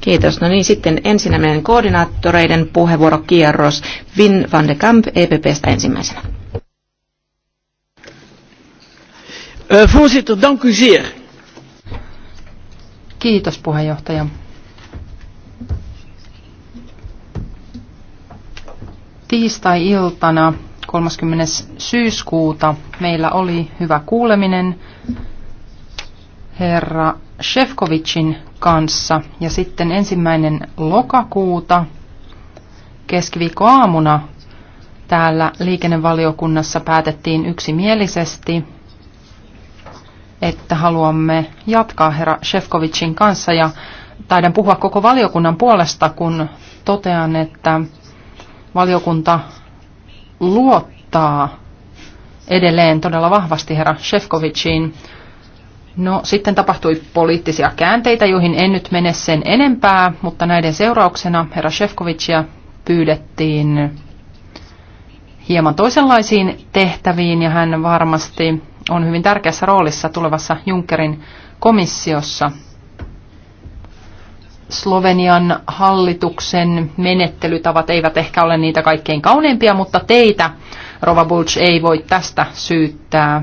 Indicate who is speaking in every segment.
Speaker 1: Kiitos. No niin, sitten ensin meidän koordinaattoreiden puheenvuorokierros. Vin van de Kamp EPPstä ensimmäisenä.
Speaker 2: Uh, voorzitter, dank u zeer.
Speaker 3: Kiitos puheenjohtaja. Tiistai-iltana 30. syyskuuta meillä oli hyvä kuuleminen herra Shevkovicin kanssa. Ja sitten ensimmäinen lokakuuta keskiviikkoaamuna täällä liikennevaliokunnassa päätettiin yksimielisesti, että haluamme jatkaa herra Shevkovicin kanssa ja taidan puhua koko valiokunnan puolesta, kun totean, että valiokunta luottaa edelleen todella vahvasti herra Shevkovicin No sitten tapahtui poliittisia käänteitä, joihin en nyt mene sen enempää, mutta näiden seurauksena herra Shevkovicia pyydettiin hieman toisenlaisiin tehtäviin ja hän varmasti on hyvin tärkeässä roolissa tulevassa Junckerin komissiossa. Slovenian hallituksen menettelytavat eivät ehkä ole niitä kaikkein kauneimpia, mutta teitä, Rova Bulch, ei voi tästä syyttää.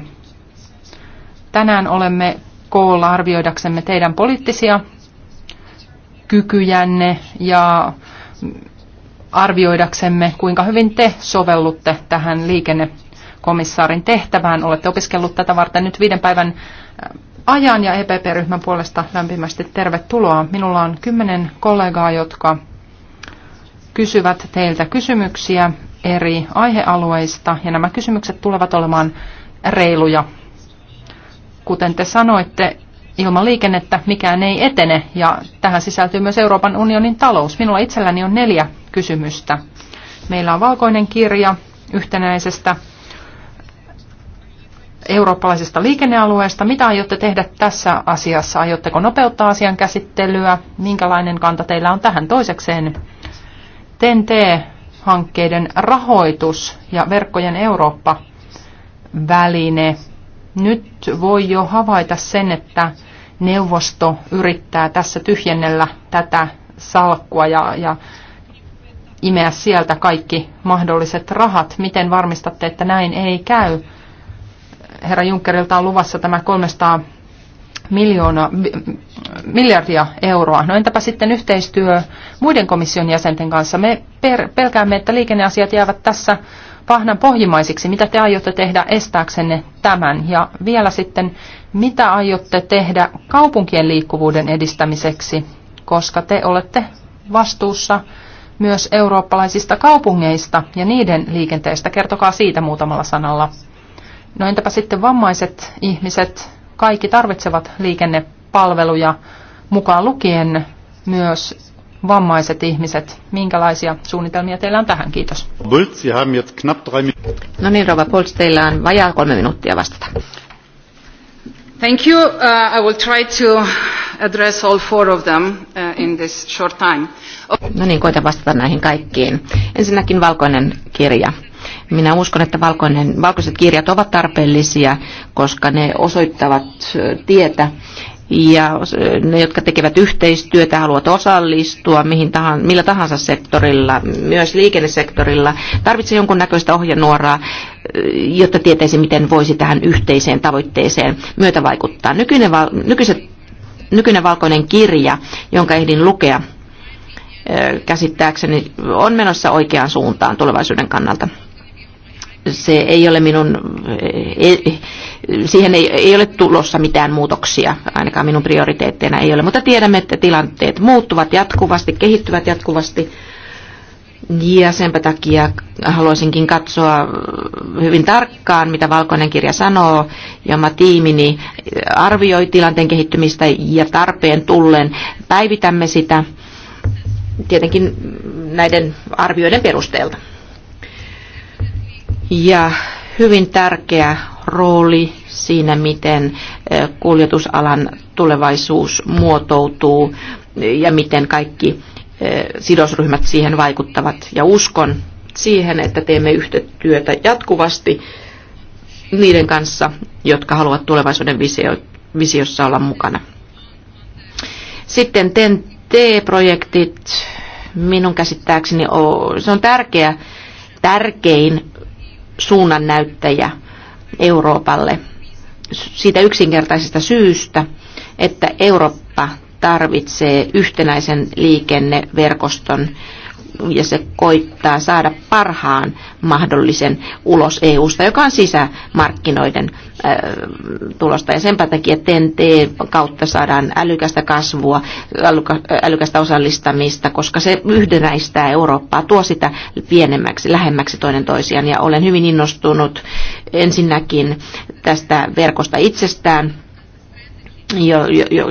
Speaker 3: Tänään olemme koolla arvioidaksemme teidän poliittisia kykyjänne ja arvioidaksemme, kuinka hyvin te sovellutte tähän liikennekomissaarin tehtävään. Olette opiskellut tätä varten nyt viiden päivän äh, ajan ja EPP-ryhmän puolesta lämpimästi tervetuloa. Minulla on kymmenen kollegaa, jotka kysyvät teiltä kysymyksiä eri aihealueista ja nämä kysymykset tulevat olemaan reiluja kuten te sanoitte, ilman liikennettä mikään ei etene ja tähän sisältyy myös Euroopan unionin talous. Minulla itselläni on neljä kysymystä. Meillä on valkoinen kirja yhtenäisestä eurooppalaisesta liikennealueesta. Mitä aiotte tehdä tässä asiassa? Aiotteko nopeuttaa asian käsittelyä? Minkälainen kanta teillä on tähän toisekseen? tnt hankkeiden rahoitus ja verkkojen Eurooppa-väline – nyt voi jo havaita sen, että neuvosto yrittää tässä tyhjennellä tätä salkkua ja, ja imeä sieltä kaikki mahdolliset rahat. Miten varmistatte, että näin ei käy? Herra Junckerilta on luvassa tämä 300 miljoona, miljardia euroa. No entäpä sitten yhteistyö muiden komission jäsenten kanssa? Me pelkäämme, että liikenneasiat jäävät tässä pahnan pohjimaisiksi. Mitä te aiotte tehdä estääksenne tämän? Ja vielä sitten, mitä aiotte tehdä kaupunkien liikkuvuuden edistämiseksi, koska te olette vastuussa myös eurooppalaisista kaupungeista ja niiden liikenteestä. Kertokaa siitä muutamalla sanalla. No entäpä sitten vammaiset ihmiset? Kaikki tarvitsevat liikennepalveluja, mukaan lukien myös vammaiset ihmiset. Minkälaisia suunnitelmia teillä on tähän? Kiitos. No niin, Rova
Speaker 1: Pultz, teillä on vajaa kolme minuuttia vastata.
Speaker 3: Thank
Speaker 4: you. Uh, I will try to address all four of them uh, in this short time.
Speaker 1: No niin, koitan vastata näihin kaikkiin. Ensinnäkin valkoinen kirja. Minä uskon, että valkoinen, valkoiset kirjat ovat tarpeellisia, koska ne osoittavat tietä ja ne, jotka tekevät yhteistyötä, haluavat osallistua mihin tahansa, millä tahansa sektorilla, myös liikennesektorilla, tarvitsee jonkunnäköistä ohjenuoraa, jotta tietäisi, miten voisi tähän yhteiseen tavoitteeseen vaikuttaa. Nykyinen, nykyiset, nykyinen valkoinen kirja, jonka ehdin lukea, käsittääkseni on menossa oikeaan suuntaan tulevaisuuden kannalta. Se ei ole minun e, e, siihen ei, ei ole tulossa mitään muutoksia, ainakaan minun prioriteetteina ei ole, mutta tiedämme, että tilanteet muuttuvat jatkuvasti, kehittyvät jatkuvasti. Ja senpä takia haluaisinkin katsoa hyvin tarkkaan, mitä Valkoinen kirja sanoo, ja oma tiimini arvioi tilanteen kehittymistä ja tarpeen tullen päivitämme sitä tietenkin näiden arvioiden perusteelta. Ja hyvin tärkeä rooli siinä, miten kuljetusalan tulevaisuus muotoutuu ja miten kaikki sidosryhmät siihen vaikuttavat. Ja uskon siihen, että teemme työtä jatkuvasti niiden kanssa, jotka haluavat tulevaisuuden visio, visiossa olla mukana. Sitten TEN-T-projektit, minun käsittääkseni, se on tärkeä, tärkein suunnannäyttäjä Euroopalle siitä yksinkertaisesta syystä, että Eurooppa tarvitsee yhtenäisen liikenneverkoston, ja se koittaa saada parhaan mahdollisen ulos EUsta, joka on sisämarkkinoiden äh, tulosta. Ja senpä takia TNT kautta saadaan älykästä kasvua, älykästä osallistamista, koska se yhdenäistää Eurooppaa, tuo sitä pienemmäksi, lähemmäksi toinen toisiaan. Ja olen hyvin innostunut ensinnäkin tästä verkosta itsestään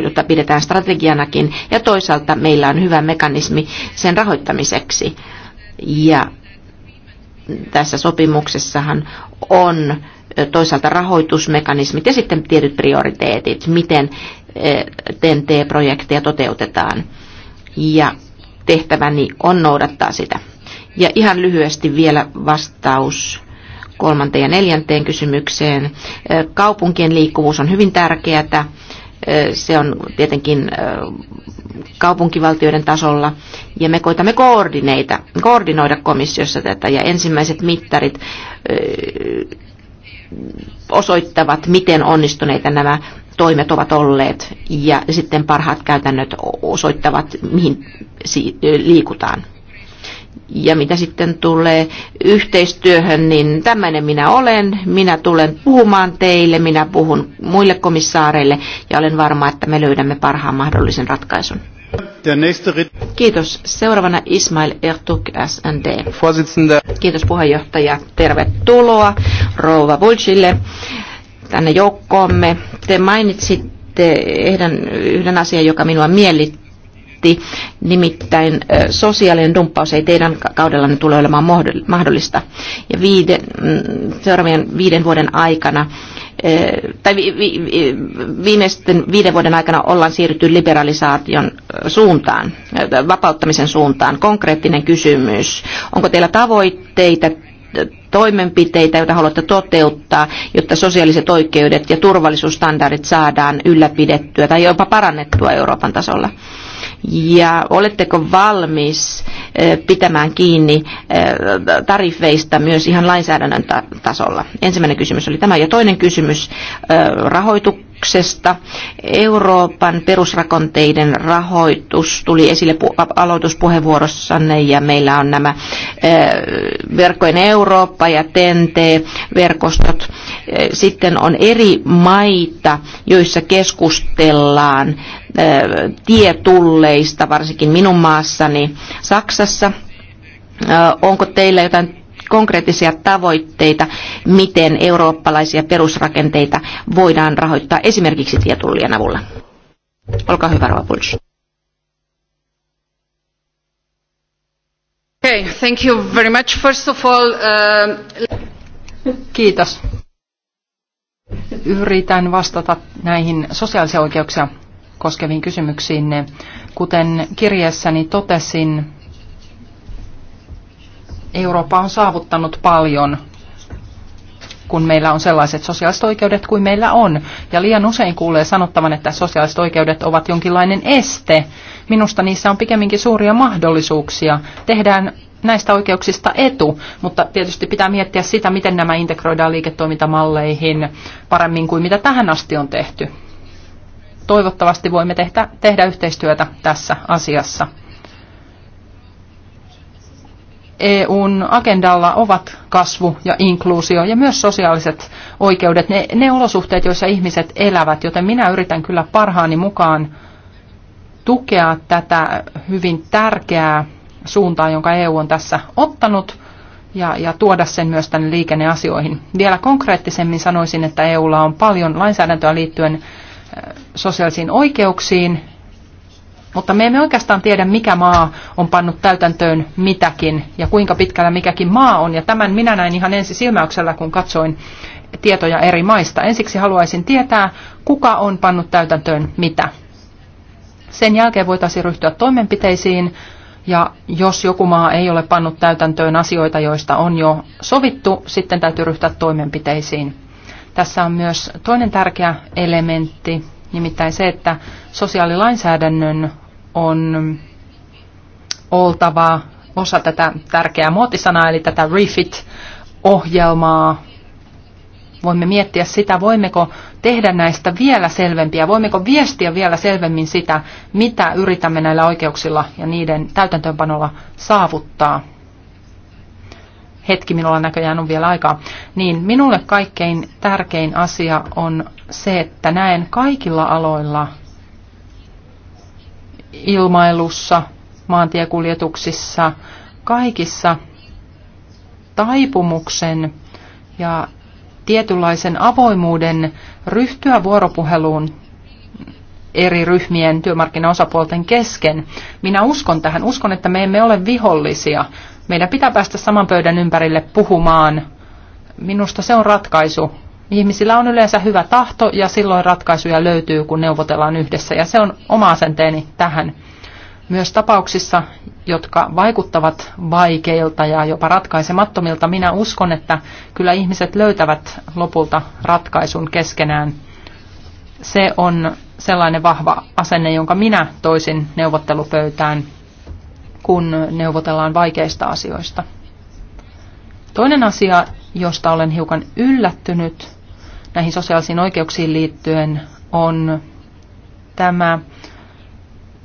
Speaker 1: jota pidetään strategianakin, ja toisaalta meillä on hyvä mekanismi sen rahoittamiseksi. Ja tässä sopimuksessahan on toisaalta rahoitusmekanismit ja sitten tietyt prioriteetit, miten TNT-projekteja toteutetaan. Ja tehtäväni on noudattaa sitä. Ja ihan lyhyesti vielä vastaus kolmanteen ja neljänteen kysymykseen. Kaupunkien liikkuvuus on hyvin tärkeää se on tietenkin kaupunkivaltioiden tasolla, ja me koitamme koordineita, koordinoida komissiossa tätä, ja ensimmäiset mittarit osoittavat, miten onnistuneita nämä toimet ovat olleet, ja sitten parhaat käytännöt osoittavat, mihin liikutaan. Ja mitä sitten tulee yhteistyöhön, niin tämmöinen minä olen. Minä tulen puhumaan teille, minä puhun muille komissaareille ja olen varma, että me löydämme parhaan mahdollisen ratkaisun. Kiitos. Seuraavana Ismail Ertuk, SND. Kiitos puheenjohtaja. Tervetuloa Rouva Vulcille tänne joukkoomme. Te mainitsitte yhden, yhden asian, joka minua miellytti kommentti. Nimittäin sosiaalinen dumppaus ei teidän kaudellanne tule olemaan mahdollista. Ja viiden, mm, seuraavien viiden vuoden aikana tai vi, vi, vi, viimeisten viiden vuoden aikana ollaan siirrytty liberalisaation suuntaan, vapauttamisen suuntaan. Konkreettinen kysymys, onko teillä tavoitteita toimenpiteitä, joita haluatte toteuttaa, jotta sosiaaliset oikeudet ja turvallisuusstandardit saadaan ylläpidettyä tai jopa parannettua Euroopan tasolla? ja oletteko valmis eh, pitämään kiinni eh, tariffeista myös ihan lainsäädännön tasolla? Ensimmäinen kysymys oli tämä. Ja toinen kysymys, eh, rahoitu, rahoituksesta. Euroopan perusrakenteiden rahoitus tuli esille aloituspuheenvuorossanne ja meillä on nämä verkkojen Eurooppa ja TNT-verkostot. Sitten on eri maita, joissa keskustellaan tietulleista, varsinkin minun maassani Saksassa. Onko teillä jotain konkreettisia tavoitteita, miten eurooppalaisia perusrakenteita voidaan rahoittaa esimerkiksi tietullien avulla. Olkaa hyvä, Rova Puls.
Speaker 4: Okay, thank you very much. First of all, uh... Kiitos.
Speaker 3: Yritän vastata näihin sosiaalisia oikeuksia koskeviin kysymyksiin. Kuten kirjassani totesin, Eurooppa on saavuttanut paljon, kun meillä on sellaiset sosiaaliset oikeudet kuin meillä on. Ja liian usein kuulee sanottavan, että sosiaaliset oikeudet ovat jonkinlainen este. Minusta niissä on pikemminkin suuria mahdollisuuksia. Tehdään näistä oikeuksista etu, mutta tietysti pitää miettiä sitä, miten nämä integroidaan liiketoimintamalleihin paremmin kuin mitä tähän asti on tehty. Toivottavasti voimme tehdä, tehdä yhteistyötä tässä asiassa. EUn agendalla ovat kasvu ja inkluusio ja myös sosiaaliset oikeudet, ne, ne olosuhteet, joissa ihmiset elävät, joten minä yritän kyllä parhaani mukaan tukea tätä hyvin tärkeää suuntaa, jonka EU on tässä ottanut ja, ja tuoda sen myös tänne liikenneasioihin. Vielä konkreettisemmin sanoisin, että EUlla on paljon lainsäädäntöä liittyen sosiaalisiin oikeuksiin mutta me emme oikeastaan tiedä, mikä maa on pannut täytäntöön mitäkin ja kuinka pitkällä mikäkin maa on. Ja tämän minä näin ihan ensisilmäyksellä, kun katsoin tietoja eri maista. Ensiksi haluaisin tietää, kuka on pannut täytäntöön mitä. Sen jälkeen voitaisiin ryhtyä toimenpiteisiin, ja jos joku maa ei ole pannut täytäntöön asioita, joista on jo sovittu, sitten täytyy ryhtyä toimenpiteisiin. Tässä on myös toinen tärkeä elementti, Nimittäin se, että sosiaalilainsäädännön on oltava osa tätä tärkeää muotisanaa, eli tätä refit-ohjelmaa. Voimme miettiä sitä, voimmeko tehdä näistä vielä selvempiä, voimmeko viestiä vielä selvemmin sitä, mitä yritämme näillä oikeuksilla ja niiden täytäntöönpanolla saavuttaa hetki, minulla näköjään on vielä aikaa, niin minulle kaikkein tärkein asia on se, että näen kaikilla aloilla ilmailussa, maantiekuljetuksissa, kaikissa taipumuksen ja tietynlaisen avoimuuden ryhtyä vuoropuheluun eri ryhmien työmarkkinaosapuolten kesken. Minä uskon tähän. Uskon, että me emme ole vihollisia. Meidän pitää päästä saman pöydän ympärille puhumaan. Minusta se on ratkaisu. Ihmisillä on yleensä hyvä tahto ja silloin ratkaisuja löytyy, kun neuvotellaan yhdessä. Ja se on oma asenteeni tähän. Myös tapauksissa, jotka vaikuttavat vaikeilta ja jopa ratkaisemattomilta, minä uskon, että kyllä ihmiset löytävät lopulta ratkaisun keskenään. Se on sellainen vahva asenne, jonka minä toisin neuvottelupöytään – kun neuvotellaan vaikeista asioista. Toinen asia, josta olen hiukan yllättynyt näihin sosiaalisiin oikeuksiin liittyen, on tämä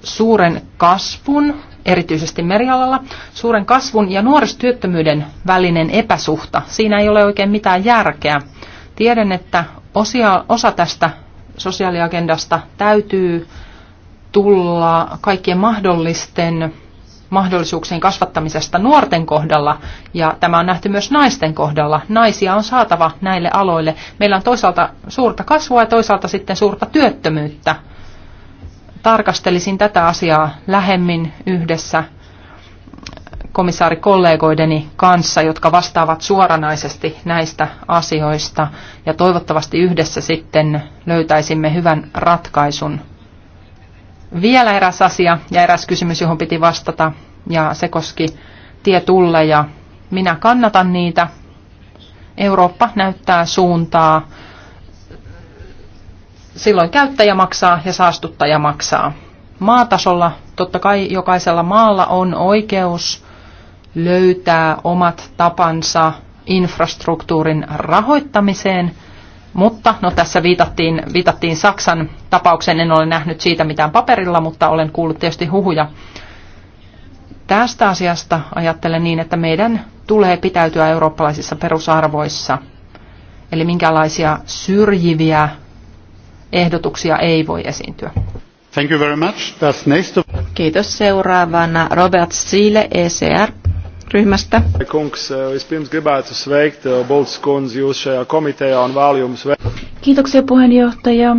Speaker 3: suuren kasvun, erityisesti merialalla, suuren kasvun ja nuorisotyöttömyyden välinen epäsuhta. Siinä ei ole oikein mitään järkeä. Tiedän, että osia, osa tästä sosiaaliagendasta täytyy tulla kaikkien mahdollisten mahdollisuuksien kasvattamisesta nuorten kohdalla ja tämä on nähty myös naisten kohdalla. Naisia on saatava näille aloille. Meillä on toisaalta suurta kasvua ja toisaalta sitten suurta työttömyyttä. Tarkastelisin tätä asiaa lähemmin yhdessä komissaarikollegoideni kanssa, jotka vastaavat suoranaisesti näistä asioista. Ja toivottavasti yhdessä sitten löytäisimme hyvän ratkaisun vielä eräs asia ja eräs kysymys, johon piti vastata, ja se koski tietulleja. Minä kannatan niitä. Eurooppa näyttää suuntaa. Silloin käyttäjä maksaa ja saastuttaja maksaa. Maatasolla totta kai jokaisella maalla on oikeus löytää omat tapansa infrastruktuurin rahoittamiseen – mutta no, tässä viitattiin, viitattiin Saksan tapaukseen, en ole nähnyt siitä mitään paperilla, mutta olen kuullut tietysti huhuja. Tästä asiasta ajattelen niin, että meidän tulee pitäytyä eurooppalaisissa perusarvoissa. Eli minkälaisia syrjiviä ehdotuksia ei voi esiintyä.
Speaker 1: Thank you very much. Das nächste... Kiitos. Seuraavana Robert Siile, ECR ryhmästä. Eh, eh,
Speaker 2: Kiitoksia puheenjohtaja.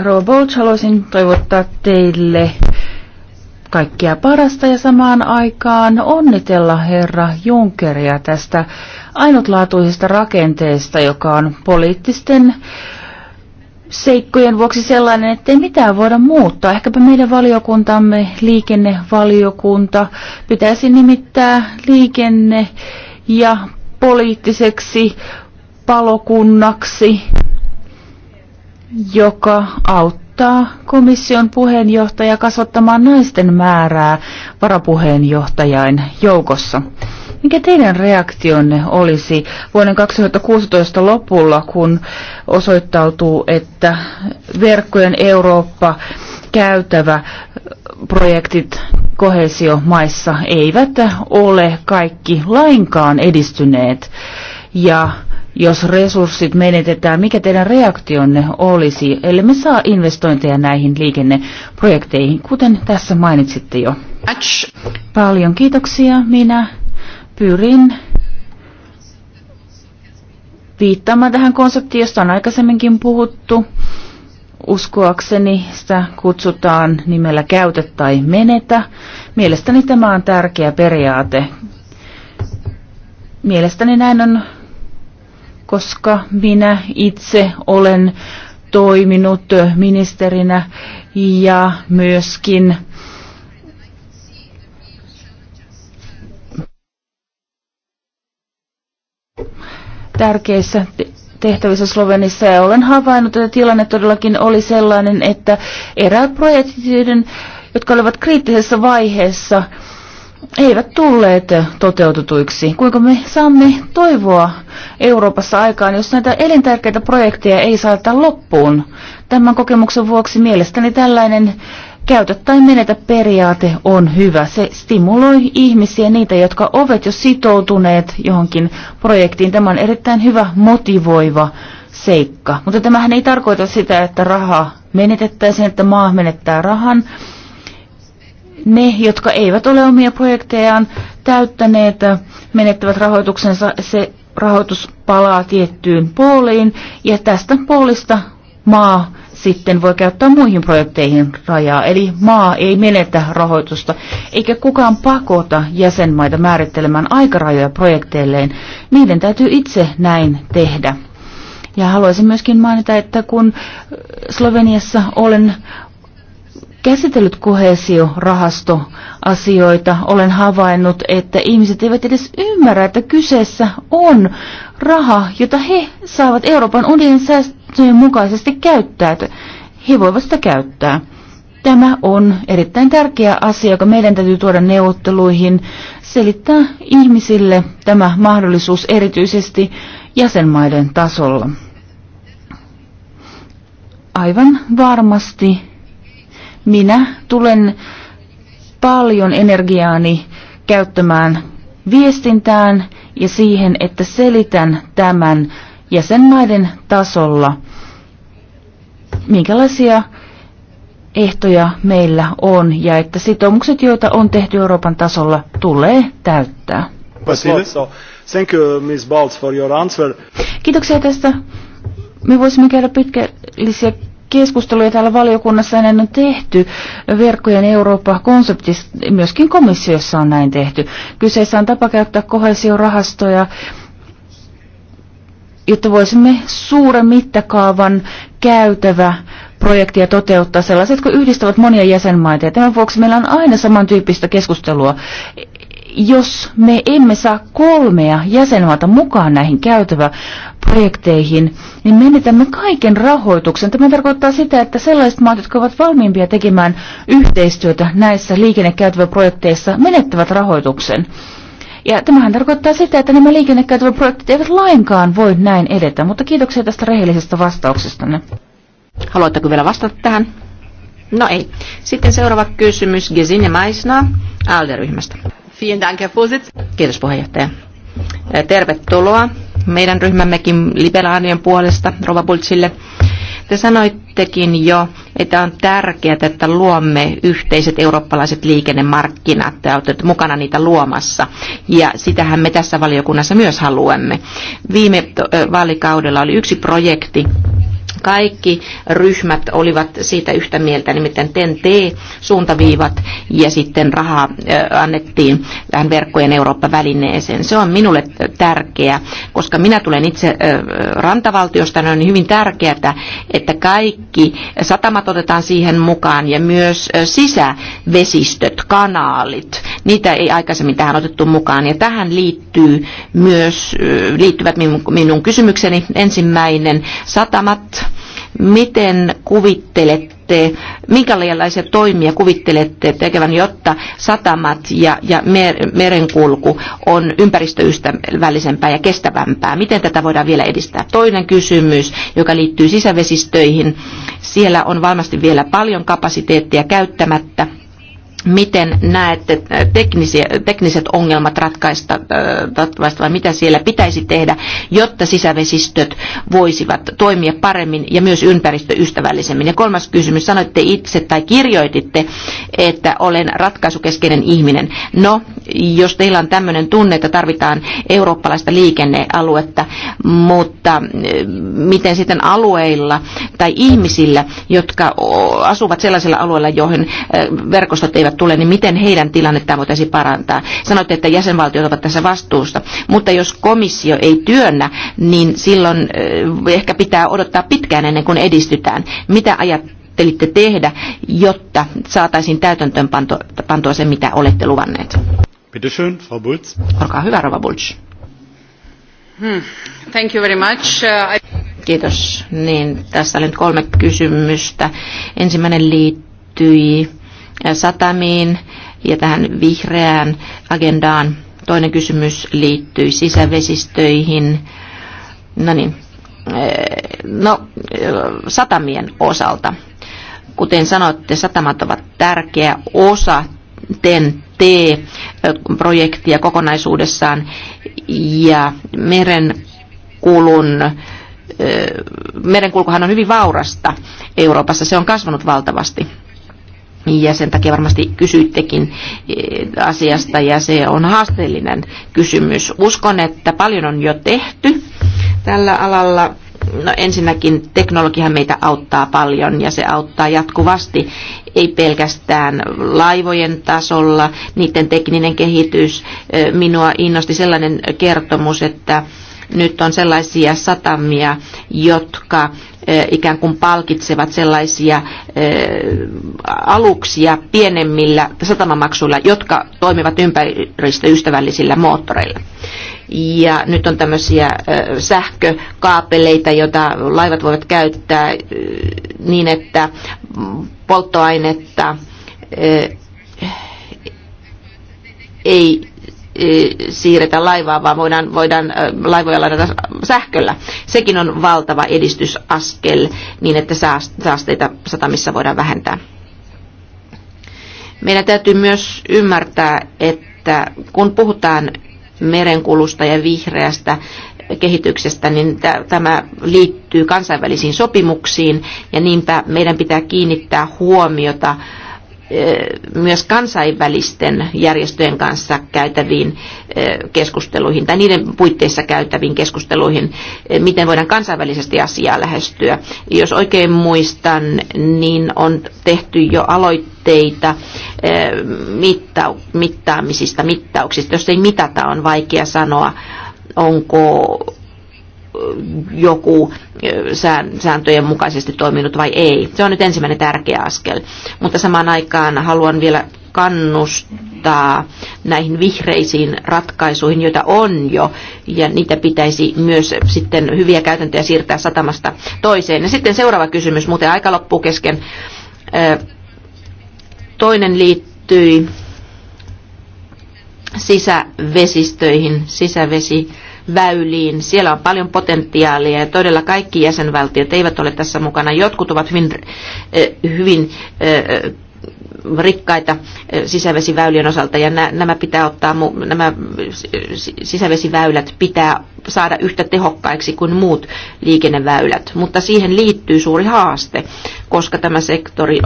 Speaker 2: Rova Bolts, haluaisin toivottaa teille kaikkia parasta ja samaan aikaan onnitella herra Junckeria tästä ainutlaatuisesta rakenteesta, joka on poliittisten seikkojen vuoksi sellainen, ettei mitään voida muuttaa. Ehkäpä meidän valiokuntamme, liikennevaliokunta, pitäisi nimittää liikenne ja poliittiseksi palokunnaksi, joka auttaa komission puheenjohtaja kasvattamaan naisten määrää varapuheenjohtajain joukossa. Mikä teidän reaktionne olisi vuoden 2016 lopulla, kun osoittautuu, että verkkojen Eurooppa käytävä projektit kohesiomaissa eivät ole kaikki lainkaan edistyneet ja jos resurssit menetetään, mikä teidän reaktionne olisi, ellei me saa investointeja näihin liikenneprojekteihin, kuten tässä mainitsitte jo. Paljon kiitoksia. Minä pyrin viittaamaan tähän konseptiin, josta on aikaisemminkin puhuttu. Uskoakseni sitä kutsutaan nimellä käytä tai menetä. Mielestäni tämä on tärkeä periaate. Mielestäni näin on, koska minä itse olen toiminut ministerinä ja myöskin tärkeissä tehtävissä Slovenissa ja olen havainnut, että tilanne todellakin oli sellainen, että eräät projektit, jotka olivat kriittisessä vaiheessa, eivät tulleet toteutetuiksi. Kuinka me saamme toivoa Euroopassa aikaan, jos näitä elintärkeitä projekteja ei saata loppuun? Tämän kokemuksen vuoksi mielestäni tällainen käytä tai menetä periaate on hyvä. Se stimuloi ihmisiä, niitä, jotka ovat jo sitoutuneet johonkin projektiin. Tämä on erittäin hyvä motivoiva seikka. Mutta tämähän ei tarkoita sitä, että raha menetettäisiin, että maa menettää rahan. Ne, jotka eivät ole omia projektejaan täyttäneet, menettävät rahoituksensa, se rahoitus palaa tiettyyn pooliin ja tästä poolista maa sitten voi käyttää muihin projekteihin rajaa. Eli maa ei menetä rahoitusta, eikä kukaan pakota jäsenmaita määrittelemään aikarajoja projekteilleen. Niiden täytyy itse näin tehdä. Ja haluaisin myöskin mainita, että kun äh, Sloveniassa olen käsitellyt kohesiorahastoasioita, olen havainnut, että ihmiset eivät edes ymmärrä, että kyseessä on raha, jota he saavat Euroopan unionin sääntöjen mukaisesti käyttää, He voivat sitä käyttää. Tämä on erittäin tärkeä asia, joka meidän täytyy tuoda neuvotteluihin, selittää ihmisille tämä mahdollisuus erityisesti jäsenmaiden tasolla. Aivan varmasti minä tulen paljon energiaani käyttämään viestintään ja siihen, että selitän tämän jäsenmaiden tasolla, minkälaisia ehtoja meillä on ja että sitoumukset, joita on tehty Euroopan tasolla, tulee täyttää.
Speaker 4: Thank you, Ms. Baltz, for your
Speaker 1: answer.
Speaker 2: Kiitoksia tästä. Me voisimme käydä pitkällisiä keskusteluja täällä valiokunnassa näin on tehty verkkojen Eurooppa-konseptista, myöskin komissiossa on näin tehty. Kyseessä on tapa käyttää kohesiorahastoja jotta voisimme suuren mittakaavan käytävä projektia toteuttaa sellaiset, jotka yhdistävät monia jäsenmaita. Ja tämän vuoksi meillä on aina samantyyppistä keskustelua. Jos me emme saa kolmea jäsenmaata mukaan näihin käytävä projekteihin, niin menetämme kaiken rahoituksen. Tämä tarkoittaa sitä, että sellaiset maat, jotka ovat valmiimpia tekemään yhteistyötä näissä liikennekäytäväprojekteissa, menettävät rahoituksen. Ja tämähän tarkoittaa sitä, että nämä liikennekäytävät projektit eivät lainkaan
Speaker 1: voi näin edetä, mutta kiitoksia tästä rehellisestä vastauksestanne. Haluatteko vielä vastata tähän? No ei. Sitten seuraava kysymys Gesine Maisna ALDE-ryhmästä. Kiitos puheenjohtaja. Tervetuloa meidän ryhmämmekin liberaalien puolesta Rova Bultsille. Te sanoittekin jo, että on tärkeää, että luomme yhteiset eurooppalaiset liikennemarkkinat ja olette mukana niitä luomassa. Ja sitähän me tässä valiokunnassa myös haluamme. Viime vaalikaudella oli yksi projekti, kaikki ryhmät olivat siitä yhtä mieltä, nimittäin TEN-T-suuntaviivat ja sitten rahaa annettiin tähän verkkojen Eurooppa-välineeseen. Se on minulle tärkeä, koska minä tulen itse rantavaltiosta, niin on hyvin tärkeää, että kaikki satamat otetaan siihen mukaan ja myös sisävesistöt, kanaalit, niitä ei aikaisemmin tähän otettu mukaan. Ja tähän liittyy myös, liittyvät minun kysymykseni ensimmäinen, satamat, Miten kuvittelette, minkälaisia toimia kuvittelette tekevän, jotta satamat ja, ja merenkulku on ympäristöystävällisempää ja kestävämpää? Miten tätä voidaan vielä edistää? Toinen kysymys, joka liittyy sisävesistöihin. Siellä on varmasti vielä paljon kapasiteettia käyttämättä miten näette äh, teknisiä, tekniset ongelmat ratkaista, äh, ratkaista vai mitä siellä pitäisi tehdä, jotta sisävesistöt voisivat toimia paremmin ja myös ympäristöystävällisemmin. Ja kolmas kysymys, sanoitte itse tai kirjoititte, että olen ratkaisukeskeinen ihminen. No, jos teillä on tämmöinen tunne, että tarvitaan eurooppalaista liikennealuetta, mutta äh, miten sitten alueilla tai ihmisillä, jotka asuvat sellaisilla alueilla, joihin verkostot eivät henkilöt tulee, niin miten heidän tilannettaan voitaisiin parantaa? Sanoitte, että jäsenvaltiot ovat tässä vastuusta, mutta jos komissio ei työnnä, niin silloin eh, ehkä pitää odottaa pitkään ennen kuin edistytään. Mitä ajattelitte tehdä, jotta saataisiin täytäntöön pantua se, mitä olette luvanneet? schön, Frau Bulz. Olkaa hyvä, Rova Bulz. Hmm. Thank you very much. Uh, I... Kiitos. Niin, tässä oli nyt kolme kysymystä. Ensimmäinen liittyi satamiin ja tähän vihreään agendaan. Toinen kysymys liittyy sisävesistöihin. No niin, no, satamien osalta. Kuten sanoitte, satamat ovat tärkeä osa TEN-T-projektia kokonaisuudessaan ja merenkulun merenkulkuhan on hyvin vaurasta Euroopassa. Se on kasvanut valtavasti ja sen takia varmasti kysyittekin eh, asiasta ja se on haasteellinen kysymys. Uskon, että paljon on jo tehty tällä alalla. No ensinnäkin teknologia meitä auttaa paljon ja se auttaa jatkuvasti, ei pelkästään laivojen tasolla. Niiden tekninen kehitys eh, minua innosti sellainen kertomus, että nyt on sellaisia satamia, jotka ikään kuin palkitsevat sellaisia aluksia pienemmillä satamamaksuilla, jotka toimivat ympäristöystävällisillä moottoreilla. Ja nyt on tämmöisiä sähkökaapeleita, joita laivat voivat käyttää niin, että polttoainetta ei E, siirretä laivaa, vaan voidaan, voidaan laivoja ladata sähköllä. Sekin on valtava edistysaskel niin, että saasteita satamissa voidaan vähentää. Meidän täytyy myös ymmärtää, että kun puhutaan merenkulusta ja vihreästä kehityksestä, niin tämä liittyy kansainvälisiin sopimuksiin ja niinpä meidän pitää kiinnittää huomiota äh, Eh, myös kansainvälisten järjestöjen kanssa käytäviin eh, keskusteluihin tai niiden puitteissa käytäviin keskusteluihin, eh, miten voidaan kansainvälisesti asiaa lähestyä. Jos oikein muistan, niin on tehty jo aloitteita mitta- mittaamisista, mittauksista. Jos ei mitata, on vaikea sanoa, onko joku sääntöjen mukaisesti toiminut vai ei. Se on nyt ensimmäinen tärkeä askel. Mutta samaan aikaan haluan vielä kannustaa näihin vihreisiin ratkaisuihin, joita on jo, ja niitä pitäisi myös sitten hyviä käytäntöjä siirtää satamasta toiseen. Ja sitten seuraava kysymys, muuten aika loppuu kesken. Toinen liittyy sisävesistöihin, sisävesi väyliin. Siellä on paljon potentiaalia ja todella kaikki jäsenvaltiot eivät ole tässä mukana. Jotkut ovat hyvin, eh, hyvin eh, rikkaita sisävesiväylien osalta ja nämä pitää ottaa, nämä sisävesiväylät pitää saada yhtä tehokkaiksi kuin muut liikenneväylät, mutta siihen liittyy suuri haaste, koska tämä sektori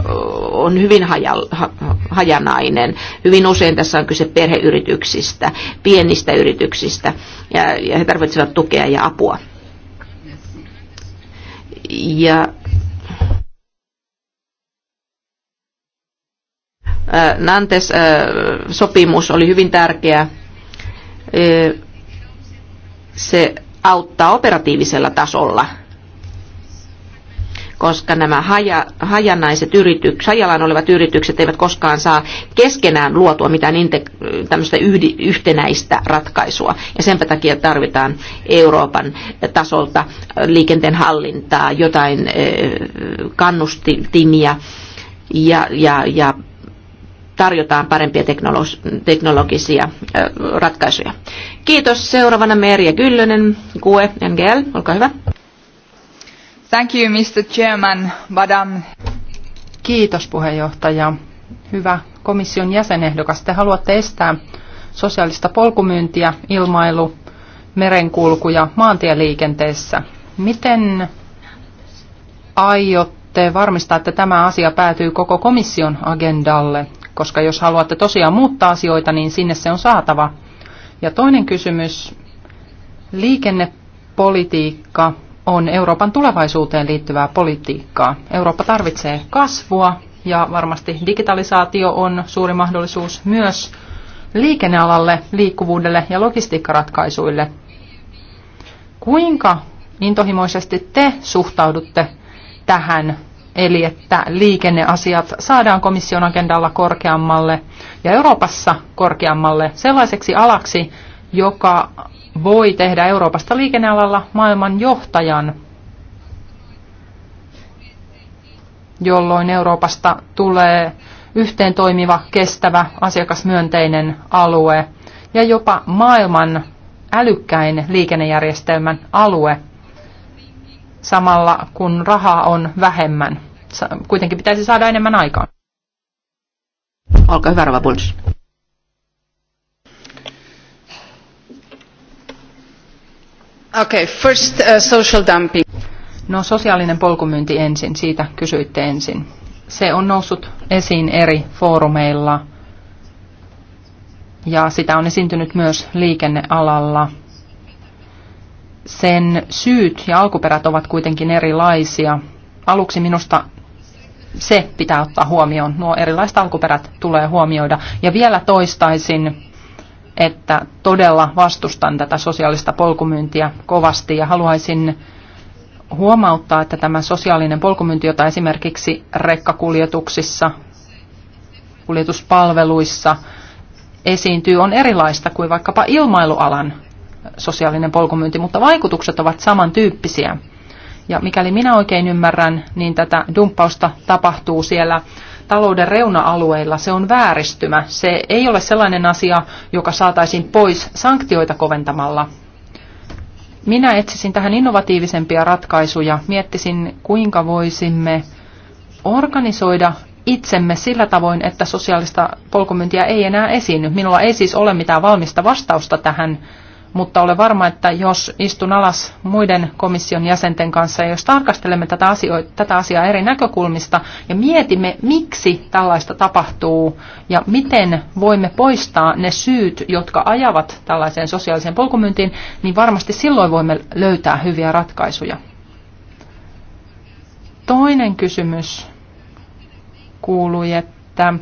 Speaker 1: on hyvin haja, ha, hajanainen. Hyvin usein tässä on kyse perheyrityksistä, pienistä yrityksistä ja, ja he tarvitsevat tukea ja apua. Ja Nantes-sopimus oli hyvin tärkeä. Se auttaa operatiivisella tasolla, koska nämä haja, hajanaiset yritykset, hajallaan olevat yritykset eivät koskaan saa keskenään luotua mitään inte, tämmöistä yhdi, yhtenäistä ratkaisua. Ja senpä takia tarvitaan Euroopan tasolta liikenteen hallintaa, jotain kannustimia ja, ja, ja tarjotaan parempia teknologisia ratkaisuja. Kiitos. Seuraavana Merja Kyllönen, QE, NGL, olkaa hyvä.
Speaker 4: Thank you, Mr. Chairman, Madam.
Speaker 3: Kiitos puheenjohtaja. Hyvä komission jäsenehdokas, te haluatte estää sosiaalista polkumyyntiä, ilmailu, merenkulku ja maantieliikenteessä. Miten aiotte varmistaa, että tämä asia päätyy koko komission agendalle koska jos haluatte tosiaan muuttaa asioita, niin sinne se on saatava. Ja toinen kysymys, liikennepolitiikka on Euroopan tulevaisuuteen liittyvää politiikkaa. Eurooppa tarvitsee kasvua ja varmasti digitalisaatio on suuri mahdollisuus myös liikennealalle, liikkuvuudelle ja logistiikkaratkaisuille. Kuinka intohimoisesti te suhtaudutte tähän eli että liikenneasiat saadaan komission agendalla korkeammalle ja Euroopassa korkeammalle sellaiseksi alaksi, joka voi tehdä Euroopasta liikennealalla maailman johtajan, jolloin Euroopasta tulee yhteen toimiva, kestävä, asiakasmyönteinen alue ja jopa maailman älykkäin liikennejärjestelmän alue – samalla kun rahaa on vähemmän. Kuitenkin pitäisi saada enemmän aikaan.
Speaker 1: Olkaa hyvä, Rova Bulch.
Speaker 3: Okay, first uh, social dumping. No sosiaalinen polkumyynti ensin, siitä kysyitte ensin. Se on noussut esiin eri foorumeilla ja sitä on esiintynyt myös liikennealalla – sen syyt ja alkuperät ovat kuitenkin erilaisia. Aluksi minusta se pitää ottaa huomioon. Nuo erilaiset alkuperät tulee huomioida. Ja vielä toistaisin, että todella vastustan tätä sosiaalista polkumyyntiä kovasti ja haluaisin huomauttaa, että tämä sosiaalinen polkumyynti, jota esimerkiksi rekkakuljetuksissa, kuljetuspalveluissa esiintyy, on erilaista kuin vaikkapa ilmailualan sosiaalinen polkumyynti, mutta vaikutukset ovat samantyyppisiä. Ja mikäli minä oikein ymmärrän, niin tätä dumppausta tapahtuu siellä talouden reuna-alueilla. Se on vääristymä. Se ei ole sellainen asia, joka saataisiin pois sanktioita koventamalla. Minä etsisin tähän innovatiivisempia ratkaisuja. Miettisin, kuinka voisimme organisoida itsemme sillä tavoin, että sosiaalista polkumyyntiä ei enää esiinny. Minulla ei siis ole mitään valmista vastausta tähän mutta olen varma, että jos istun alas muiden komission jäsenten kanssa ja jos tarkastelemme tätä, asio- tätä asiaa eri näkökulmista ja mietimme, miksi tällaista tapahtuu ja miten voimme poistaa ne syyt, jotka ajavat tällaiseen sosiaaliseen polkumyyntiin, niin varmasti silloin voimme löytää hyviä ratkaisuja. Toinen kysymys kuului, että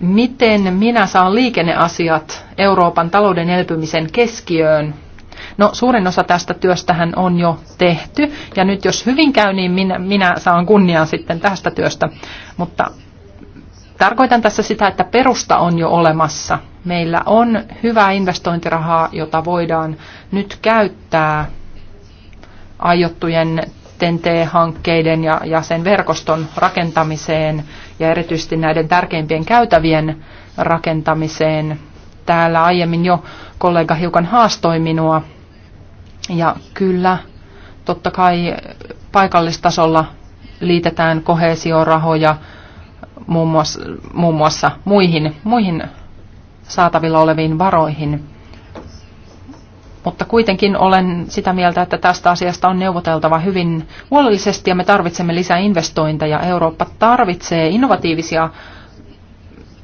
Speaker 3: miten minä saan liikenneasiat Euroopan talouden elpymisen keskiöön? No suurin osa tästä työstähän on jo tehty ja nyt jos hyvin käy, niin minä, minä saan kunnian sitten tästä työstä. Mutta tarkoitan tässä sitä, että perusta on jo olemassa. Meillä on hyvää investointirahaa, jota voidaan nyt käyttää aiottujen tnt hankkeiden ja, ja sen verkoston rakentamiseen – ja erityisesti näiden tärkeimpien käytävien rakentamiseen. Täällä aiemmin jo kollega hiukan haastoi minua ja kyllä, totta kai paikallistasolla liitetään kohesiorahoja muun muassa, muun muassa muihin, muihin saatavilla oleviin varoihin. Mutta kuitenkin olen sitä mieltä, että tästä asiasta on neuvoteltava hyvin huolellisesti ja me tarvitsemme lisää investointeja. Eurooppa tarvitsee innovatiivisia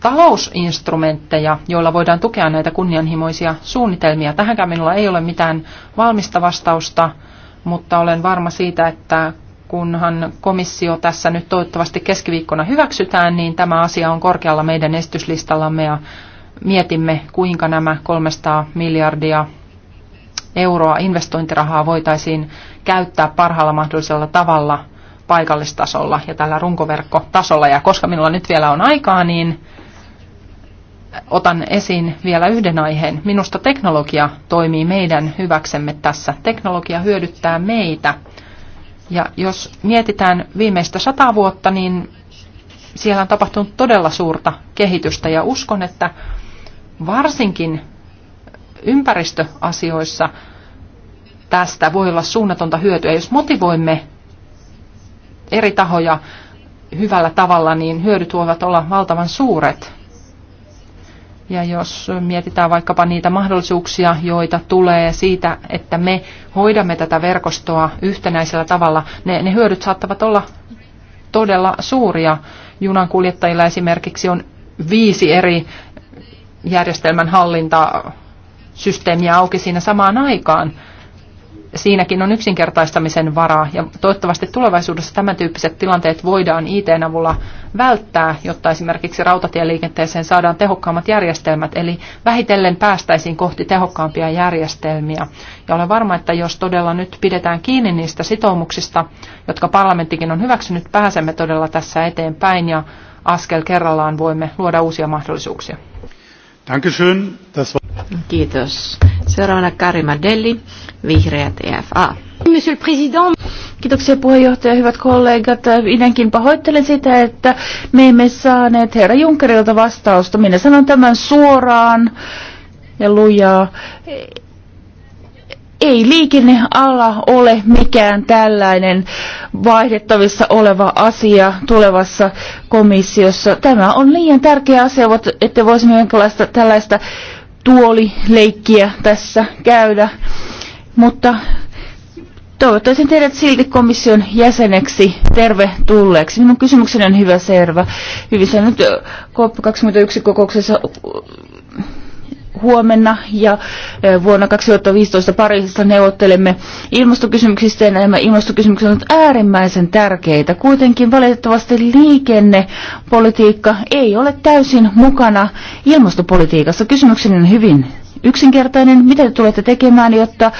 Speaker 3: talousinstrumentteja, joilla voidaan tukea näitä kunnianhimoisia suunnitelmia. Tähänkään minulla ei ole mitään valmista vastausta, mutta olen varma siitä, että kunhan komissio tässä nyt toivottavasti keskiviikkona hyväksytään, niin tämä asia on korkealla meidän estyslistallamme ja mietimme, kuinka nämä 300 miljardia euroa investointirahaa voitaisiin käyttää parhaalla mahdollisella tavalla paikallistasolla ja tällä runkoverkkotasolla. Ja koska minulla nyt vielä on aikaa, niin otan esiin vielä yhden aiheen. Minusta teknologia toimii meidän hyväksemme tässä. Teknologia hyödyttää meitä. Ja jos mietitään viimeistä sata vuotta, niin siellä on tapahtunut todella suurta kehitystä ja uskon, että varsinkin ympäristöasioissa tästä voi olla suunnatonta hyötyä. Jos motivoimme eri tahoja hyvällä tavalla, niin hyödyt voivat olla valtavan suuret. Ja jos mietitään vaikkapa niitä mahdollisuuksia, joita tulee siitä, että me hoidamme tätä verkostoa yhtenäisellä tavalla, ne, ne hyödyt saattavat olla todella suuria. Junan kuljettajilla esimerkiksi on viisi eri järjestelmän hallintaa systeemiä auki siinä samaan aikaan. Siinäkin on yksinkertaistamisen varaa ja toivottavasti tulevaisuudessa tämän tyyppiset tilanteet voidaan it avulla välttää, jotta esimerkiksi rautatieliikenteeseen saadaan tehokkaammat järjestelmät, eli vähitellen päästäisiin kohti tehokkaampia järjestelmiä. Ja olen varma, että jos todella nyt pidetään kiinni niistä sitoumuksista, jotka parlamenttikin on hyväksynyt, pääsemme todella tässä eteenpäin ja askel kerrallaan voimme luoda uusia mahdollisuuksia.
Speaker 1: Dankeschön. Das Kiitos. Seuraavana Karima Delli, Vihreät EFA.
Speaker 2: Monsieur le Président. Kiitoksia puheenjohtaja, hyvät kollegat.
Speaker 1: Minäkin pahoittelen
Speaker 2: sitä, että me emme saaneet herra Junckerilta vastausta. Minä sanon tämän suoraan ja lujaa ei liikenneala ole mikään tällainen vaihdettavissa oleva asia tulevassa komissiossa. Tämä on liian tärkeä asia, että voisimme jonkinlaista tällaista tuolileikkiä tässä käydä. Mutta toivottaisin teidät silti komission jäseneksi tervetulleeksi. Minun kysymykseni on hyvä selvä. Hyvissä nyt COP21 kokouksessa huomenna ja vuonna 2015 Pariisissa neuvottelemme ilmastokysymyksistä ja nämä ilmastokysymykset ovat äärimmäisen tärkeitä. Kuitenkin valitettavasti liikennepolitiikka ei ole täysin mukana ilmastopolitiikassa. Kysymykseni on hyvin yksinkertainen. Mitä te tulette tekemään, jotta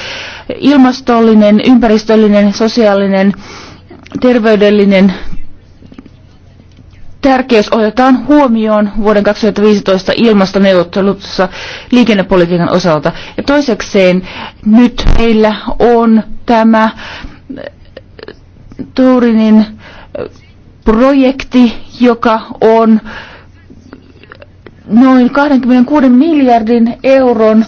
Speaker 2: ilmastollinen, ympäristöllinen, sosiaalinen, terveydellinen tärkeys otetaan huomioon vuoden 2015 ilmastoneuvottelussa liikennepolitiikan osalta. Ja toisekseen nyt meillä on tämä eh, Turinin eh, projekti, joka on eh, noin 26 miljardin euron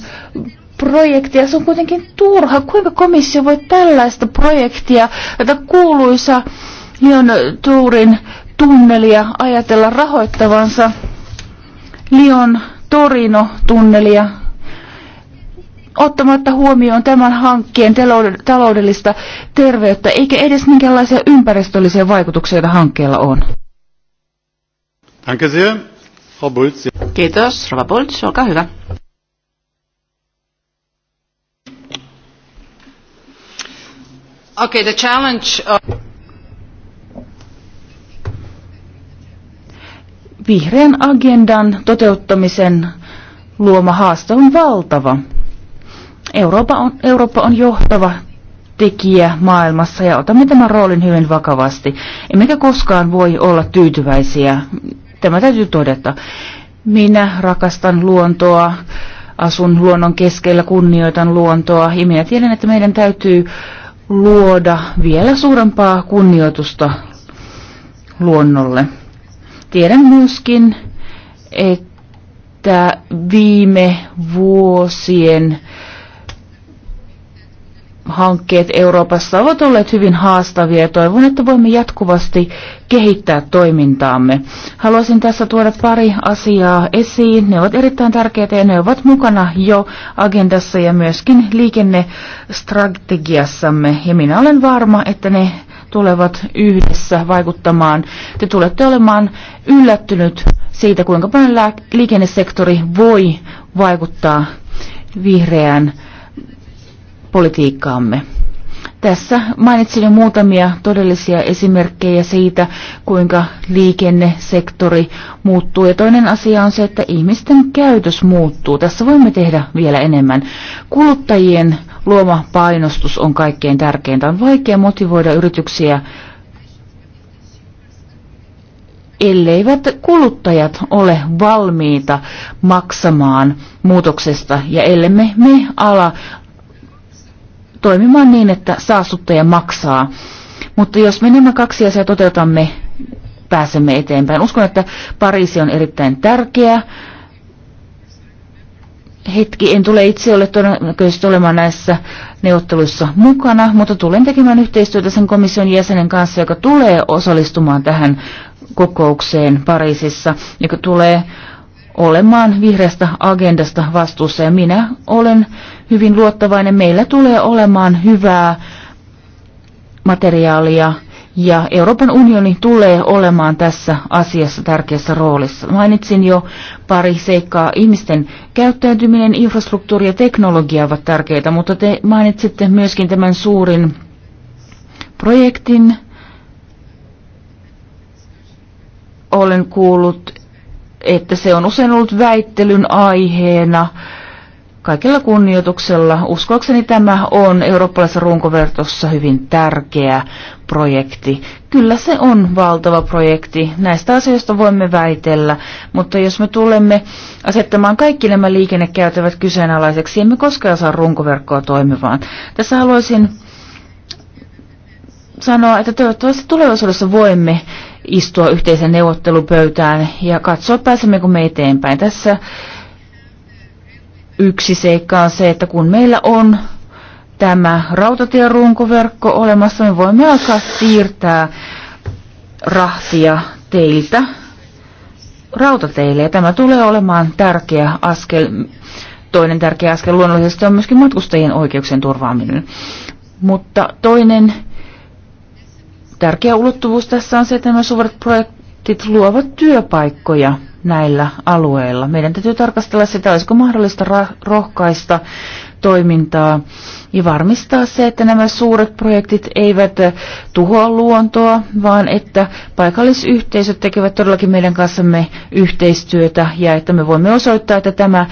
Speaker 2: projekti, ja se on kuitenkin turha. Kuinka komissio voi tällaista projektia, tätä kuuluisa Leon Turin tunnelia ajatella rahoittavansa Lion Torino tunnelia ottamatta huomioon tämän hankkeen taloudellista terveyttä, eikä edes minkälaisia ympäristöllisiä vaikutuksia joita hankkeella on.
Speaker 4: Danke sehr, Frau Bulz. Kiitos, Rova Bulz, olkaa hyvä. Okay, the challenge of...
Speaker 2: vihreän agendan toteuttamisen luoma haaste on valtava. Eurooppa on, Eurooppa on johtava tekijä maailmassa ja otamme tämän roolin hyvin vakavasti. Emmekä koskaan voi olla tyytyväisiä. Tämä täytyy todeta. Minä rakastan luontoa, asun luonnon keskellä, kunnioitan luontoa ja minä tiedän, että meidän täytyy luoda vielä suurempaa kunnioitusta luonnolle. Tiedän myöskin, että viime vuosien hankkeet Euroopassa ovat olleet hyvin haastavia ja toivon, että voimme jatkuvasti kehittää toimintaamme. Haluaisin tässä tuoda pari asiaa esiin. Ne ovat erittäin tärkeitä ja ne ovat mukana jo agendassa ja myöskin liikennestrategiassamme. Ja minä olen varma, että ne tulevat yhdessä vaikuttamaan. Te tulette olemaan yllättynyt siitä, kuinka paljon liikennesektori voi vaikuttaa vihreään politiikkaamme. Tässä mainitsin jo muutamia todellisia esimerkkejä siitä, kuinka liikennesektori muuttuu. Ja toinen asia on se, että ihmisten käytös muuttuu. Tässä voimme tehdä vielä enemmän. Kuluttajien luoma painostus on kaikkein tärkeintä. On vaikea motivoida yrityksiä, elleivät kuluttajat ole valmiita maksamaan muutoksesta ja ellemme me ala toimimaan niin, että saastuttaja maksaa. Mutta jos me nämä kaksi asiaa toteutamme, pääsemme eteenpäin. Uskon, että Pariisi on erittäin tärkeä hetki. En tule itse ole todennäköisesti olemaan näissä neuvotteluissa mukana, mutta tulen tekemään yhteistyötä sen komission jäsenen kanssa, joka tulee osallistumaan tähän kokoukseen Pariisissa, joka tulee olemaan vihreästä agendasta vastuussa. Ja minä olen hyvin luottavainen. Meillä tulee olemaan hyvää materiaalia ja Euroopan unioni tulee olemaan tässä asiassa tärkeässä roolissa. Mainitsin jo pari seikkaa. Ihmisten käyttäytyminen, infrastruktuuri ja teknologia ovat tärkeitä, mutta te mainitsitte myöskin tämän suurin projektin. Olen kuullut, että se on usein ollut väittelyn aiheena kaikella kunnioituksella. Uskoakseni tämä on eurooppalaisessa runkovertossa hyvin tärkeä projekti. Kyllä se on valtava projekti. Näistä asioista voimme väitellä, mutta jos me tulemme asettamaan kaikki nämä liikennekäytävät kyseenalaiseksi, emme koskaan saa runkoverkkoa toimivaan. Tässä haluaisin sanoa, että toivottavasti tulevaisuudessa voimme istua yhteisen neuvottelupöytään ja katsoa pääsemmekö me eteenpäin. Tässä Yksi seikka on se, että kun meillä on tämä rautatierunkoverkko olemassa, me voimme alkaa siirtää rahtia teiltä rautateille. Ja tämä tulee olemaan tärkeä askel. Toinen tärkeä askel luonnollisesti on myöskin matkustajien oikeuksien turvaaminen. Mutta toinen tärkeä ulottuvuus tässä on se, että nämä suuret projekt, projektit luovat työpaikkoja näillä alueilla. Meidän täytyy tarkastella sitä, olisiko mahdollista rohkaista toimintaa ja varmistaa se, että nämä suuret projektit eivät tuhoa luontoa, vaan että paikallisyhteisöt tekevät todellakin meidän kanssamme yhteistyötä ja että me voimme osoittaa, että tämä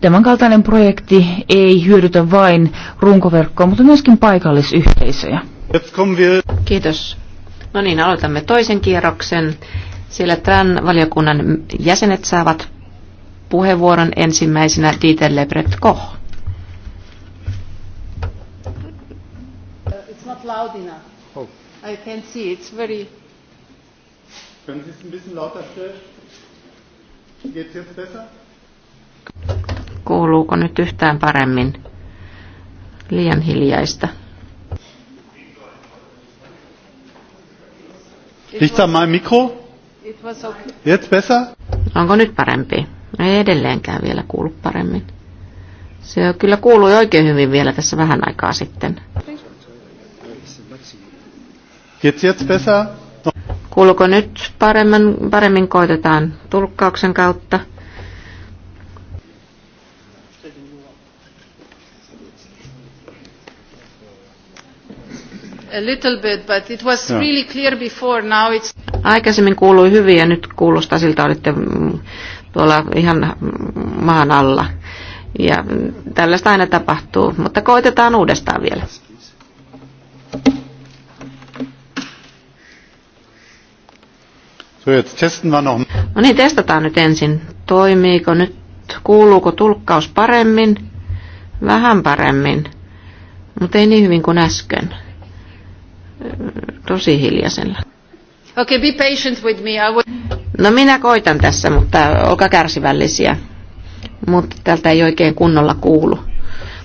Speaker 2: Tämän kaltainen projekti ei hyödytä vain runkoverkkoa, mutta myöskin paikallisyhteisöjä.
Speaker 1: Kiitos. No niin, aloitamme toisen kierroksen. Siellä tämän valiokunnan jäsenet saavat puheenvuoron ensimmäisenä Dieter Lebret Koch.
Speaker 4: It's not loud enough. Oh. I can see it's very Können Sie es ein bisschen lauter stellen? jetzt besser?
Speaker 1: Kuuluuko nyt yhtään paremmin? Liian hiljaista. Liegt da mein Mikro? Jetzt besser? Onko nyt parempi? Ei edelleenkään vielä kuulu paremmin. Se kyllä kuului oikein hyvin vielä tässä vähän aikaa sitten. Jetzt, jetzt besser? Kuuluuko nyt paremmin, paremmin koitetaan tulkkauksen kautta?
Speaker 4: a little bit, but it was yeah. really clear before, now it's...
Speaker 1: Aikaisemmin kuului hyvin ja nyt kuulostaa siltä, olitte mm, tuolla ihan mm, maan alla. Ja mm, tällaista aina tapahtuu, mutta koitetaan uudestaan vielä. No niin, testataan nyt ensin. Toimiiko nyt, kuuluuko tulkkaus paremmin? Vähän paremmin, mutta ei niin hyvin kuin äsken tosi hiljaisella.
Speaker 4: Okay, be patient with me. I will...
Speaker 1: No minä koitan tässä, mutta olkaa kärsivällisiä. Mutta tältä ei oikein kunnolla kuulu.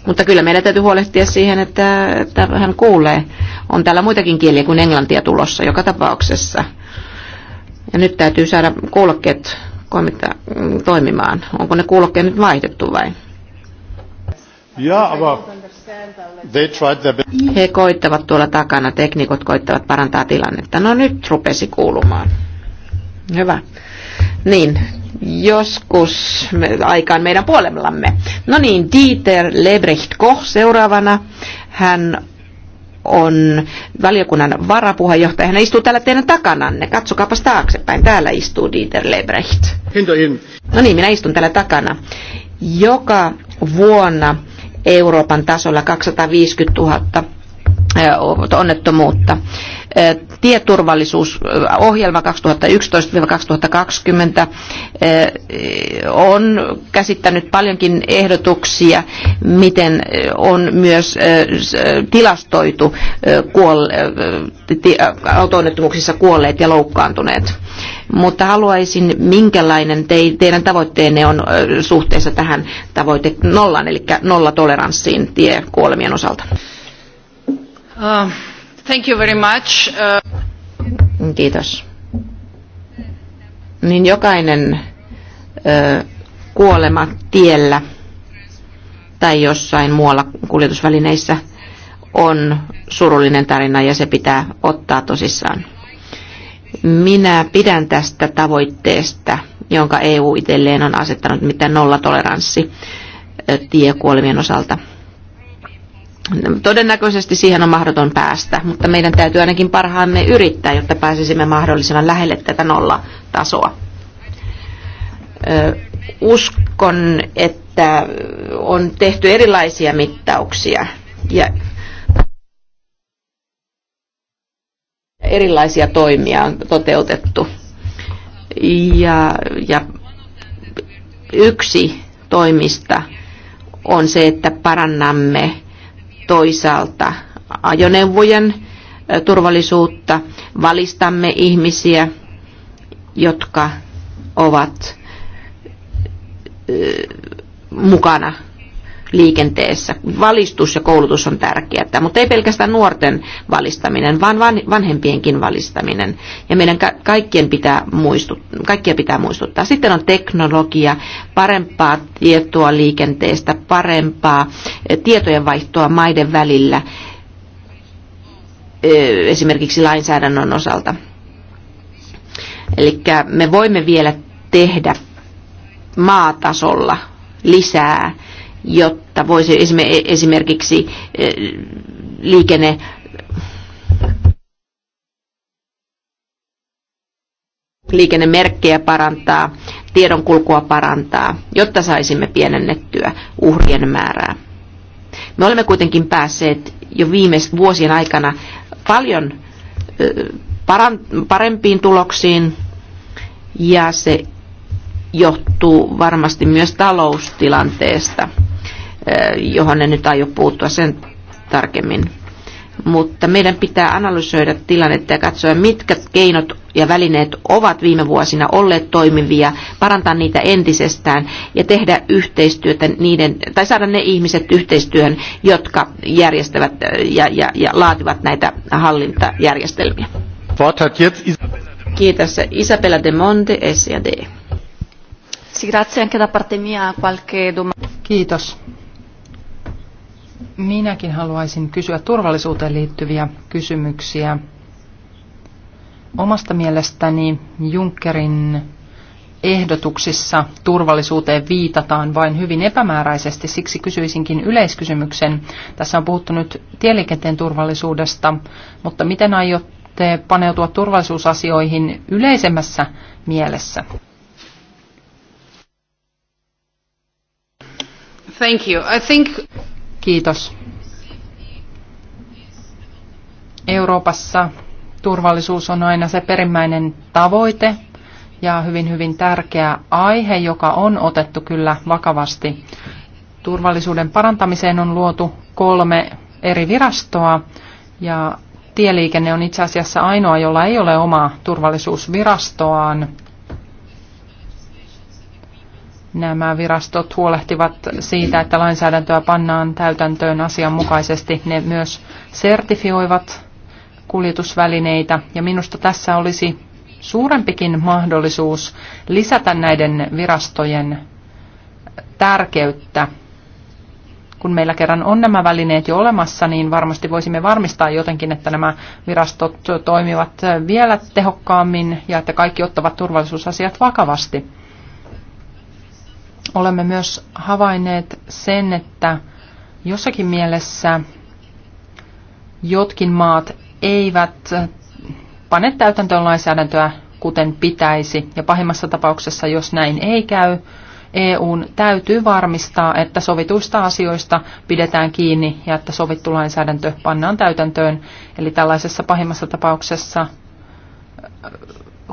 Speaker 1: Mutta kyllä meidän täytyy huolehtia siihen, että, että hän kuulee. On täällä muitakin kieliä kuin englantia tulossa joka tapauksessa. Ja nyt täytyy saada kuulokkeet toimimaan. Onko ne kuulokkeet nyt vaihdettu vai? Ja, aber he koittavat tuolla takana, teknikot koittavat parantaa tilannetta. No nyt rupesi kuulumaan. Hyvä. Niin, joskus me, aikaan meidän puolellamme. No niin, Dieter Lebrecht Koch seuraavana. Hän on valiokunnan varapuheenjohtaja. Hän istuu täällä teidän takananne. Katsokaapa taaksepäin. Täällä istuu Dieter Lebrecht. No niin, minä istun täällä takana. Joka vuonna Euroopan tasolla 250 000 onnettomuutta tieturvallisuusohjelma 2011-2020 on käsittänyt paljonkin ehdotuksia, miten on myös tilastoitu autoonnettomuuksissa kuolleet ja loukkaantuneet. Mutta haluaisin, minkälainen teidän tavoitteenne on suhteessa tähän tavoite nollaan, eli nollatoleranssiin tiekuolemien osalta?
Speaker 4: Uh. Thank you very much. Uh...
Speaker 1: Kiitos. Niin jokainen ö, kuolema tiellä tai jossain muualla kuljetusvälineissä on surullinen tarina ja se pitää ottaa tosissaan. Minä pidän tästä tavoitteesta, jonka EU itselleen on asettanut, mitä nollatoleranssi tiekuolemien osalta – Todennäköisesti siihen on mahdoton päästä, mutta meidän täytyy ainakin parhaamme yrittää, jotta pääsisimme mahdollisimman lähelle tätä nollatasoa. Uskon, että on tehty erilaisia mittauksia ja erilaisia toimia on toteutettu. Ja, ja yksi toimista on se, että parannamme toisaalta ajoneuvojen turvallisuutta, valistamme ihmisiä, jotka ovat mukana liikenteessä. Valistus ja koulutus on tärkeää, mutta ei pelkästään nuorten valistaminen, vaan vanhempienkin valistaminen. Ja meidän kaikkien pitää muistuttaa, kaikkia pitää muistuttaa. Sitten on teknologia, parempaa tietoa liikenteestä, parempaa eh, tietojen vaihtoa maiden välillä, eh, esimerkiksi lainsäädännön osalta. Eli me voimme vielä tehdä maatasolla lisää jotta voisi esimerkiksi eh, liikenne liikennemerkkejä parantaa, tiedonkulkua parantaa, jotta saisimme pienennettyä uhrien määrää. Me olemme kuitenkin päässeet jo viime vuosien aikana paljon parempiin tuloksiin ja se johtuu varmasti myös taloustilanteesta. Eh, johon en nyt aio puuttua sen tarkemmin. Mutta meidän pitää analysoida tilannetta ja katsoa, mitkä keinot ja välineet ovat viime vuosina olleet toimivia, parantaa niitä entisestään ja tehdä yhteistyötä niiden, tai saada ne ihmiset yhteistyöhön, jotka järjestävät eh, ja, ja, ja laativat näitä hallintajärjestelmiä. Kiitos. Isabella de Monte, SD. Kiitos.
Speaker 3: Minäkin haluaisin kysyä turvallisuuteen liittyviä kysymyksiä. Omasta mielestäni Junckerin ehdotuksissa turvallisuuteen viitataan vain hyvin epämääräisesti, siksi kysyisinkin yleiskysymyksen. Tässä on puhuttu nyt tieliikenteen turvallisuudesta, mutta miten aiotte paneutua turvallisuusasioihin yleisemmässä mielessä? Thank you. I think... Kiitos. Euroopassa turvallisuus on aina se perimmäinen tavoite ja hyvin hyvin tärkeä aihe, joka on otettu kyllä vakavasti. Turvallisuuden parantamiseen on luotu kolme eri virastoa ja tieliikenne on itse asiassa ainoa, jolla ei ole omaa turvallisuusvirastoaan nämä virastot huolehtivat siitä, että lainsäädäntöä pannaan täytäntöön asianmukaisesti. Ne myös sertifioivat kuljetusvälineitä ja minusta tässä olisi suurempikin mahdollisuus lisätä näiden virastojen tärkeyttä. Kun meillä kerran on nämä välineet jo olemassa, niin varmasti voisimme varmistaa jotenkin, että nämä virastot toimivat vielä tehokkaammin ja että kaikki ottavat turvallisuusasiat vakavasti. Olemme myös havainneet sen, että jossakin mielessä jotkin maat eivät pane täytäntöön lainsäädäntöä kuten pitäisi. Ja pahimmassa tapauksessa, jos näin ei käy, EUn täytyy varmistaa, että sovituista asioista pidetään kiinni ja että sovittu lainsäädäntö pannaan täytäntöön. Eli tällaisessa pahimmassa tapauksessa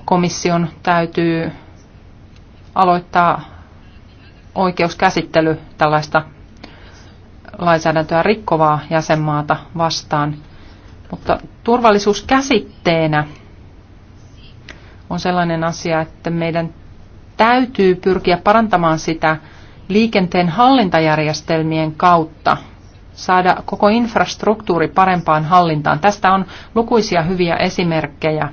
Speaker 3: komission täytyy aloittaa oikeuskäsittely tällaista lainsäädäntöä rikkovaa jäsenmaata vastaan. Mutta turvallisuuskäsitteenä on sellainen asia, että meidän täytyy pyrkiä parantamaan sitä liikenteen hallintajärjestelmien kautta, saada koko infrastruktuuri parempaan hallintaan. Tästä on lukuisia hyviä esimerkkejä,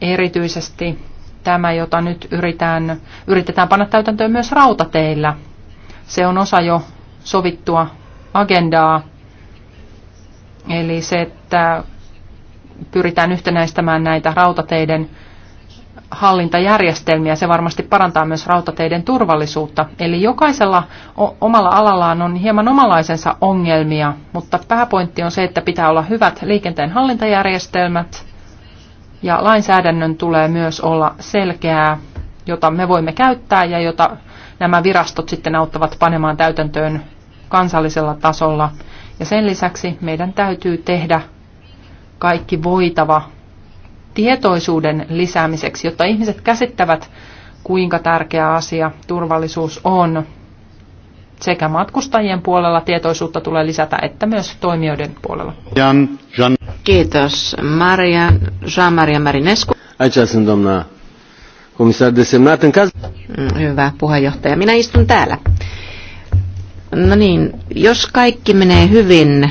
Speaker 3: erityisesti tämä, jota nyt yritetään yritetään panna täytäntöön myös rautateillä. Se on osa jo sovittua agendaa. Eli se, että pyritään yhtenäistämään näitä rautateiden hallintajärjestelmiä. Se varmasti parantaa myös rautateiden turvallisuutta. Eli jokaisella omalla alallaan on hieman omalaisensa ongelmia, mutta pääpointti on se, että pitää olla hyvät liikenteen hallintajärjestelmät ja lainsäädännön tulee myös olla selkeää, jota me voimme käyttää ja jota nämä virastot sitten auttavat panemaan täytäntöön kansallisella tasolla. Ja sen lisäksi meidän täytyy tehdä kaikki voitava tietoisuuden lisäämiseksi, jotta ihmiset käsittävät, kuinka tärkeä asia turvallisuus on sekä matkustajien puolella tietoisuutta tulee lisätä että
Speaker 1: myös toimijoiden puolella. Jan, Jan. Kiitos. Maria, Jean-Maria Marinescu.
Speaker 4: domna. Komissaari
Speaker 1: mm, Hyvä puheenjohtaja. Minä istun täällä. No niin, jos kaikki menee hyvin,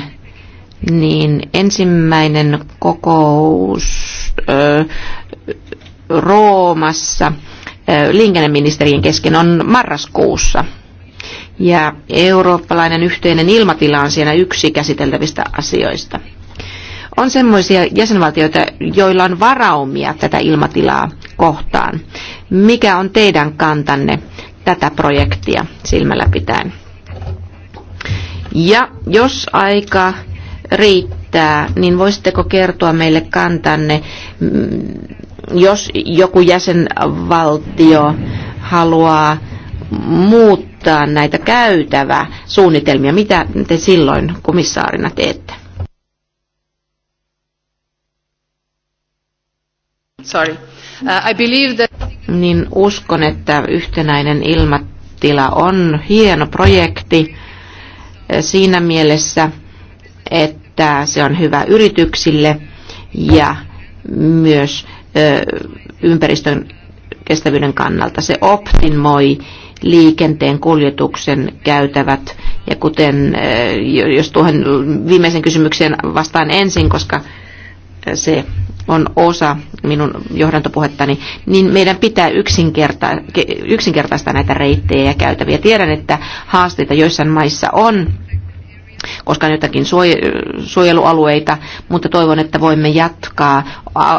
Speaker 1: niin ensimmäinen kokous ö, Roomassa liikenneministerien kesken on marraskuussa ja eurooppalainen yhteinen ilmatila on siinä yksi käsiteltävistä asioista. On semmoisia jäsenvaltioita, joilla on varaumia tätä ilmatilaa kohtaan. Mikä on teidän kantanne tätä projektia silmällä pitäen? Ja jos aika riittää, niin voisitteko kertoa meille kantanne, mm, jos joku jäsenvaltio haluaa muuttaa muuttaa näitä käytävää suunnitelmia? Mitä te silloin komissaarina teette?
Speaker 4: Sorry. Uh,
Speaker 1: I believe that... Niin uskon, että yhtenäinen ilmatila on hieno projekti eh, siinä mielessä, että se on hyvä yrityksille ja myös eh, ympäristön kestävyyden kannalta. Se optimoi liikenteen kuljetuksen käytävät. Ja kuten, eh, jos tuohon viimeisen kysymykseen vastaan ensin, koska eh, se on osa minun johdantopuhettani, niin meidän pitää yksinkerta, yksinkertaistaa näitä reittejä ja käytäviä. Tiedän, että haasteita joissain maissa on, koska on jotakin suojelualueita, mutta toivon, että voimme jatkaa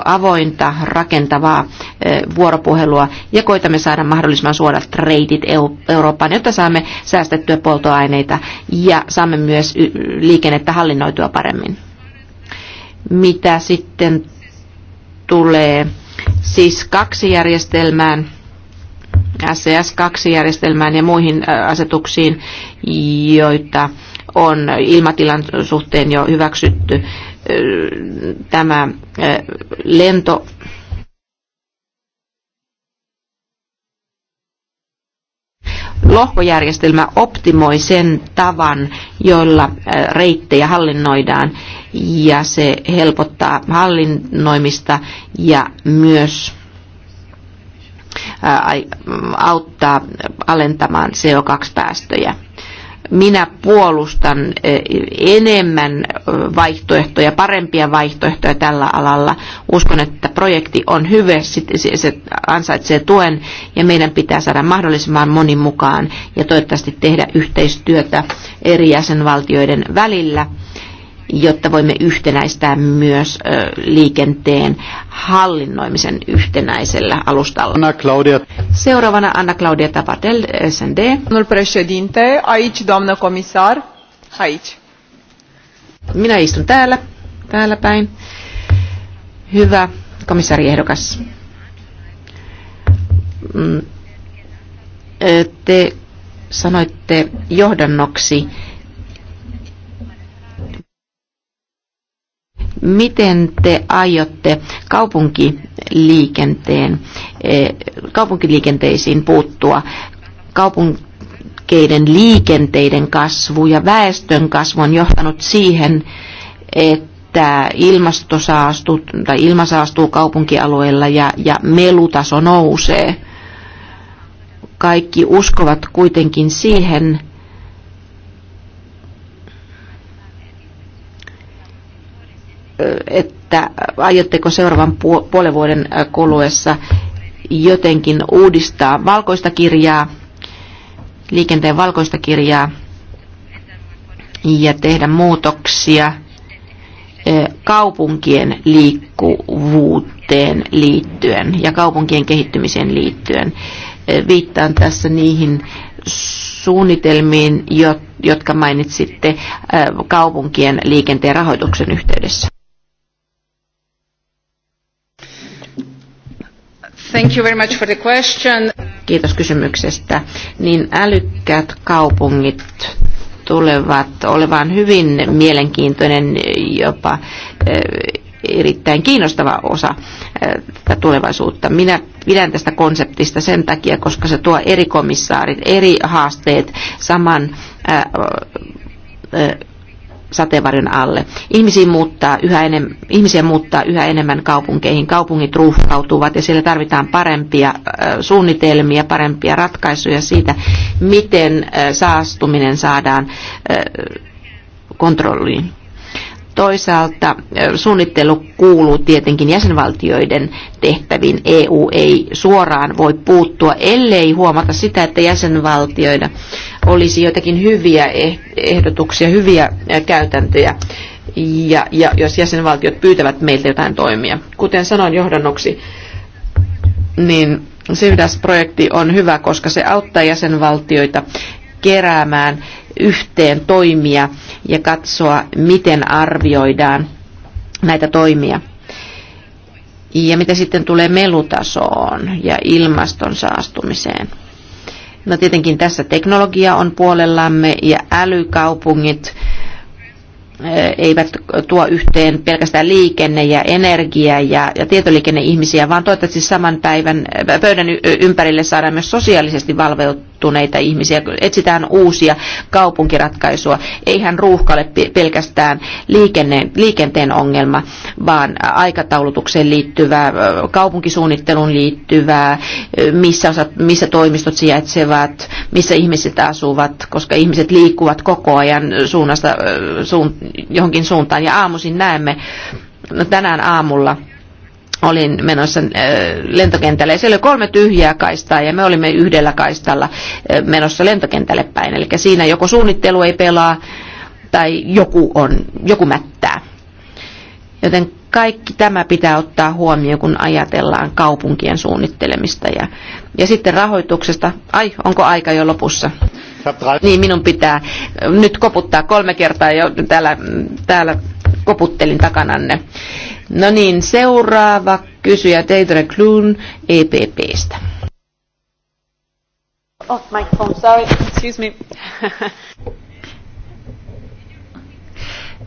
Speaker 1: avointa, rakentavaa vuoropuhelua ja koitamme saada mahdollisimman suorat reitit Eurooppaan, jotta saamme säästettyä polttoaineita ja saamme myös liikennettä hallinnoitua paremmin. Mitä sitten tulee siis kaksi järjestelmään, SCS-2-järjestelmään e ja muihin asetuksiin, joita on ilmatilan suhteen jo hyväksytty tämä lento lohkojärjestelmä optimoi sen tavan, jolla reittejä hallinnoidaan ja se helpottaa hallinnoimista ja myös auttaa alentamaan CO2-päästöjä minä puolustan eh, enemmän eh, vaihtoehtoja, parempia vaihtoehtoja tällä alalla. Uskon, että projekti on hyvä, se ansaitsee tuen ja meidän pitää saada mahdollisimman monin mukaan ja toivottavasti tehdä yhteistyötä eri jäsenvaltioiden välillä jotta voimme yhtenäistää myös liikenteen hallinnoimisen yhtenäisellä alustalla. Anna Claudia. Seuraavana Anna-Claudia Tapatel, SND. Domnul președinte, aici, doamnă comisar, aici. Minä istun täällä, täällä päin. Hyvä komissaariehdokas. Mm, te sanoitte johdannoksi, miten te aiotte kaupunkiliikenteen, eh, kaupunkiliikenteisiin puuttua? Kaupunkeiden liikenteiden kasvu ja väestön kasvu on johtanut siihen, että ilmasto saastuu, tai ilma saastuu kaupunkialueilla ja, ja melutaso nousee. Kaikki uskovat kuitenkin siihen, että aiotteko seuraavan puolen vuoden kuluessa jotenkin uudistaa valkoista kirjaa, liikenteen valkoista kirjaa ja tehdä muutoksia kaupunkien liikkuvuuteen liittyen ja kaupunkien kehittymiseen liittyen. Viittaan tässä niihin suunnitelmiin, jotka mainitsitte kaupunkien liikenteen rahoituksen yhteydessä.
Speaker 4: Thank you very much for the question.
Speaker 1: Kiitos kysymyksestä. Niin älykkäät kaupungit tulevat olevan hyvin mielenkiintoinen, jopa eh, erittäin kiinnostava osa eh, tätä tulevaisuutta. Minä pidän tästä konseptista sen takia, koska se tuo eri komissaarit, eri haasteet saman ää, eh, ää, sateenvarjon alle. Ihmisiä muuttaa yhä enemmän, ihmisiä muuttaa yhä enemmän kaupunkeihin. Kaupungit ruuhkautuvat ja siellä tarvitaan parempia suunnitelmia, parempia ratkaisuja siitä, miten saastuminen saadaan kontrolliin. Toisaalta suunnittelu kuuluu tietenkin jäsenvaltioiden tehtäviin. EU ei suoraan voi puuttua, ellei huomata sitä, että jäsenvaltioida olisi jotakin hyviä eh-, ehdotuksia, hyviä käytäntöjä, ja, ja jos jäsenvaltiot pyytävät meiltä jotain toimia. Kuten sanoin johdannoksi, niin SIVDAS-projekti on hyvä, koska se auttaa jäsenvaltioita keräämään yhteen toimia ja katsoa, miten arvioidaan näitä toimia. Ja mitä sitten tulee melutasoon ja ilmaston saastumiseen. No tietenkin tässä teknologia on puolellamme ja älykaupungit eh, eivät tuo yhteen pelkästään liikenne ja energia ja, ja ihmisiä vaan toivottavasti saman päivän eh, pöydän ympärille saadaan myös sosiaalisesti valveut, muuttuneita ihmisiä, etsitään uusia kaupunkiratkaisua. Eihän ruuhka ole pelkästään liikenne, liikenteen ongelma, vaan aikataulutukseen liittyvää, kaupunkisuunnitteluun liittyvää, missä, osat, missä toimistot sijaitsevat, missä ihmiset asuvat, koska ihmiset liikkuvat koko ajan suunnasta suun, johonkin suuntaan. Ja aamuisin näemme, no tänään aamulla, olin menossa äh, lentokentälle. Ja siellä oli kolme tyhjää kaistaa ja me olimme yhdellä kaistalla äh, menossa lentokentälle päin. Eli siinä joko suunnittelu ei pelaa tai joku, on, joku mättää. Joten kaikki tämä pitää ottaa huomioon, kun ajatellaan kaupunkien suunnittelemista. Ja, ja sitten rahoituksesta. Ai, onko aika jo lopussa? Niin, minun pitää nyt koputtaa kolme kertaa jo täällä, täällä koputtelin takananne. No niin, seuraava kysyjä Deidre Kluun EPPstä. Off oh, my phone, sorry, excuse me.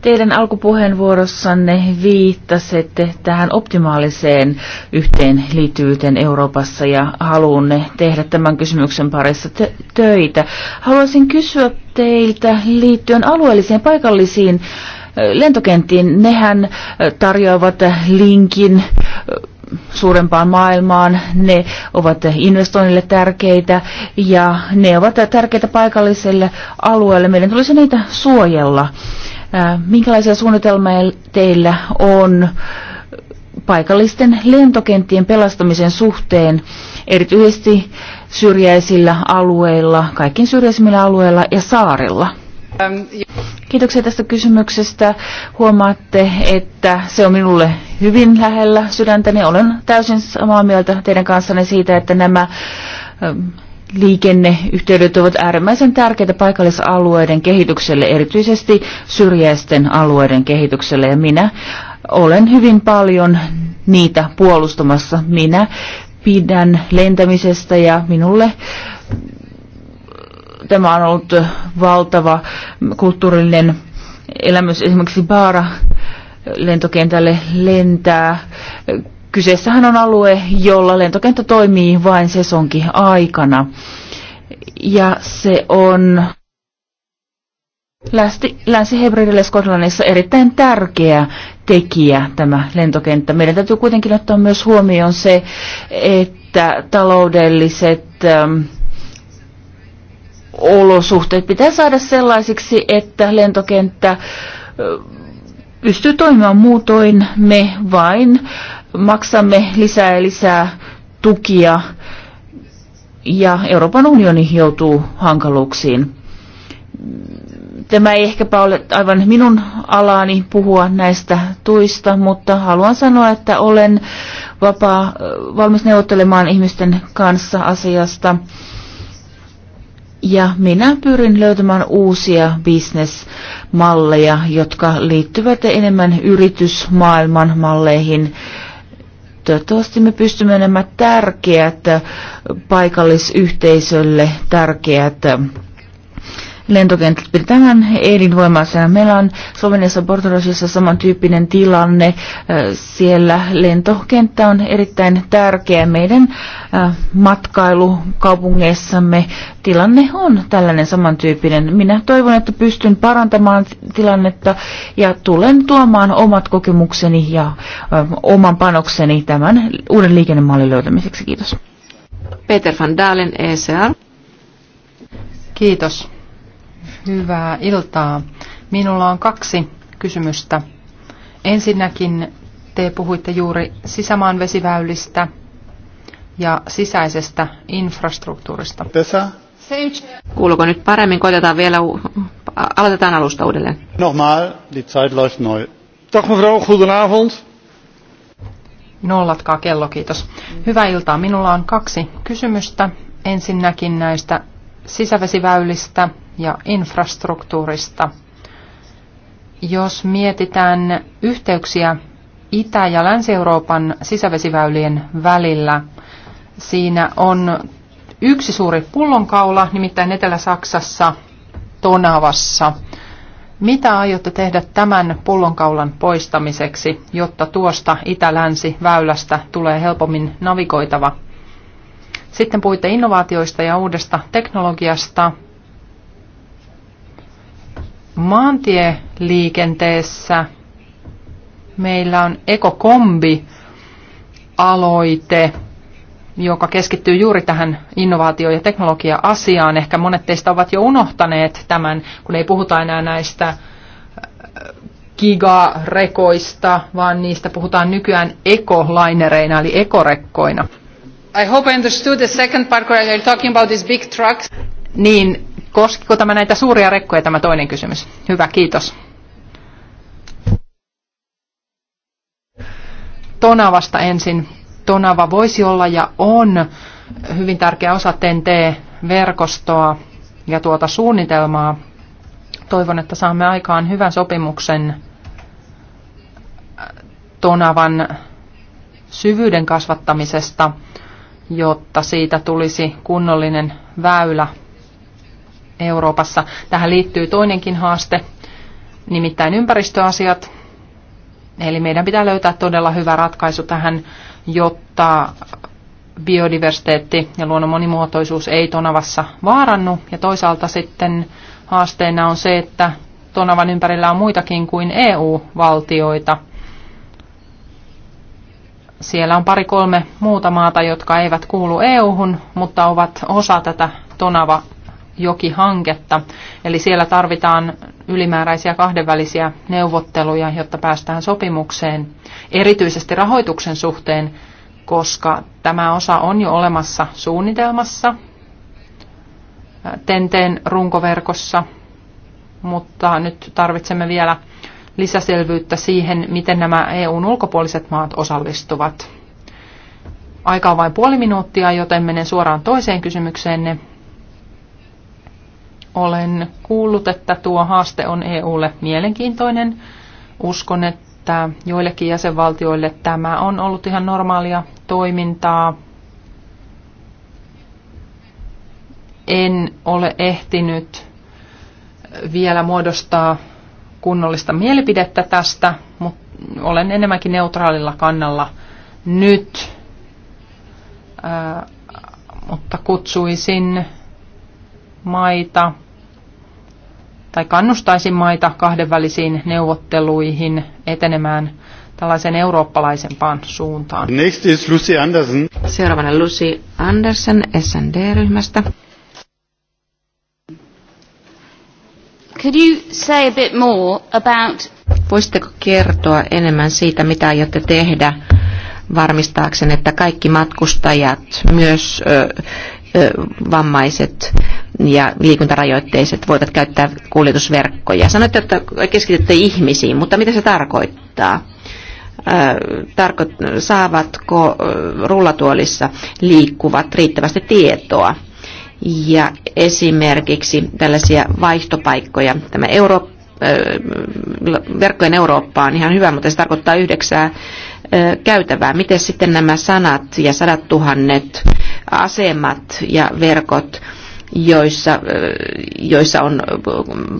Speaker 2: Teidän alkupuheenvuorossanne viittasitte tähän optimaaliseen yhteenliittyvyyteen Euroopassa ja haluunne tehdä tämän kysymyksen parissa töitä. Haluaisin kysyä teiltä liittyen alueellisiin paikallisiin äh, lentokenttiin. Nehän tarjoavat linkin suurempaan maailmaan, ne ovat investoinnille tärkeitä ja ne ovat tärkeitä paikalliselle alueelle. Meidän tulisi niitä suojella. Minkälaisia suunnitelmia teillä on paikallisten lentokenttien pelastamisen suhteen, erityisesti syrjäisillä alueilla, kaikkien syrjäisimmillä alueilla ja saarilla? Ähm, Kiitoksia tästä kysymyksestä. Huomaatte, että se on minulle hyvin lähellä sydäntäni. Olen täysin samaa mieltä teidän kanssanne siitä, että nämä ähm, liikenneyhteydet ovat äärimmäisen tärkeitä paikallisalueiden kehitykselle, erityisesti syrjäisten alueiden kehitykselle. Ja minä olen hyvin paljon niitä puolustamassa. Minä pidän lentämisestä ja minulle Tämä on ollut valtava kulttuurillinen elämys. Esimerkiksi Baara lentokentälle lentää. Kyseessähän on alue, jolla lentokenttä toimii vain sesonkin aikana. Ja se on Länsi-Hebridille Skotlannissa erittäin tärkeä tekijä tämä lentokenttä. Meidän täytyy kuitenkin ottaa myös huomioon se, että taloudelliset ähm, olosuhteet pitää saada sellaisiksi, että lentokenttä pystyy toimimaan muutoin. Me vain maksamme lisää ja lisää tukia ja Euroopan unioni joutuu hankaluuksiin. Tämä ei ehkäpä ole aivan minun alaani puhua näistä tuista, mutta haluan sanoa, että olen vapaa, valmis neuvottelemaan ihmisten kanssa asiasta. Ja minä pyrin löytämään uusia bisnesmalleja, jotka liittyvät enemmän yritysmaailman malleihin. Toivottavasti me pystymme enemmän tärkeät paikallisyhteisölle tärkeät lentokentät pidetään elinvoimaisena. Meillä on Sloveniassa Portorosissa samantyyppinen tilanne. Siellä lentokenttä on erittäin tärkeä meidän matkailukaupungeissamme. Tilanne on tällainen samantyyppinen. Minä toivon, että pystyn parantamaan tilannetta ja tulen tuomaan omat kokemukseni ja oman panokseni tämän uuden liikennemallin löytämiseksi. Kiitos.
Speaker 1: Peter van Dalen, ECR.
Speaker 3: Kiitos. Hyvää iltaa. Minulla on kaksi kysymystä. Ensinnäkin te puhuitte juuri sisämaan vesiväylistä
Speaker 1: ja sisäisestä infrastruktuurista. Pesä? Kuuluuko nyt paremmin? Koitetaan vielä, aloitetaan alusta uudelleen.
Speaker 4: Nogmaal, die Zeit läuft neu.
Speaker 1: Dag mevrouw, Abend. Nollatkaa kello,
Speaker 3: kiitos. Hyvää iltaa. Minulla on kaksi kysymystä. Ensinnäkin näistä sisävesiväylistä ja infrastruktuurista. Jos mietitään yhteyksiä Itä- ja Länsi-Euroopan sisävesiväylien välillä, siinä on yksi suuri pullonkaula, nimittäin Etelä-Saksassa Tonavassa. Mitä aiotte tehdä tämän pullonkaulan poistamiseksi, jotta tuosta itä-länsi-väylästä tulee helpommin navigoitava? Sitten puhuitte innovaatioista ja uudesta teknologiasta maantieliikenteessä meillä on ekokombi-aloite, joka keskittyy juuri tähän innovaatio- ja teknologia-asiaan. Ehkä monet teistä ovat jo unohtaneet tämän, kun ei puhuta enää näistä äh, gigarekoista, vaan niistä puhutaan nykyään ekolainereina eli ekorekkoina. I hope I understood the second part where you're talking about these big trucks. Niin Koskiko tämä näitä suuria rekkoja tämä toinen kysymys? Hyvä, kiitos. Tonavasta ensin. Tonava voisi olla ja on hyvin tärkeä osa TNT-verkostoa ja tuota suunnitelmaa. Toivon, että saamme aikaan hyvän sopimuksen Tonavan syvyyden kasvattamisesta, jotta siitä tulisi kunnollinen väylä Euroopassa. Tähän liittyy toinenkin haaste, nimittäin ympäristöasiat. Eli meidän pitää löytää todella hyvä ratkaisu tähän, jotta biodiversiteetti ja luonnon monimuotoisuus ei Tonavassa vaarannu. Ja toisaalta sitten haasteena on se, että Tonavan ympärillä on muitakin kuin EU-valtioita. Siellä on pari-kolme muuta maata, jotka eivät kuulu EU-hun, mutta ovat osa tätä Tonava, jokihanketta. Eli siellä tarvitaan ylimääräisiä kahdenvälisiä neuvotteluja, jotta päästään sopimukseen, erityisesti rahoituksen suhteen, koska tämä osa on jo olemassa suunnitelmassa, tenteen runkoverkossa, mutta nyt tarvitsemme vielä lisäselvyyttä siihen, miten nämä EUn ulkopuoliset maat osallistuvat. Aika on vain puoli minuuttia, joten menen suoraan toiseen kysymykseenne, olen kuullut, että tuo haaste on EUlle mielenkiintoinen. Uskon, että joillekin jäsenvaltioille tämä on ollut ihan normaalia toimintaa. En ole ehtinyt vielä muodostaa kunnollista mielipidettä tästä, mutta olen enemmänkin neutraalilla kannalla nyt. Ää, mutta kutsuisin maita tai kannustaisin maita kahdenvälisiin neuvotteluihin etenemään tällaisen eurooppalaisempaan suuntaan.
Speaker 4: Next is Lucy
Speaker 1: Anderson. Seuraavana Lucy Anderson SND-ryhmästä. Could you say a bit more about... Voisitteko kertoa enemmän siitä, mitä aiotte tehdä varmistaakseen, että kaikki matkustajat, myös vammaiset ja liikuntarajoitteiset voivat käyttää kuljetusverkkoja. Sanoitte, että keskitytte ihmisiin, mutta mitä se tarkoittaa? Tarko- saavatko rullatuolissa liikkuvat riittävästi tietoa? Ja esimerkiksi tällaisia vaihtopaikkoja. Tämä Eurooppa verkkojen Eurooppa on ihan hyvä, mutta se tarkoittaa yhdeksää käytävää. Miten sitten nämä sanat ja sadat tuhannet asemat ja verkot, joissa, joissa on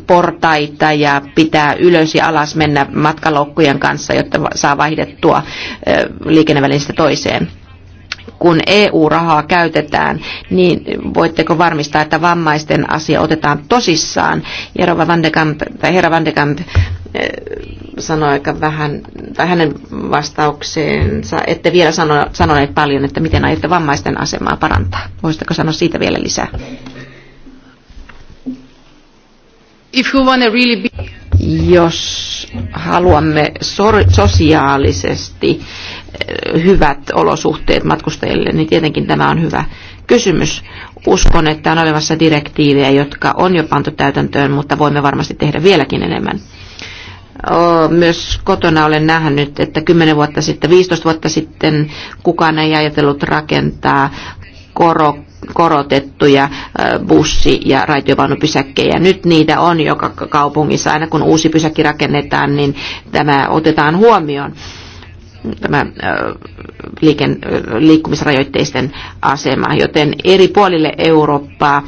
Speaker 1: portaita ja pitää ylös ja alas mennä matkalaukkujen kanssa, jotta saa vaihdettua liikennevälineestä toiseen kun EU-rahaa käytetään, niin voitteko varmistaa, että vammaisten asia otetaan tosissaan? van de Kamp, tai herra Van de Kamp eh, sanoi aika vähän, tai hänen vastaukseensa, ette vielä sano, sanoneet paljon, että miten aiotte vammaisten asemaa parantaa. Voisitteko sanoa siitä vielä lisää? If you wanna really be... Jos haluamme sor- sosiaalisesti hyvät olosuhteet matkustajille, niin tietenkin tämä on hyvä kysymys. Uskon, että on olemassa direktiivejä, jotka on jo pantu täytäntöön, mutta voimme varmasti tehdä vieläkin enemmän. Myös kotona olen nähnyt, että 10 vuotta sitten, 15 vuotta sitten kukaan ei ajatellut rakentaa koro, korotettuja bussi- ja raitiovaunupysäkkejä. Nyt niitä on joka kaupungissa. Aina kun uusi pysäkki rakennetaan, niin tämä otetaan huomioon tämä liiken, liikkumisrajoitteisten asema, joten eri puolille Eurooppaa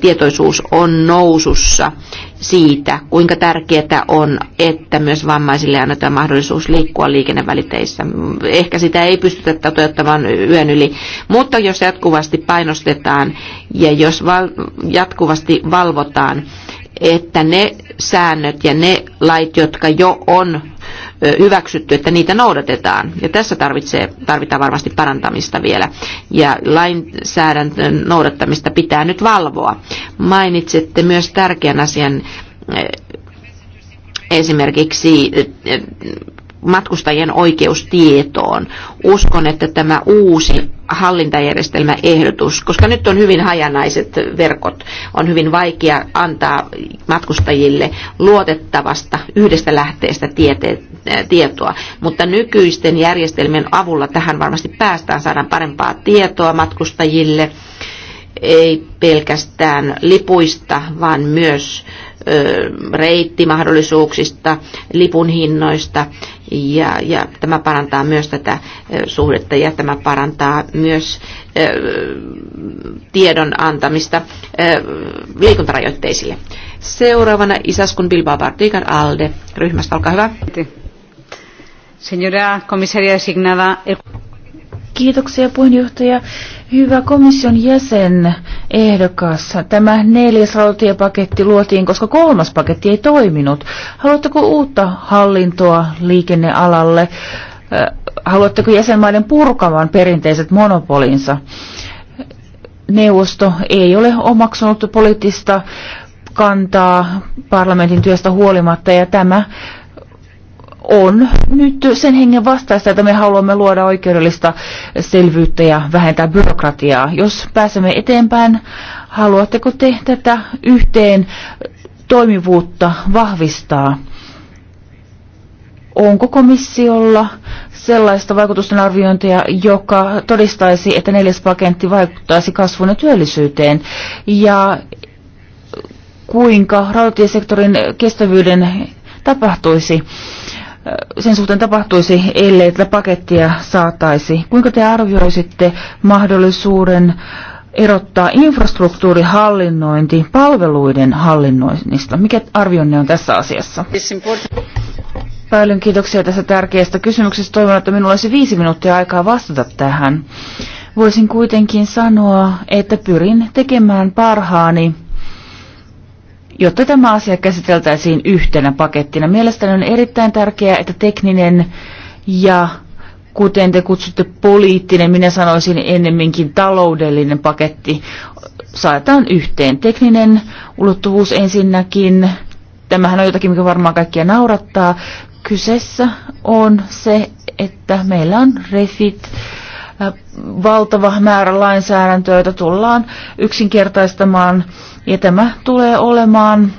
Speaker 1: tietoisuus on nousussa siitä, kuinka tärkeää on, että myös vammaisille annetaan mahdollisuus liikkua liikennevälitteissä. Ehkä sitä ei pystytä toteuttamaan yön yli, mutta jos jatkuvasti painostetaan ja jos val- jatkuvasti valvotaan, että ne säännöt ja ne lait, jotka jo on hyväksytty, että niitä noudatetaan. Ja tässä tarvitsee, tarvitaan varmasti parantamista vielä. Ja lainsäädännön noudattamista pitää nyt valvoa. Mainitsette myös tärkeän asian esimerkiksi matkustajien oikeus tietoon. Uskon, että tämä uusi hallintajärjestelmäehdotus, koska nyt on hyvin hajanaiset verkot, on hyvin vaikea antaa matkustajille luotettavasta yhdestä lähteestä tiete, äh, tietoa. Mutta nykyisten järjestelmien avulla tähän varmasti päästään saadaan parempaa tietoa matkustajille, ei pelkästään lipuista, vaan myös äh, reittimahdollisuuksista, lipun hinnoista ja, ja tämä parantaa myös tätä suhdetta ja tämä parantaa myös tiedon antamista liikuntarajoitteisille. Seuraavana Isaskun Bilbao Bartikan Alde ryhmästä, olkaa hyvä. Señora comisaria designada, Kiitoksia
Speaker 2: puheenjohtaja. Hyvä komission jäsen ehdokas. Tämä neljäs rautatiepaketti luotiin, koska kolmas paketti ei toiminut. Haluatteko uutta hallintoa liikennealalle? Haluatteko jäsenmaiden purkamaan perinteiset monopolinsa? Neuvosto ei ole omaksunut poliittista kantaa parlamentin työstä huolimatta ja tämä on nyt sen hengen vastaista, että me haluamme luoda oikeudellista selvyyttä ja vähentää byrokratiaa. Jos pääsemme eteenpäin, haluatteko te tätä yhteen toimivuutta vahvistaa? Onko komissiolla sellaista vaikutusten arviointia, joka todistaisi, että neljäs paketti vaikuttaisi kasvun ja työllisyyteen? Ja kuinka rautatiesektorin kestävyyden tapahtuisi sen suhteen tapahtuisi, ellei tätä pakettia saataisi? Kuinka te arvioisitte mahdollisuuden erottaa infrastruktuurihallinnointi palveluiden hallinnoinnista? Mikä arvionne on tässä asiassa? Paljon kiitoksia tästä tärkeästä kysymyksestä. Toivon, että minulla olisi viisi minuuttia aikaa vastata tähän. Voisin kuitenkin sanoa, että pyrin tekemään parhaani jotta tämä asia käsiteltäisiin yhtenä pakettina. Mielestäni on erittäin tärkeää, että tekninen ja kuten te kutsutte poliittinen, minä sanoisin ennemminkin taloudellinen paketti, saetaan yhteen. Tekninen ulottuvuus ensinnäkin, tämähän on jotakin, mikä varmaan kaikkia naurattaa. Kyseessä on se, että meillä on refit, valtava määrä lainsäädäntöä, jota tullaan yksinkertaistamaan, ja tämä tulee olemaan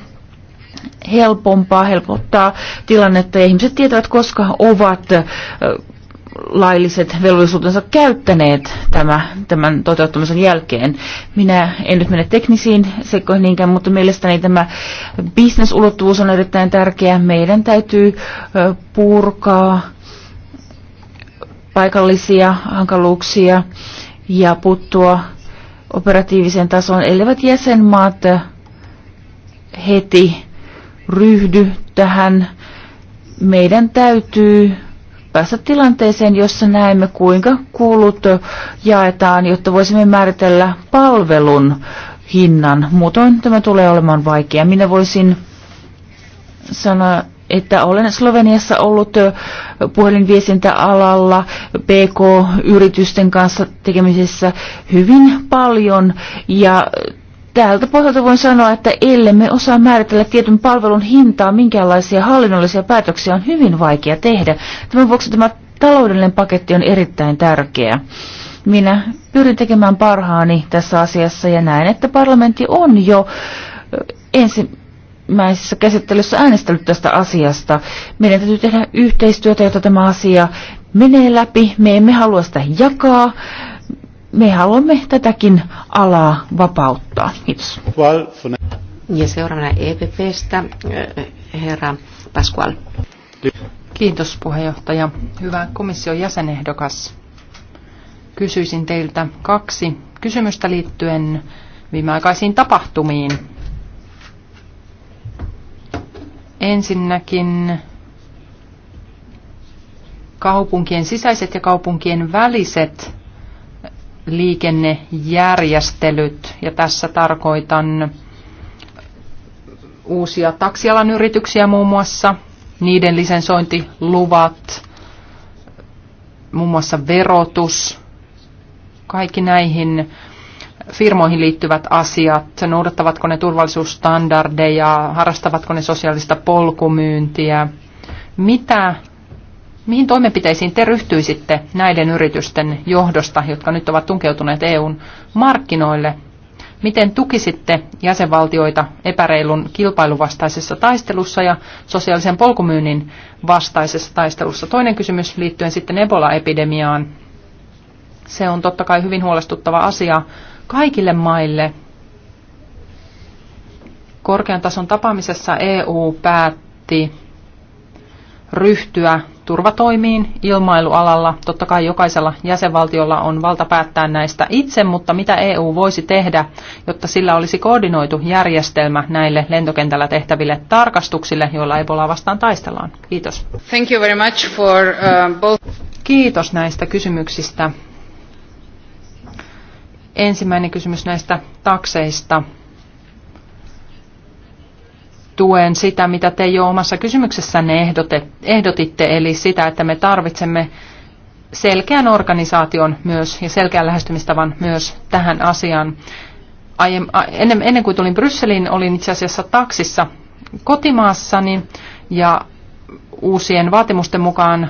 Speaker 2: helpompaa, helpottaa tilannetta, ja ihmiset tietävät, koska ovat lailliset velvollisuutensa käyttäneet tämä, tämän toteuttamisen jälkeen. Minä en nyt mene teknisiin sekoihin niinkään, mutta mielestäni tämä bisnesulottuvuus on erittäin tärkeä. Meidän täytyy purkaa paikallisia hankaluuksia ja puuttua operatiivisen tason, elleivät jäsenmaat heti ryhdy tähän. Meidän täytyy päästä tilanteeseen, jossa näemme kuinka kulut jaetaan, jotta voisimme määritellä palvelun hinnan. Muutoin tämä tulee olemaan vaikea. Minä voisin sanoa että olen Sloveniassa ollut puhelinviestintäalalla PK-yritysten kanssa tekemisessä hyvin paljon ja Täältä pohjalta voin sanoa, että ellemme osaa määritellä tietyn palvelun hintaa, minkälaisia hallinnollisia päätöksiä on hyvin vaikea tehdä. Tämän vuoksi tämä taloudellinen paketti on erittäin tärkeä. Minä pyrin tekemään parhaani tässä asiassa ja näen, että parlamentti on jo ensi ensimmäisessä käsittelyssä äänestänyt tästä asiasta. Meidän täytyy tehdä yhteistyötä, jotta tämä asia menee läpi. Me emme halua sitä jakaa.
Speaker 1: Me haluamme tätäkin alaa vapauttaa. Kiitos. Ja seuraavana EPPstä eh, herra Pasqual.
Speaker 3: Kiitos puheenjohtaja. Hyvä komission jäsenehdokas. Kysyisin teiltä kaksi kysymystä liittyen viimeaikaisiin tapahtumiin Ensinnäkin kaupunkien sisäiset ja kaupunkien väliset liikennejärjestelyt, ja tässä tarkoitan uusia taksialan yrityksiä muun muassa, niiden lisensointiluvat, muun muassa verotus, kaikki näihin firmoihin liittyvät asiat, noudattavatko ne turvallisuusstandardeja, harrastavatko ne sosiaalista polkumyyntiä. Mitä, mihin toimenpiteisiin te ryhtyisitte näiden yritysten johdosta, jotka nyt ovat tunkeutuneet EUn markkinoille? Miten tukisitte jäsenvaltioita epäreilun kilpailuvastaisessa taistelussa ja sosiaalisen polkumyynnin vastaisessa taistelussa? Toinen kysymys liittyen sitten Ebola-epidemiaan. Se on totta kai hyvin huolestuttava asia kaikille maille. Korkean tason tapaamisessa EU päätti ryhtyä turvatoimiin ilmailualalla. Totta kai jokaisella jäsenvaltiolla on valta päättää näistä itse, mutta mitä EU voisi tehdä, jotta sillä olisi koordinoitu järjestelmä näille lentokentällä tehtäville tarkastuksille, joilla Ebolaa vastaan taistellaan? Kiitos. Thank you very much for, uh, both. Kiitos näistä kysymyksistä. Ensimmäinen kysymys näistä takseista. Tuen sitä, mitä te jo omassa kysymyksessänne ehdotitte, eli sitä, että me tarvitsemme selkeän organisaation myös ja selkeän lähestymistavan myös tähän asiaan. Aiem, ennen, ennen kuin tulin Brysseliin, olin itse asiassa taksissa kotimaassani ja uusien vaatimusten mukaan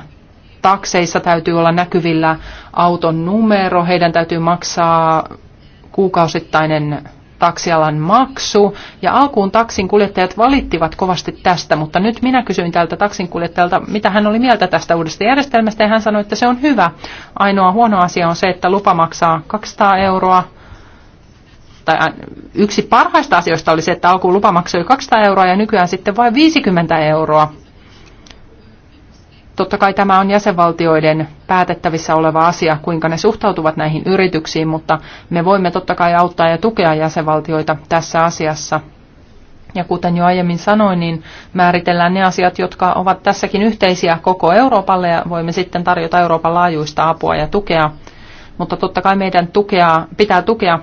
Speaker 3: takseissa täytyy olla näkyvillä auton numero, heidän täytyy maksaa kuukausittainen taksialan maksu. Ja alkuun taksin kuljettajat valittivat kovasti tästä, mutta nyt minä kysyin tältä taksin kuljettajalta, mitä hän oli mieltä tästä uudesta järjestelmästä, ja hän sanoi, että se on hyvä. Ainoa huono asia on se, että lupa maksaa 200 euroa. Tai äh, yksi parhaista asioista oli se, että alkuun lupa maksoi 200 euroa ja nykyään sitten vain 50 euroa. Totta kai tämä on jäsenvaltioiden päätettävissä oleva asia, kuinka ne suhtautuvat näihin yrityksiin, mutta me voimme totta kai auttaa ja tukea jäsenvaltioita tässä asiassa. Ja kuten jo aiemmin sanoin, niin määritellään ne asiat, jotka ovat tässäkin yhteisiä koko Euroopalle ja voimme sitten tarjota Euroopan laajuista apua ja tukea. Mutta totta kai meidän tukea, pitää tukea,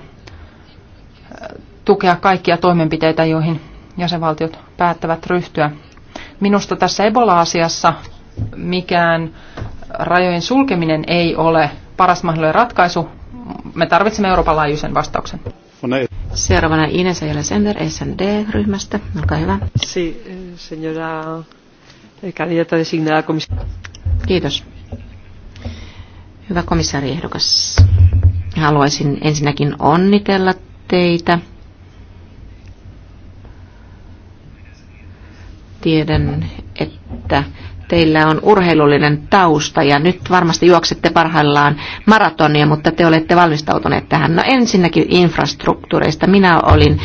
Speaker 3: tukea kaikkia toimenpiteitä, joihin jäsenvaltiot päättävät ryhtyä. Minusta tässä Ebola-asiassa mikään rajojen sulkeminen ei ole paras mahdollinen ratkaisu. Me tarvitsemme Euroopan laajuisen vastauksen. Seuraavana Ines Ajala-Sender
Speaker 1: SND-ryhmästä. Olkaa hyvä.
Speaker 3: Si, señora candidata designada
Speaker 1: Kiitos. Hyvä komissaariehdokas. Haluaisin ensinnäkin onnitella teitä. Tiedän, että Teillä on urheilullinen tausta ja nyt varmasti juoksette parhaillaan maratonia, mutta te olette valmistautuneet tähän. No ensinnäkin infrastruktuureista. Minä olin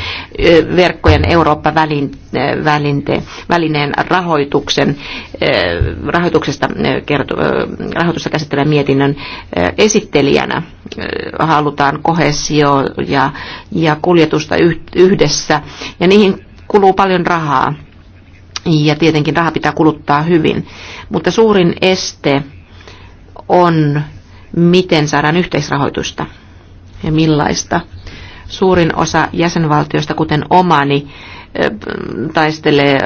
Speaker 1: verkkojen Eurooppa-välineen rahoituksen, rahoituksesta, rahoitusta käsittelevän mietinnön esittelijänä. Halutaan kohesio ja, ja kuljetusta yhdessä ja niihin kuluu paljon rahaa niin, ja tietenkin raha pitää kuluttaa hyvin. Mutta suurin este on, miten saadaan yhteisrahoitusta ja millaista. Suurin osa jäsenvaltioista, kuten omani, taistelee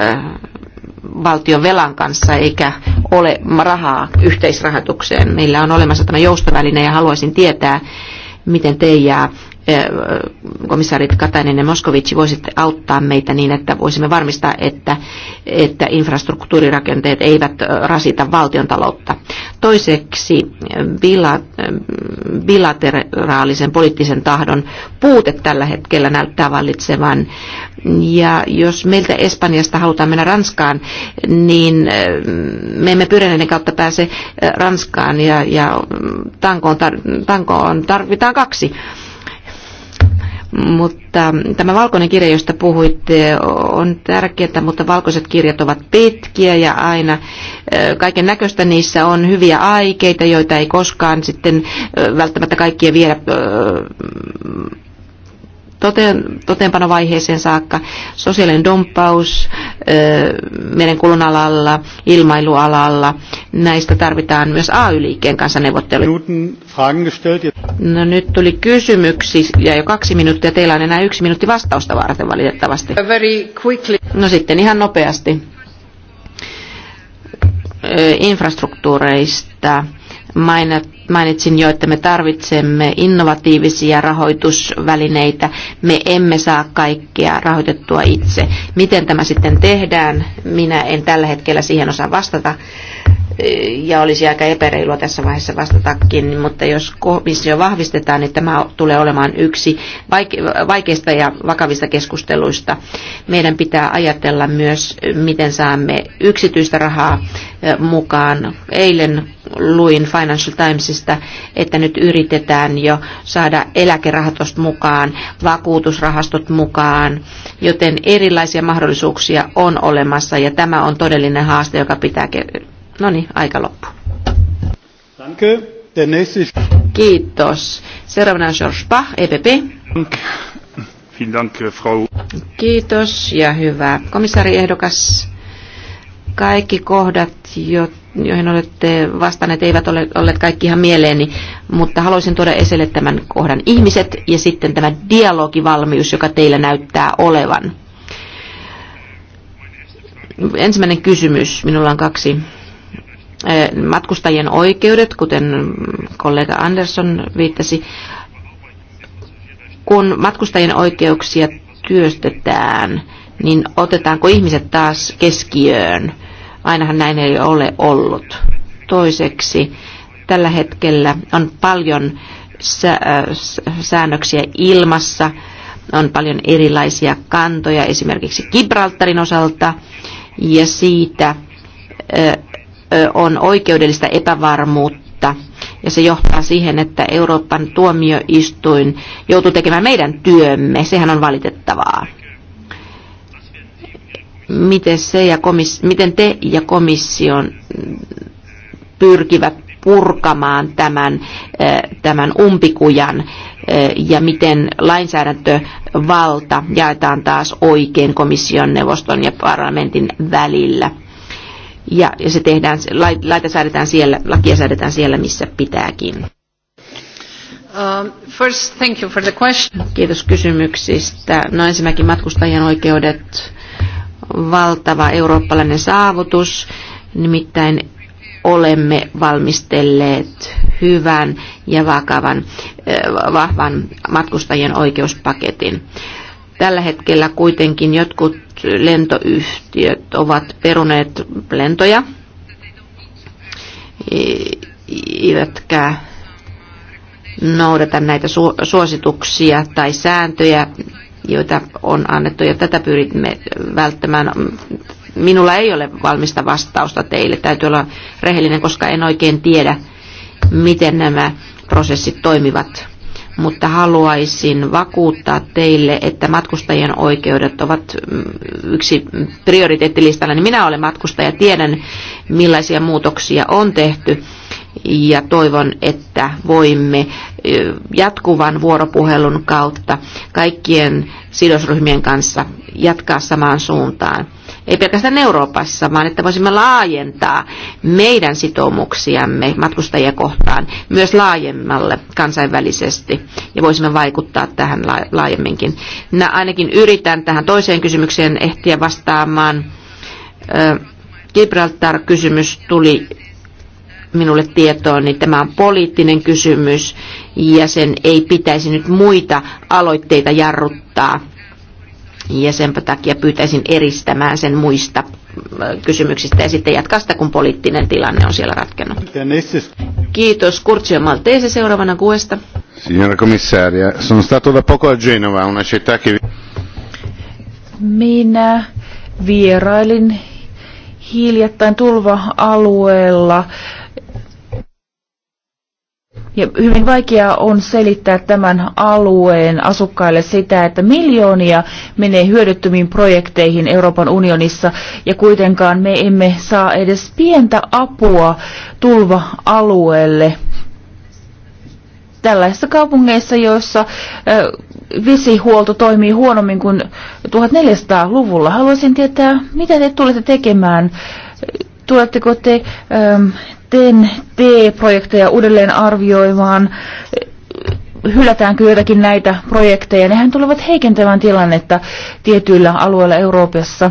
Speaker 1: valtion velan kanssa eikä ole rahaa yhteisrahoitukseen. Meillä on olemassa tämä joustoväline ja haluaisin tietää, miten te ja Eh, komissaarit Katainen ja Moskovitsi voisitte auttaa meitä niin, että voisimme varmistaa, että, että infrastruktuurirakenteet eivät rasita valtion taloutta. Toiseksi bilateraalisen poliittisen tahdon puute tällä hetkellä näyttää vallitsevan. Ja jos meiltä Espanjasta halutaan mennä Ranskaan, niin me emme Pyreneiden kautta pääse Ranskaan ja, ja tankoon, tar- tankoon tarvitaan kaksi mutta tämä valkoinen kirja, josta puhuitte, on tärkeää, mutta valkoiset kirjat ovat pitkiä ja aina kaiken näköistä niissä on hyviä aikeita, joita ei koskaan sitten välttämättä kaikkia viedä toteen, toteenpanovaiheeseen saakka. Sosiaalinen domppaus merenkulun alalla, ilmailualalla. Näistä tarvitaan myös AY-liikkeen kanssa neuvottelu. No nyt tuli kysymyksiä jo kaksi minuuttia. Teillä on enää yksi minuutti vastausta varten valitettavasti. No sitten ihan nopeasti infrastruktuureista mainat mainitsin jo, että me tarvitsemme innovatiivisia rahoitusvälineitä. Me emme saa kaikkea rahoitettua itse. Miten tämä sitten tehdään? Minä en tällä hetkellä siihen osaa vastata ja olisi aika epäreilua tässä vaiheessa vastatakin, mutta jos komissio vahvistetaan, niin tämä tulee olemaan yksi vaikeista ja vakavista keskusteluista. Meidän pitää ajatella myös, miten saamme yksityistä rahaa mukaan. Eilen luin Financial Timesissa, myönteistä, että nyt yritetään jo saada eläkerahastot mukaan, vakuutusrahastot mukaan, joten erilaisia mahdollisuuksia on olemassa ja tämä on todellinen haaste, joka pitää... No niin, aika loppu. Kiitos. Seuraavana George Bach, EPP. Kiitos ja hyvä komissaariehdokas. Kaikki kohdat, joihin olette vastanneet, eivät ole olleet kaikki ihan mieleeni, mutta haluaisin tuoda esille tämän kohdan ihmiset ja sitten tämä dialogivalmius, joka teillä näyttää olevan. Ensimmäinen kysymys, minulla on kaksi matkustajien oikeudet, kuten kollega Andersson viittasi, kun matkustajien oikeuksia työstetään, niin otetaanko ihmiset taas keskiöön? Ainahan näin ei ole ollut. Toiseksi tällä hetkellä on paljon äh, säännöksiä ilmassa, on paljon erilaisia kantoja esimerkiksi Gibraltarin osalta ja siitä äh, on oikeudellista epävarmuutta ja se johtaa siihen, että Euroopan tuomioistuin joutuu tekemään meidän työmme. Sehän on valitettavaa miten, se ja komis, miten te ja komission pyrkivät purkamaan tämän, tämän umpikujan ja miten lainsäädäntövalta jaetaan taas oikein komission, neuvoston ja parlamentin välillä. Ja, ja se tehdään, laita säädetään siellä, lakia säädetään siellä, missä pitääkin.
Speaker 4: Uh,
Speaker 1: first, thank you for the question. Kiitos kysymyksistä. No ensinnäkin matkustajien oikeudet valtava eurooppalainen saavutus, nimittäin olemme valmistelleet hyvän ja vakavan, vahvan matkustajien oikeuspaketin. Tällä hetkellä kuitenkin jotkut lentoyhtiöt ovat peruneet lentoja, e, eivätkä noudata näitä suosituksia tai sääntöjä joita on annettu, ja tätä pyrimme välttämään. Minulla ei ole valmista vastausta teille, täytyy olla rehellinen, koska en oikein tiedä, miten nämä prosessit toimivat. Mutta haluaisin vakuuttaa teille, että matkustajien oikeudet ovat mm, yksi prioriteettilistalla. Niin minä olen matkustaja, tiedän millaisia muutoksia on tehty ja toivon, että voimme jatkuvan vuoropuhelun kautta kaikkien sidosryhmien kanssa jatkaa samaan suuntaan. Ei pelkästään Euroopassa, vaan että voisimme laajentaa meidän sitoumuksiamme matkustajia kohtaan myös laajemmalle kansainvälisesti ja voisimme vaikuttaa tähän laajemminkin. Minä ainakin yritän tähän toiseen kysymykseen ehtiä vastaamaan. Gibraltar-kysymys tuli minulle tietoon, niin tämä on poliittinen kysymys ja sen ei pitäisi nyt muita aloitteita jarruttaa. Ja sen takia pyytäisin eristämään sen muista äh, kysymyksistä ja sitten jatkaa sitä, kun poliittinen tilanne on siellä ratkennut. Kiitos Kurzio Maltese seuraavana kuesta.
Speaker 4: Signora commissaria, sono stato da poco a Genova, una città che...
Speaker 2: Minä vierailin hiljattain tulva-alueella ja hyvin vaikeaa on selittää tämän alueen asukkaille sitä, että miljoonia menee hyödyttömiin projekteihin Euroopan unionissa ja kuitenkaan me emme saa edes pientä apua tulva-alueelle. Tällaisissa kaupungeissa, joissa visihuolto toimii huonommin kuin 1400-luvulla. Haluaisin tietää, mitä te tulette tekemään tuletteko te ähm, TEN-T-projekteja uudelleen arvioimaan, hylätäänkö jotakin näitä projekteja. Nehän tulevat heikentämään tilannetta tietyillä alueilla Euroopassa.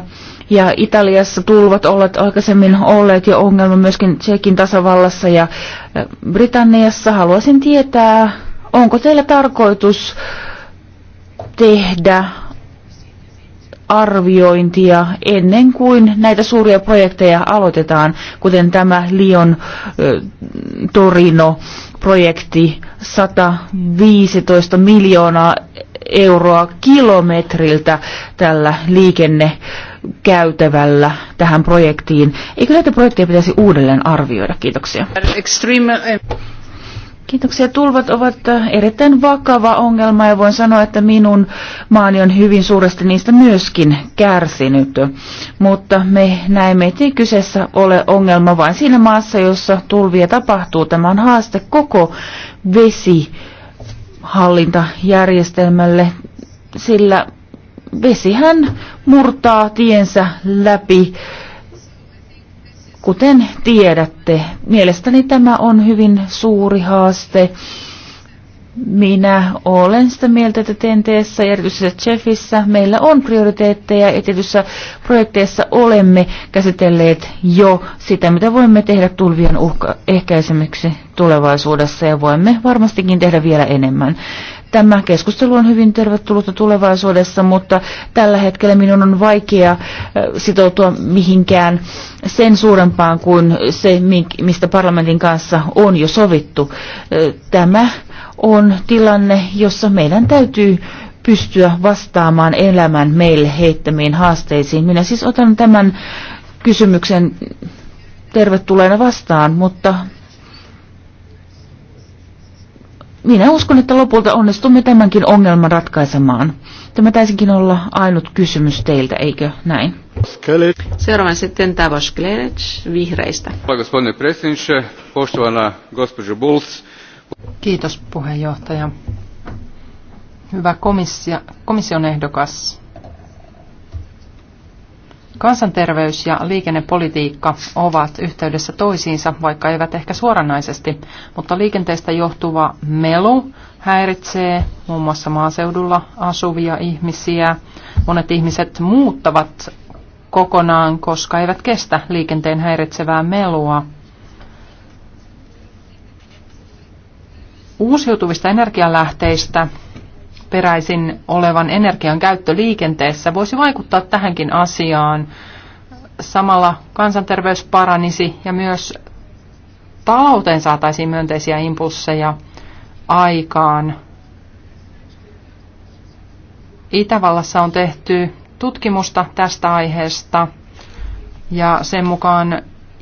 Speaker 2: Ja Italiassa tulvat olleet aikaisemmin olleet jo ongelma myöskin Tsekin tasavallassa ja Britanniassa. Haluaisin tietää, onko teillä tarkoitus tehdä arviointia ennen kuin näitä suuria projekteja aloitetaan, kuten tämä Lion Torino projekti 115 miljoonaa euroa kilometriltä tällä liikennekäytävällä tähän projektiin. Eikö näitä projekteja pitäisi uudelleen arvioida? Kiitoksia. Extreme... Eh, Kiitoksia. Tulvat ovat äh, erittäin vakava ongelma ja voin sanoa, että minun maani on hyvin suuresti niistä myöskin kärsinyt. Mutta me näemme, ei kyseessä ole ongelma vain siinä maassa, jossa tulvia tapahtuu. Tämä on haaste koko vesihallintajärjestelmälle, sillä vesihän murtaa tiensä läpi Kuten tiedätte, mielestäni tämä on hyvin suuri haaste. Minä olen sitä mieltä, että TNT-ssä ja erityisessä Chefissä meillä on prioriteetteja ja tietyissä projekteissa olemme käsitelleet jo sitä, mitä voimme tehdä tulvien uhka- ehkäisemiksi tulevaisuudessa ja voimme varmastikin tehdä vielä enemmän. Tämä keskustelu on hyvin tervetullutta tulevaisuudessa, mutta tällä hetkellä minun on vaikea äh, sitoutua mihinkään sen suurempaan kuin se, mistä parlamentin kanssa on jo sovittu. Äh, tämä on tilanne, jossa meidän täytyy pystyä vastaamaan elämän meille heittämiin haasteisiin. Minä siis otan tämän kysymyksen tervetulleena vastaan, mutta minä uskon, että lopulta onnistumme tämänkin ongelman ratkaisemaan. Tämä taisikin olla ainut kysymys teiltä,
Speaker 1: eikö näin? Seuraava sitten Tavos Kleric vihreistä. Kiitos puheenjohtaja.
Speaker 3: Hyvä komissia, komission ehdokas. Kansanterveys ja liikennepolitiikka ovat yhteydessä toisiinsa, vaikka eivät ehkä suoranaisesti, mutta liikenteestä johtuva melu häiritsee muun muassa maaseudulla asuvia ihmisiä. Monet ihmiset muuttavat kokonaan, koska eivät kestä liikenteen häiritsevää melua. Uusiutuvista energialähteistä peräisin olevan energian käyttö liikenteessä voisi vaikuttaa tähänkin asiaan. Samalla kansanterveys paranisi ja myös talouteen saataisiin myönteisiä impulsseja aikaan. Itävallassa on tehty tutkimusta tästä aiheesta ja sen mukaan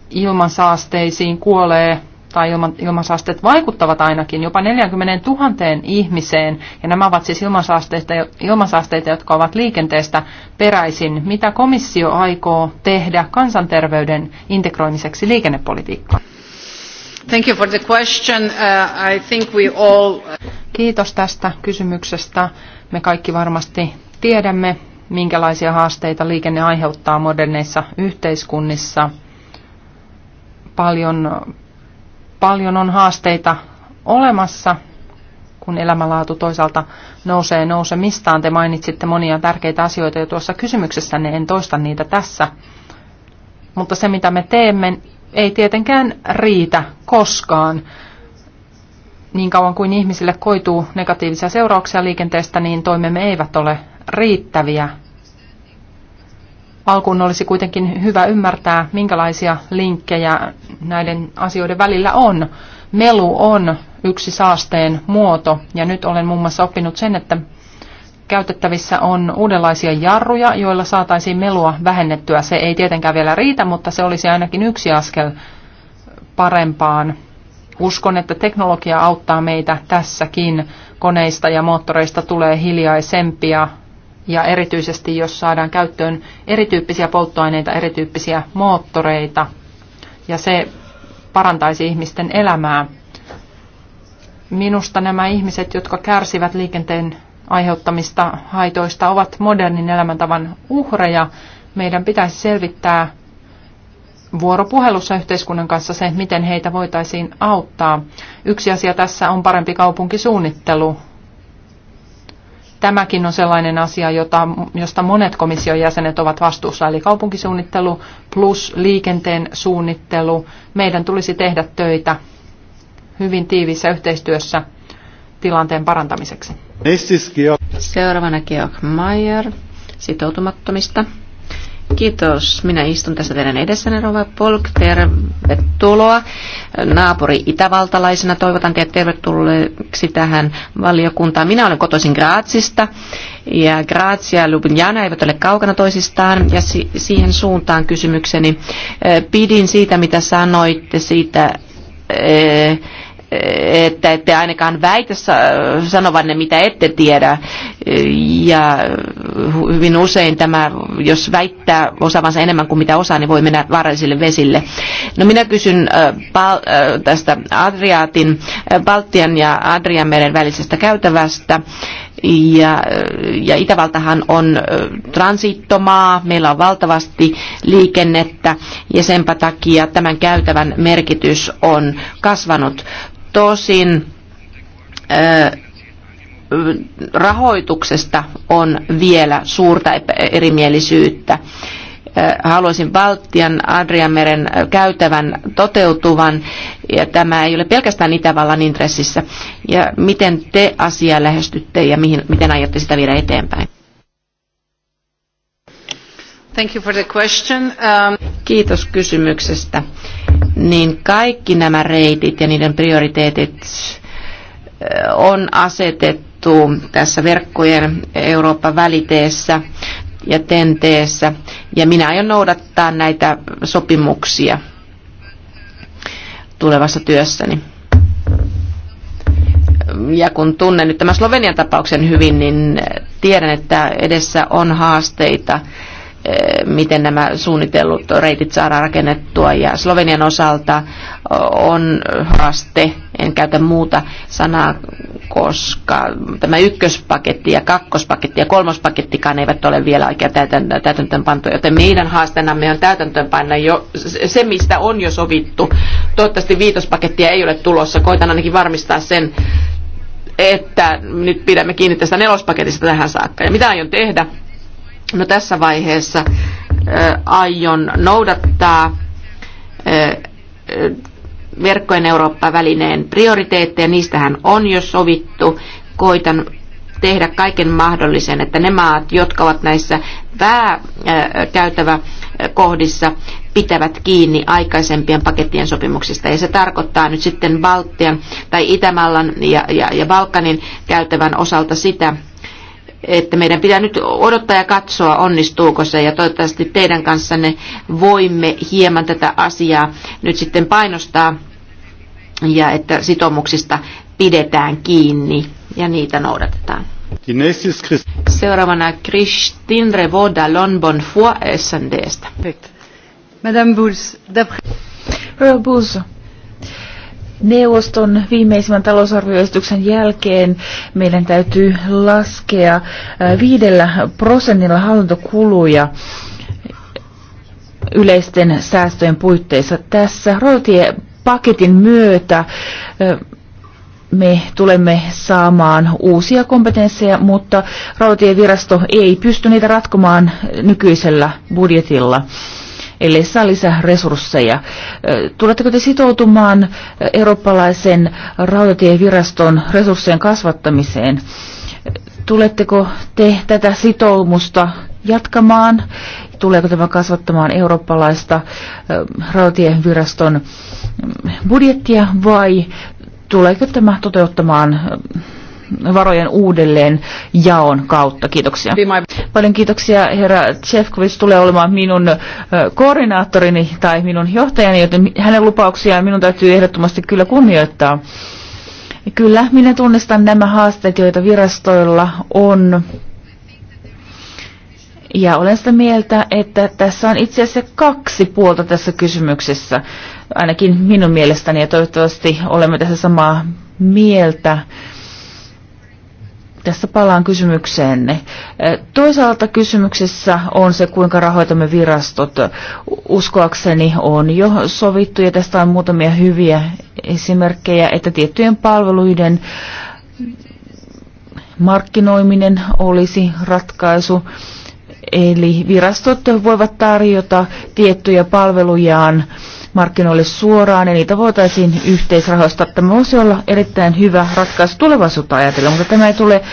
Speaker 3: ilmansaasteisiin kuolee tai ilma, ilmansaasteet vaikuttavat ainakin jopa 40 000 ihmiseen, ja nämä ovat siis ilmansaasteita, ilmansaasteita, jotka ovat liikenteestä peräisin. Mitä komissio aikoo tehdä kansanterveyden integroimiseksi liikennepolitiikkaan? Thank you for the question. Uh, I think we all... Kiitos tästä kysymyksestä. Me kaikki varmasti tiedämme, minkälaisia haasteita liikenne aiheuttaa moderneissa yhteiskunnissa. Paljon paljon on haasteita olemassa, kun elämänlaatu toisaalta nousee nousemistaan. Te mainitsitte monia tärkeitä asioita jo tuossa kysymyksessä, niin en toista niitä tässä. Mutta se, mitä me teemme, ei tietenkään riitä koskaan. Niin kauan kuin ihmisille koituu negatiivisia seurauksia liikenteestä, niin toimemme eivät ole riittäviä. Alkuun olisi kuitenkin hyvä ymmärtää, minkälaisia linkkejä näiden asioiden välillä on. Melu on yksi saasteen muoto, ja nyt olen muun muassa oppinut sen, että käytettävissä on uudenlaisia jarruja, joilla saataisiin melua vähennettyä. Se ei tietenkään vielä riitä, mutta se olisi ainakin yksi askel parempaan. Uskon, että teknologia auttaa meitä tässäkin. Koneista ja moottoreista tulee hiljaisempia, ja erityisesti jos saadaan käyttöön erityyppisiä polttoaineita, erityyppisiä moottoreita ja se parantaisi ihmisten elämää. Minusta nämä ihmiset, jotka kärsivät liikenteen aiheuttamista haitoista, ovat modernin elämäntavan uhreja. Meidän pitäisi selvittää vuoropuhelussa yhteiskunnan kanssa se, miten heitä voitaisiin auttaa. Yksi asia tässä on parempi kaupunkisuunnittelu. Tämäkin on sellainen asia, jota, josta monet komission jäsenet ovat vastuussa, eli kaupunkisuunnittelu plus liikenteen suunnittelu. Meidän tulisi tehdä töitä hyvin tiiviissä yhteistyössä tilanteen
Speaker 1: parantamiseksi. Seuraavana Georg Mayer sitoutumattomista. Kiitos. Minä istun tässä teidän edessänne, Rova Polk. Tervetuloa. Naapuri itävaltalaisena toivotan teidät tervetulleeksi tähän valiokuntaan. Minä olen kotoisin Graatsista ja Graatsia ja Ljubljana eivät ole kaukana toisistaan ja si- siihen suuntaan kysymykseni. Pidin siitä, mitä sanoitte siitä... E- että ette ainakaan väitä sanovanne, mitä ette tiedä. Ja hyvin usein tämä, jos väittää osaavansa enemmän kuin mitä osaa, niin voi mennä vaarallisille vesille. No minä kysyn tästä Adriaatin, Baltian ja Adrian meren välisestä käytävästä. Ja, ja Itävaltahan on transittomaa, meillä on valtavasti liikennettä ja senpä takia tämän käytävän merkitys on kasvanut Tosin rahoituksesta on vielä suurta erimielisyyttä. Haluaisin Baltian Adriameren käytävän toteutuvan, ja tämä ei ole pelkästään Itävallan intressissä. Ja miten te asiaa lähestytte ja mihin, miten aiotte sitä viedä eteenpäin? Thank you for the question. Um... Kiitos kysymyksestä. Niin kaikki nämä reitit ja niiden prioriteetit äh, on asetettu tässä verkkojen Euroopan väliteessä ja tenteessä. Ja minä aion noudattaa näitä sopimuksia tulevassa työssäni. Ja kun tunnen nyt tämän Slovenian tapauksen hyvin, niin tiedän, että edessä on haasteita Eh, miten nämä suunnitellut reitit saadaan rakennettua. Ja Slovenian osalta on haaste, en käytä muuta sanaa, koska tämä ykköspaketti ja kakkospaketti ja kolmospakettikaan eivät ole vielä oikein täytäntöönpantoja, joten meidän haasteenamme on täytäntöönpanna jo se, mistä on jo sovittu. Toivottavasti viitospakettia ei ole tulossa, koitan ainakin varmistaa sen, että nyt pidämme kiinni tästä nelospaketista tähän saakka. Ja mitä aion tehdä? No tässä vaiheessa aion noudattaa verkkojen Eurooppa-välineen prioriteetteja, niistähän on jo sovittu. Koitan tehdä kaiken mahdollisen, että ne maat, jotka ovat näissä pääkäytävä kohdissa, pitävät kiinni aikaisempien pakettien sopimuksista. Ja se tarkoittaa nyt sitten Baltian tai Itämallan ja, ja, ja Balkanin käytävän osalta sitä, että meidän pitää nyt odottaa ja katsoa, onnistuuko se, ja toivottavasti teidän kanssanne voimme hieman tätä asiaa nyt sitten painostaa, ja että sitoumuksista pidetään kiinni ja niitä noudatetaan. Seuraavana Kristin Revoda Lonbon Fua SNDstä.
Speaker 2: Madame Bulls, d'après... Euh, Bulls, Neuvoston viimeisimmän talousarvioesityksen jälkeen meidän täytyy laskea äh, viidellä prosentilla hallintokuluja yleisten säästöjen puitteissa. Tässä paketin myötä äh, me tulemme saamaan uusia kompetensseja, mutta rautatievirasto ei pysty niitä ratkomaan nykyisellä budjetilla ellei saa lisää resursseja. Tuletteko te sitoutumaan eurooppalaisen rautatieviraston resurssien kasvattamiseen? Tuletteko te tätä sitoumusta jatkamaan? Tuleeko tämä kasvattamaan eurooppalaista rautatieviraston budjettia vai tuleeko tämä toteuttamaan varojen uudelleen jaon kautta. Kiitoksia. Paljon kiitoksia herra Tsefkovic tulee olemaan minun koordinaattorini tai minun johtajani, joten hänen lupauksiaan minun täytyy ehdottomasti kyllä kunnioittaa. Kyllä, minä tunnistan nämä haasteet, joita virastoilla on. Ja olen sitä mieltä, että tässä on itse asiassa kaksi puolta tässä kysymyksessä, ainakin minun mielestäni, ja toivottavasti olemme tässä samaa mieltä. Tässä palaan kysymykseenne. Toisaalta kysymyksessä on se, kuinka rahoitamme virastot. Uskoakseni on jo sovittu, ja tästä on muutamia hyviä esimerkkejä, että tiettyjen palveluiden markkinoiminen olisi ratkaisu. Eli virastot voivat tarjota tiettyjä palvelujaan äh, markkinoille suoraan ja niitä voitaisiin yhteisrahoista. Tämä voisi olla erittäin hyvä ratkaisu tulevaisuutta ajatella, mutta tämä ei tule äh,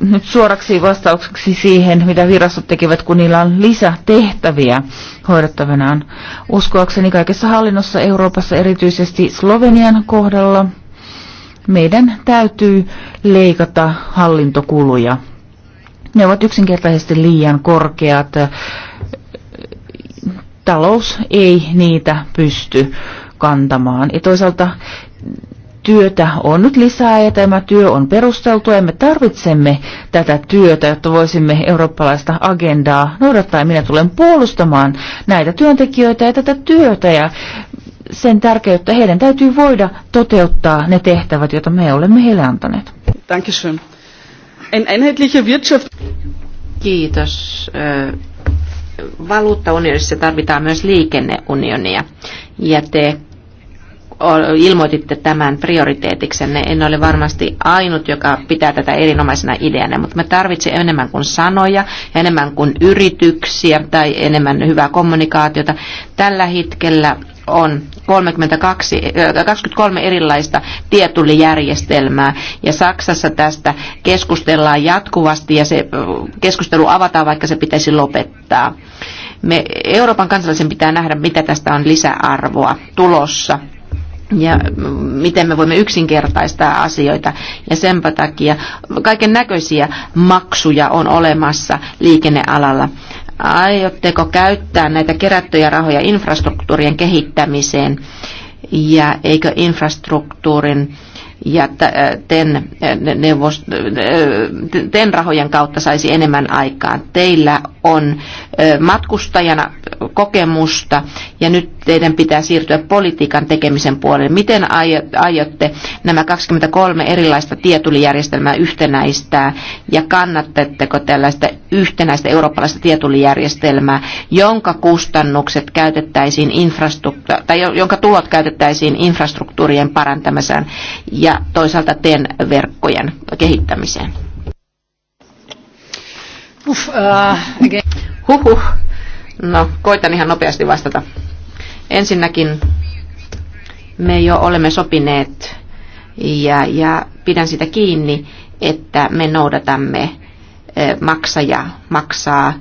Speaker 2: nyt suoraksi vastaukseksi siihen, mitä virastot tekevät, kun niillä on lisätehtäviä hoidettavanaan. Uskoakseni kaikessa hallinnossa Euroopassa, erityisesti Slovenian kohdalla, meidän täytyy leikata hallintokuluja. Ne ovat yksinkertaisesti liian korkeat talous ei niitä pysty kantamaan. Ja toisaalta työtä on nyt lisää ja tämä työ on perusteltu ja me tarvitsemme tätä työtä, jotta voisimme eurooppalaista agendaa noudattaa. minä tulen puolustamaan näitä työntekijöitä ja tätä työtä ja sen tärkeyttä heidän täytyy voida toteuttaa ne tehtävät, joita me olemme heille antaneet.
Speaker 1: Dankeschön. Ein einheitliche Wirtschaft. Kiitos valuuttaunionissa tarvitaan myös liikenneunionia. Ja te ilmoititte tämän prioriteetiksenne. En ole varmasti ainut, joka pitää tätä erinomaisena ideana, mutta me tarvitsemme enemmän kuin sanoja, enemmän kuin yrityksiä tai enemmän hyvää kommunikaatiota. Tällä hetkellä on 32, 23 erilaista tietullijärjestelmää. Ja Saksassa tästä keskustellaan jatkuvasti ja se keskustelu avataan, vaikka se pitäisi lopettaa. Me Euroopan kansalaisen pitää nähdä, mitä tästä on lisäarvoa tulossa ja miten me voimme yksinkertaistaa asioita. Ja senpä takia kaiken näköisiä maksuja on olemassa liikennealalla. Aiotteko käyttää näitä kerättyjä rahoja infrastruktuurien kehittämiseen ja eikö infrastruktuurin ja TEN, neuvost, TEN rahojen kautta saisi enemmän aikaan. Teillä on matkustajana kokemusta ja nyt teidän pitää siirtyä politiikan tekemisen puolelle. Miten aiotte nämä 23 erilaista tietulijärjestelmää yhtenäistää ja kannatteko tällaista yhtenäistä eurooppalaista tietulijärjestelmää, jonka kustannukset käytettäisiin infrastruktu- tai jonka tulot käytettäisiin infrastruktuurien parantamiseen ja toisaalta teen verkkojen kehittämiseen. Uff, uh, äh, okay. Huhhuh. No, koitan ihan nopeasti vastata. Ensinnäkin me jo olemme sopineet ja, ja pidän sitä kiinni, että me noudatamme maksaja maksaa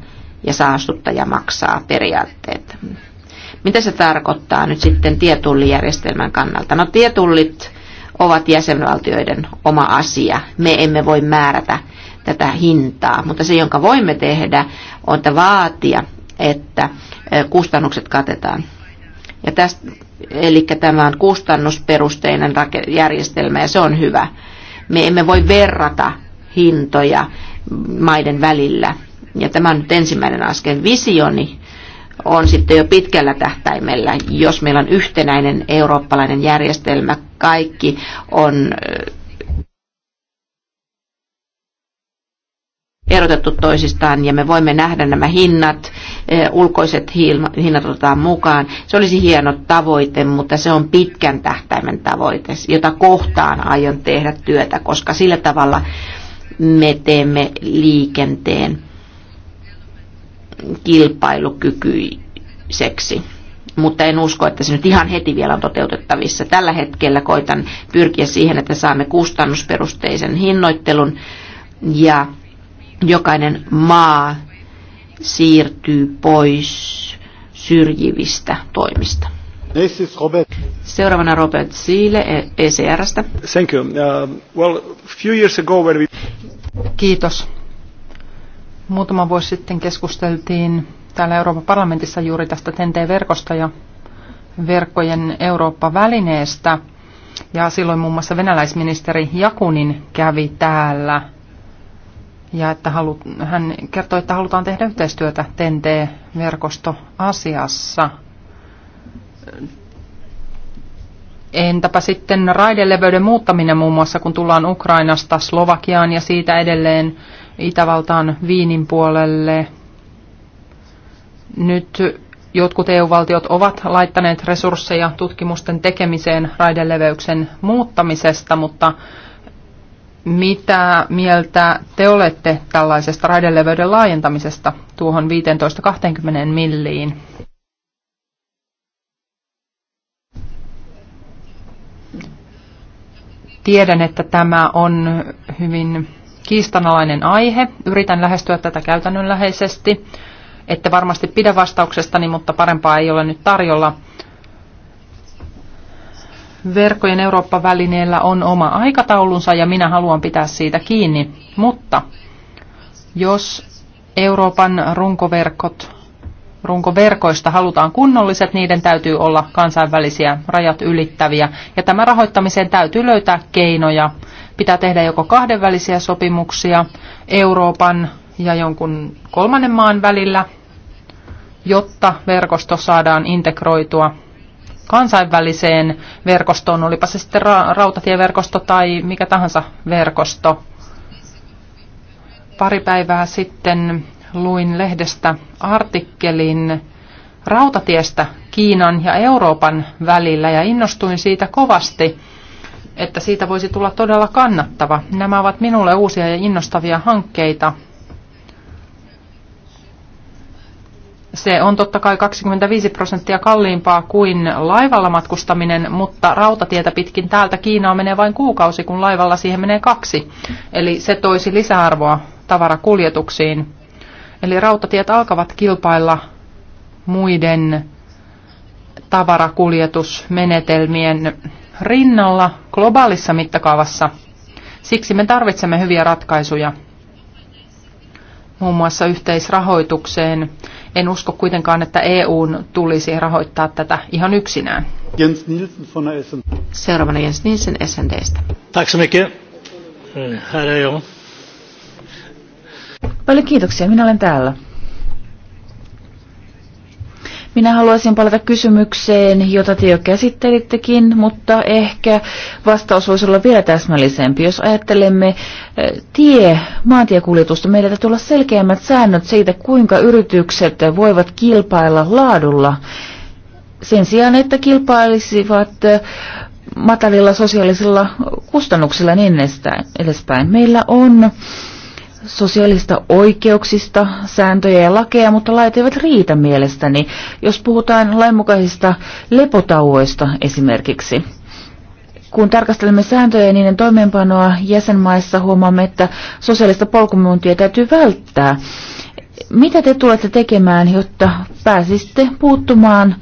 Speaker 1: ja saastuttaja maksaa periaatteet. Mitä se tarkoittaa nyt sitten tietullijärjestelmän kannalta? No tietullit ovat jäsenvaltioiden oma asia. Me emme voi määrätä tätä hintaa, mutta se, jonka voimme tehdä, on että vaatia, että kustannukset katetaan. Ja tästä, eli tämä on kustannusperusteinen järjestelmä ja se on hyvä. Me emme voi verrata hintoja maiden välillä. Ja tämä on nyt ensimmäinen askel. Visioni on sitten jo pitkällä tähtäimellä, jos meillä on yhtenäinen eurooppalainen järjestelmä, kaikki on erotettu toisistaan ja me voimme nähdä nämä hinnat, ulkoiset hinnat otetaan mukaan. Se olisi hieno tavoite, mutta se on pitkän tähtäimen tavoite, jota kohtaan aion tehdä työtä, koska sillä tavalla me teemme liikenteen kilpailukykyiseksi. Mutta en usko, että se nyt ihan heti vielä on toteutettavissa. Tällä hetkellä koitan pyrkiä siihen, että saamme kustannusperusteisen hinnoittelun ja jokainen maa siirtyy pois syrjivistä toimista. Robert. Seuraavana Robert Siile ECRstä.
Speaker 4: E Thank you. Uh, well, few years ago
Speaker 3: when we... Kiitos. Muutama vuosi sitten keskusteltiin täällä Euroopan parlamentissa juuri tästä TNT-verkosta ja verkkojen Eurooppa-välineestä. Ja silloin muun muassa venäläisministeri Jakunin kävi täällä. Ja että halu, hän kertoi, että halutaan tehdä yhteistyötä TNT-verkostoasiassa. Entäpä sitten raideleveyden muuttaminen muun muassa, kun tullaan Ukrainasta Slovakiaan ja siitä edelleen Itävaltaan Viinin puolelle. Nyt jotkut EU-valtiot ovat laittaneet resursseja tutkimusten tekemiseen raideleveyksen muuttamisesta, mutta mitä mieltä te olette tällaisesta raideleveyden laajentamisesta tuohon 15-20 milliin? Tiedän, että tämä on hyvin kiistanalainen aihe. Yritän lähestyä tätä käytännönläheisesti. Ette varmasti pidä vastauksestani, mutta parempaa ei ole nyt tarjolla. Verkkojen Eurooppa-välineellä on oma aikataulunsa ja minä haluan pitää siitä kiinni, mutta jos Euroopan runkoverkot, runkoverkoista halutaan kunnolliset, niiden täytyy olla kansainvälisiä rajat ylittäviä. Ja tämä rahoittamiseen täytyy löytää keinoja Pitää tehdä joko kahdenvälisiä sopimuksia Euroopan ja jonkun kolmannen maan välillä, jotta verkosto saadaan integroitua kansainväliseen verkostoon, olipa se sitten ra- rautatieverkosto tai mikä tahansa verkosto. Pari päivää sitten luin lehdestä artikkelin rautatiestä Kiinan ja Euroopan välillä ja innostuin siitä kovasti että siitä voisi tulla todella kannattava. Nämä ovat minulle uusia ja innostavia hankkeita. Se on totta kai 25 prosenttia kalliimpaa kuin laivalla matkustaminen, mutta rautatietä pitkin täältä Kiinaa menee vain kuukausi, kun laivalla siihen menee kaksi. Eli se toisi lisäarvoa tavarakuljetuksiin. Eli rautatiet alkavat kilpailla muiden tavarakuljetusmenetelmien rinnalla globaalissa mittakaavassa. Siksi me tarvitsemme hyviä ratkaisuja muun muassa yhteisrahoitukseen. En usko kuitenkaan, että EUn tulisi rahoittaa tätä ihan yksinään.
Speaker 4: Jens Nielsen,
Speaker 2: von Essen.
Speaker 1: Seuraavana Jens Nielsen, SNDstä.
Speaker 2: Tack så mycket. Eh, här är jag.
Speaker 1: Paljon kiitoksia, minä olen täällä.
Speaker 2: Minä haluaisin palata kysymykseen, jota te jo käsittelittekin, mutta ehkä vastaus voisi olla vielä täsmällisempi. Jos ajattelemme eh, tie, maantiekuljetusta, meillä täytyy olla selkeämmät säännöt siitä, kuinka yritykset voivat kilpailla laadulla sen sijaan, että kilpailisivat eh, matalilla sosiaalisilla kustannuksilla niin edespäin. Meillä on äh, sosiaalista oikeuksista, sääntöjä ja lakeja, mutta lait eivät riitä mielestäni, jos puhutaan lainmukaisista lepotauoista esimerkiksi. Kun tarkastelemme sääntöjä ja niiden toimeenpanoa jäsenmaissa, huomaamme, että sosiaalista polkumyyntiä täytyy välttää. Mitä te tulette tekemään, jotta pääsisitte puuttumaan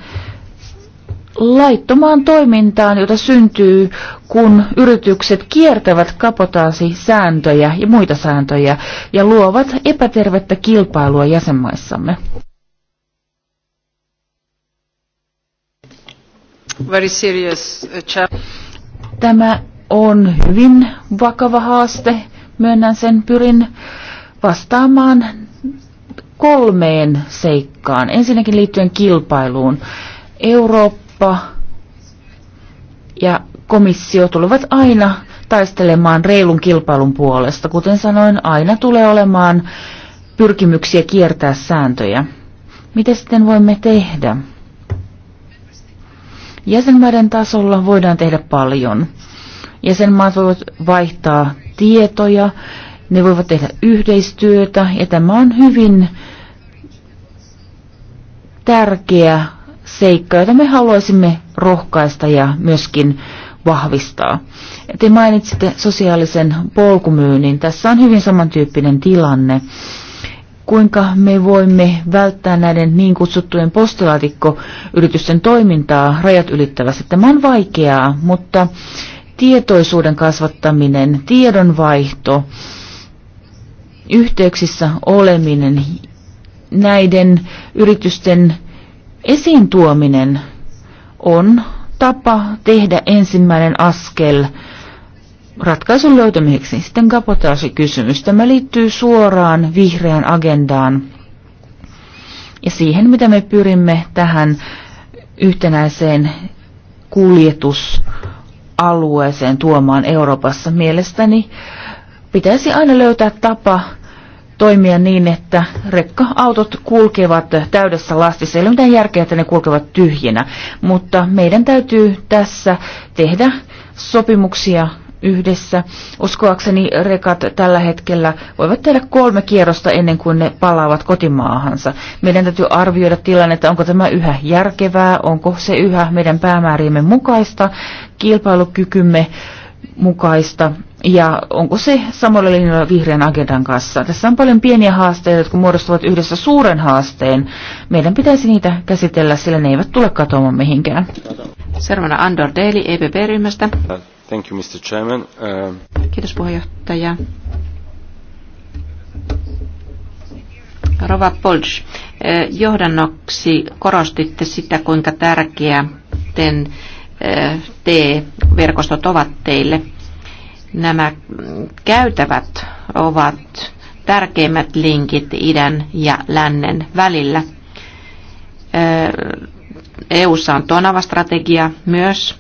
Speaker 2: laittomaan toimintaan, jota syntyy, kun yritykset kiertävät kapotaasisääntöjä ja muita sääntöjä ja luovat epätervettä kilpailua jäsenmaissamme.
Speaker 4: Very serious, uh,
Speaker 2: Tämä on hyvin vakava haaste. Myönnän sen, pyrin vastaamaan kolmeen seikkaan. Ensinnäkin liittyen kilpailuun. Eurooppa Eurooppa ja komissio tulevat aina taistelemaan reilun kilpailun puolesta. Kuten sanoin, aina tulee olemaan pyrkimyksiä kiertää sääntöjä. Mitä sitten voimme tehdä? Jäsenmaiden tasolla voidaan tehdä paljon. Jäsenmaat voivat vaihtaa tietoja, ne voivat tehdä yhteistyötä ja tämä on hyvin tärkeä seikka, jota me haluaisimme rohkaista ja myöskin vahvistaa. Te mainitsitte sosiaalisen polkumyynnin. Tässä on hyvin samantyyppinen tilanne. Kuinka me voimme välttää näiden niin kutsuttujen postilaatikkoyritysten toimintaa rajat ylittävästi? Tämä on vaikeaa, mutta tietoisuuden kasvattaminen, tiedonvaihto, yhteyksissä oleminen, näiden yritysten Esiin tuominen on tapa tehdä ensimmäinen askel ratkaisun löytämiseksi. Sitten kapotaasikysymys. Tämä liittyy suoraan vihreään agendaan ja siihen, mitä me pyrimme tähän yhtenäiseen kuljetusalueeseen tuomaan Euroopassa. Mielestäni pitäisi aina löytää tapa toimia niin, että rekka-autot kulkevat täydessä lastissa. Ei ole mitään järkeä, että ne kulkevat tyhjinä, mutta meidän täytyy tässä tehdä sopimuksia yhdessä. Uskoakseni rekat tällä hetkellä voivat tehdä kolme kierrosta ennen kuin ne palaavat kotimaahansa. Meidän täytyy arvioida tilannetta, onko tämä yhä järkevää, onko se yhä meidän päämääriimme mukaista, kilpailukykymme mukaista ja onko se samalla linjalla vihreän agendan kanssa. Tässä on paljon pieniä haasteita, jotka muodostavat yhdessä suuren haasteen. Meidän pitäisi niitä käsitellä, sillä ne eivät tule katoamaan mihinkään. Seuraavana Andor
Speaker 1: Daily EPP-ryhmästä.
Speaker 2: Uh, thank you, Mr. Chairman. Uh... Kiitos
Speaker 1: puheenjohtaja. Rova Polch, uh, johdannoksi korostitte sitä, kuinka tärkeä ten TE-verkostot ovat teille. Nämä käytävät ovat tärkeimmät linkit idän ja lännen välillä. EU:ssa on Tonava-strategia myös,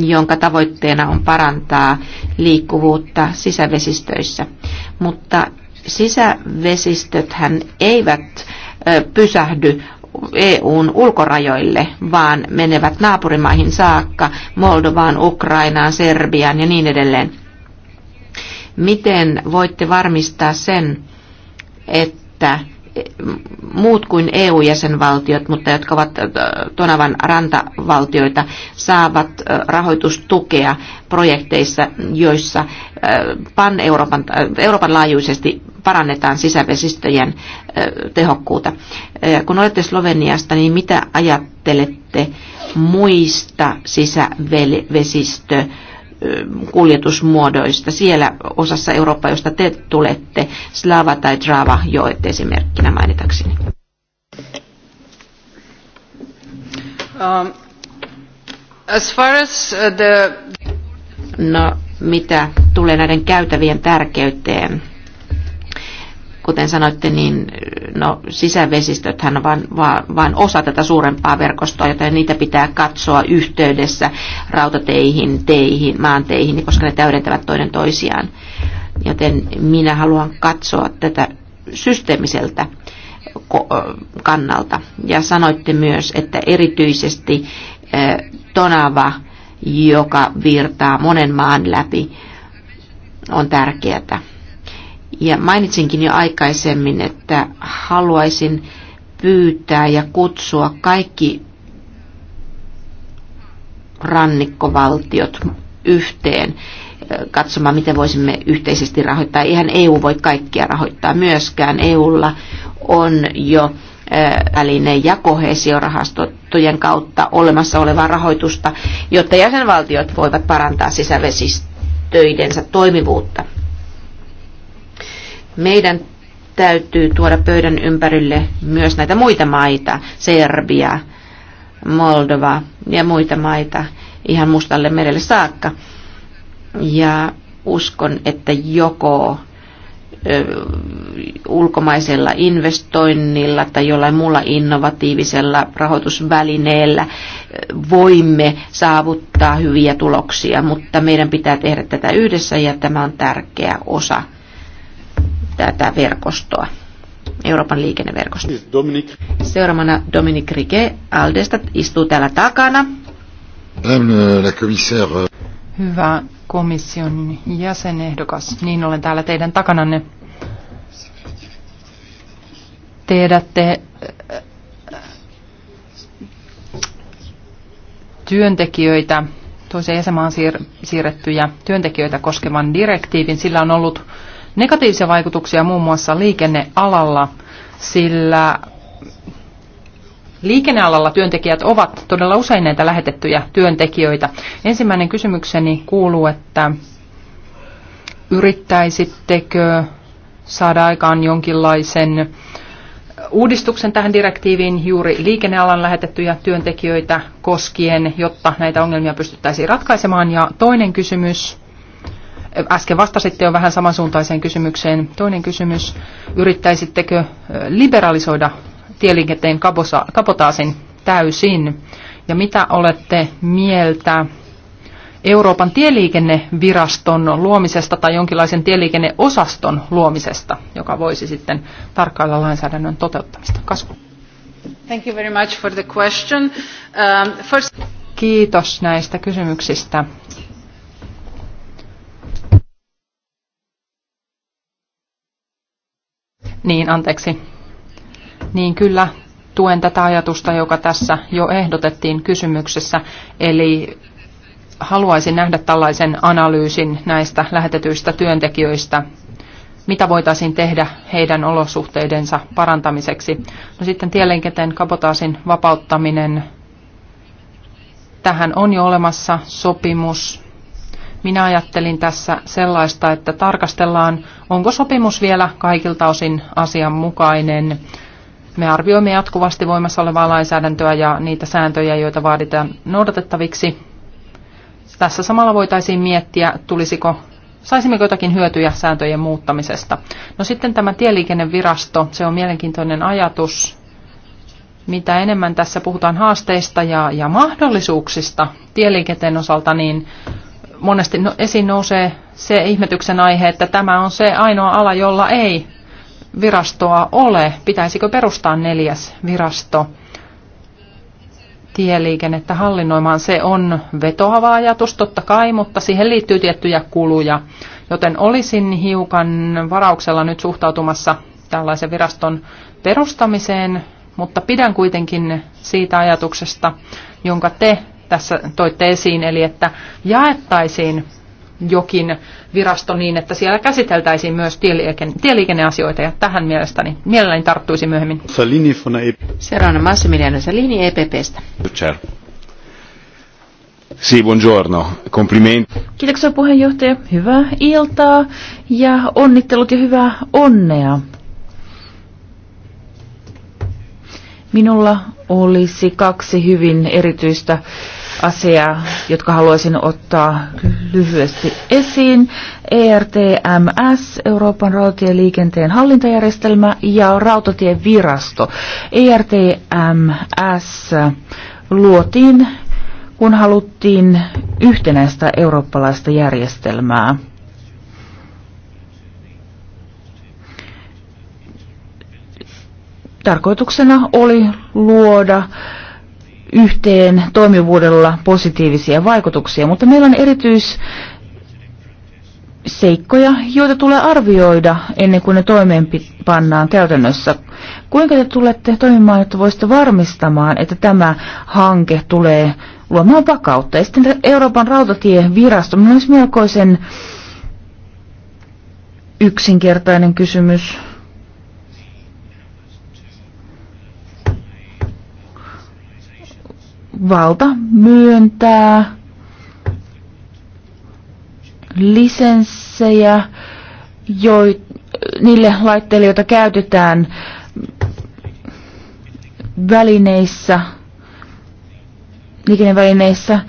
Speaker 1: jonka tavoitteena on parantaa liikkuvuutta sisävesistöissä. Mutta sisävesistöthän eivät pysähdy EUn ulkorajoille, vaan menevät naapurimaihin saakka, Moldovaan, Ukrainaan, Serbiaan ja niin edelleen. Miten voitte varmistaa sen, että muut kuin EU-jäsenvaltiot, mutta jotka ovat Tonavan rantavaltioita, saavat rahoitustukea projekteissa, joissa pan-Euroopan Euroopan laajuisesti parannetaan sisävesistöjen tehokkuutta. Kun olette Sloveniasta, niin mitä ajattelette muista sisävesistö kuljetusmuodoista siellä osassa Eurooppaa, josta te tulette, Slava tai Drava joet esimerkkinä mainitakseni? Um, as far as uh, the... No, mitä tulee näiden käytävien tärkeyteen? Kuten sanoitte, niin no, sisävesistöthän on vain, vain osa tätä suurempaa verkostoa, joten niitä pitää katsoa yhteydessä rautateihin, teihin, maanteihin, niin koska ne täydentävät toinen toisiaan. Joten minä haluan katsoa tätä systeemiseltä kannalta. Ja sanoitte myös, että erityisesti tonava, joka virtaa monen maan läpi, on tärkeää ja mainitsinkin jo aikaisemmin, että haluaisin pyytää ja kutsua kaikki rannikkovaltiot yhteen katsomaan, miten voisimme yhteisesti rahoittaa. Eihän EU voi kaikkia rahoittaa myöskään. EUlla on jo väline ja kohesiorahastojen kautta olemassa olevaa rahoitusta, jotta jäsenvaltiot voivat parantaa sisävesistöidensä toimivuutta. Meidän täytyy tuoda pöydän ympärille myös näitä muita maita, Serbia, Moldova ja muita maita ihan mustalle merelle saakka. Ja uskon, että joko ulkomaisella investoinnilla tai jollain muulla innovatiivisella rahoitusvälineellä voimme saavuttaa hyviä tuloksia, mutta meidän pitää tehdä tätä yhdessä ja tämä on tärkeä osa tätä verkostoa, Euroopan liikenneverkostoa. Dominic. Seuraavana Dominic Rike Aldesta istuu täällä takana.
Speaker 4: Madame la commissaire.
Speaker 1: Hyvä komission jäsenehdokas,
Speaker 3: niin olen täällä teidän takananne. Tiedätte äh, työntekijöitä, toisen jäsenmaan siir- siirrettyjä työntekijöitä koskevan direktiivin. Sillä on ollut negatiivisia vaikutuksia muun muassa liikennealalla, sillä liikennealalla työntekijät ovat todella usein näitä lähetettyjä työntekijöitä. Ensimmäinen kysymykseni kuuluu, että yrittäisittekö saada aikaan jonkinlaisen uudistuksen tähän direktiiviin juuri liikennealan lähetettyjä työntekijöitä koskien, jotta näitä ongelmia pystyttäisiin ratkaisemaan. Ja toinen kysymys Äsken vastasitte jo vähän samansuuntaiseen kysymykseen. Toinen kysymys, yrittäisittekö liberalisoida tieliikenteen kapotaasin täysin? Ja mitä olette mieltä Euroopan tieliikenneviraston luomisesta tai jonkinlaisen tieliikenneosaston luomisesta, joka voisi sitten tarkkailla lainsäädännön toteuttamista? Kasvu.
Speaker 4: Thank you very much for the question. Um, first...
Speaker 3: Kiitos näistä kysymyksistä. Niin, anteeksi. Niin kyllä, tuen tätä ajatusta, joka tässä jo ehdotettiin kysymyksessä. Eli haluaisin nähdä tällaisen analyysin näistä lähetetyistä työntekijöistä, mitä voitaisiin tehdä heidän olosuhteidensa parantamiseksi. No sitten tieliikenteen kapotaasin vapauttaminen. Tähän on jo olemassa sopimus minä ajattelin tässä sellaista, että tarkastellaan, onko sopimus vielä kaikilta osin asianmukainen. Me arvioimme jatkuvasti voimassa olevaa lainsäädäntöä ja niitä sääntöjä, joita vaaditaan noudatettaviksi. Tässä samalla voitaisiin miettiä, tulisiko saisimmeko jotakin hyötyjä sääntöjen muuttamisesta. No sitten tämä tieliikennevirasto, se on mielenkiintoinen ajatus. Mitä enemmän tässä puhutaan haasteista ja, ja mahdollisuuksista tieliikenteen osalta, niin monesti no, esiin nousee se ihmetyksen aihe, että tämä on se ainoa ala, jolla ei virastoa ole. Pitäisikö perustaa neljäs virasto tieliikennettä hallinnoimaan? Se on vetoava ajatus totta kai, mutta siihen liittyy tiettyjä kuluja. Joten olisin hiukan varauksella nyt suhtautumassa tällaisen viraston perustamiseen, mutta pidän kuitenkin siitä ajatuksesta, jonka te tässä toitte esiin, eli että jaettaisiin jokin virasto niin, että siellä käsiteltäisiin myös tieliikenne, tieliikenneasioita, ja tähän mielestäni mielelläni tarttuisi myöhemmin. Salini
Speaker 1: e- Seuraavana Massimiliano Salini EPPstä.
Speaker 4: Si, buongiorno. Complimenti.
Speaker 1: Kiitoksia puheenjohtaja. Hyvää iltaa
Speaker 2: ja onnittelut ja hyvää onnea. Minulla olisi kaksi hyvin erityistä asiaa, jotka haluaisin ottaa lyhyesti esiin. ERTMS, Euroopan rautatieliikenteen hallintajärjestelmä ja rautatievirasto. ERTMS luotiin, kun haluttiin yhtenäistä eurooppalaista järjestelmää. tarkoituksena oli luoda yhteen toimivuudella positiivisia vaikutuksia, mutta meillä on erityis seikkoja, joita tulee arvioida ennen kuin ne toimeenpannaan käytännössä. Kuinka te tulette toimimaan, että voisitte varmistamaan, että tämä hanke tulee luomaan vakautta? Ja sitten Euroopan rautatievirasto, myös melkoisen yksinkertainen kysymys. valta myöntää lisenssejä jo, niille laitteille, joita käytetään välineissä, liikennevälineissä,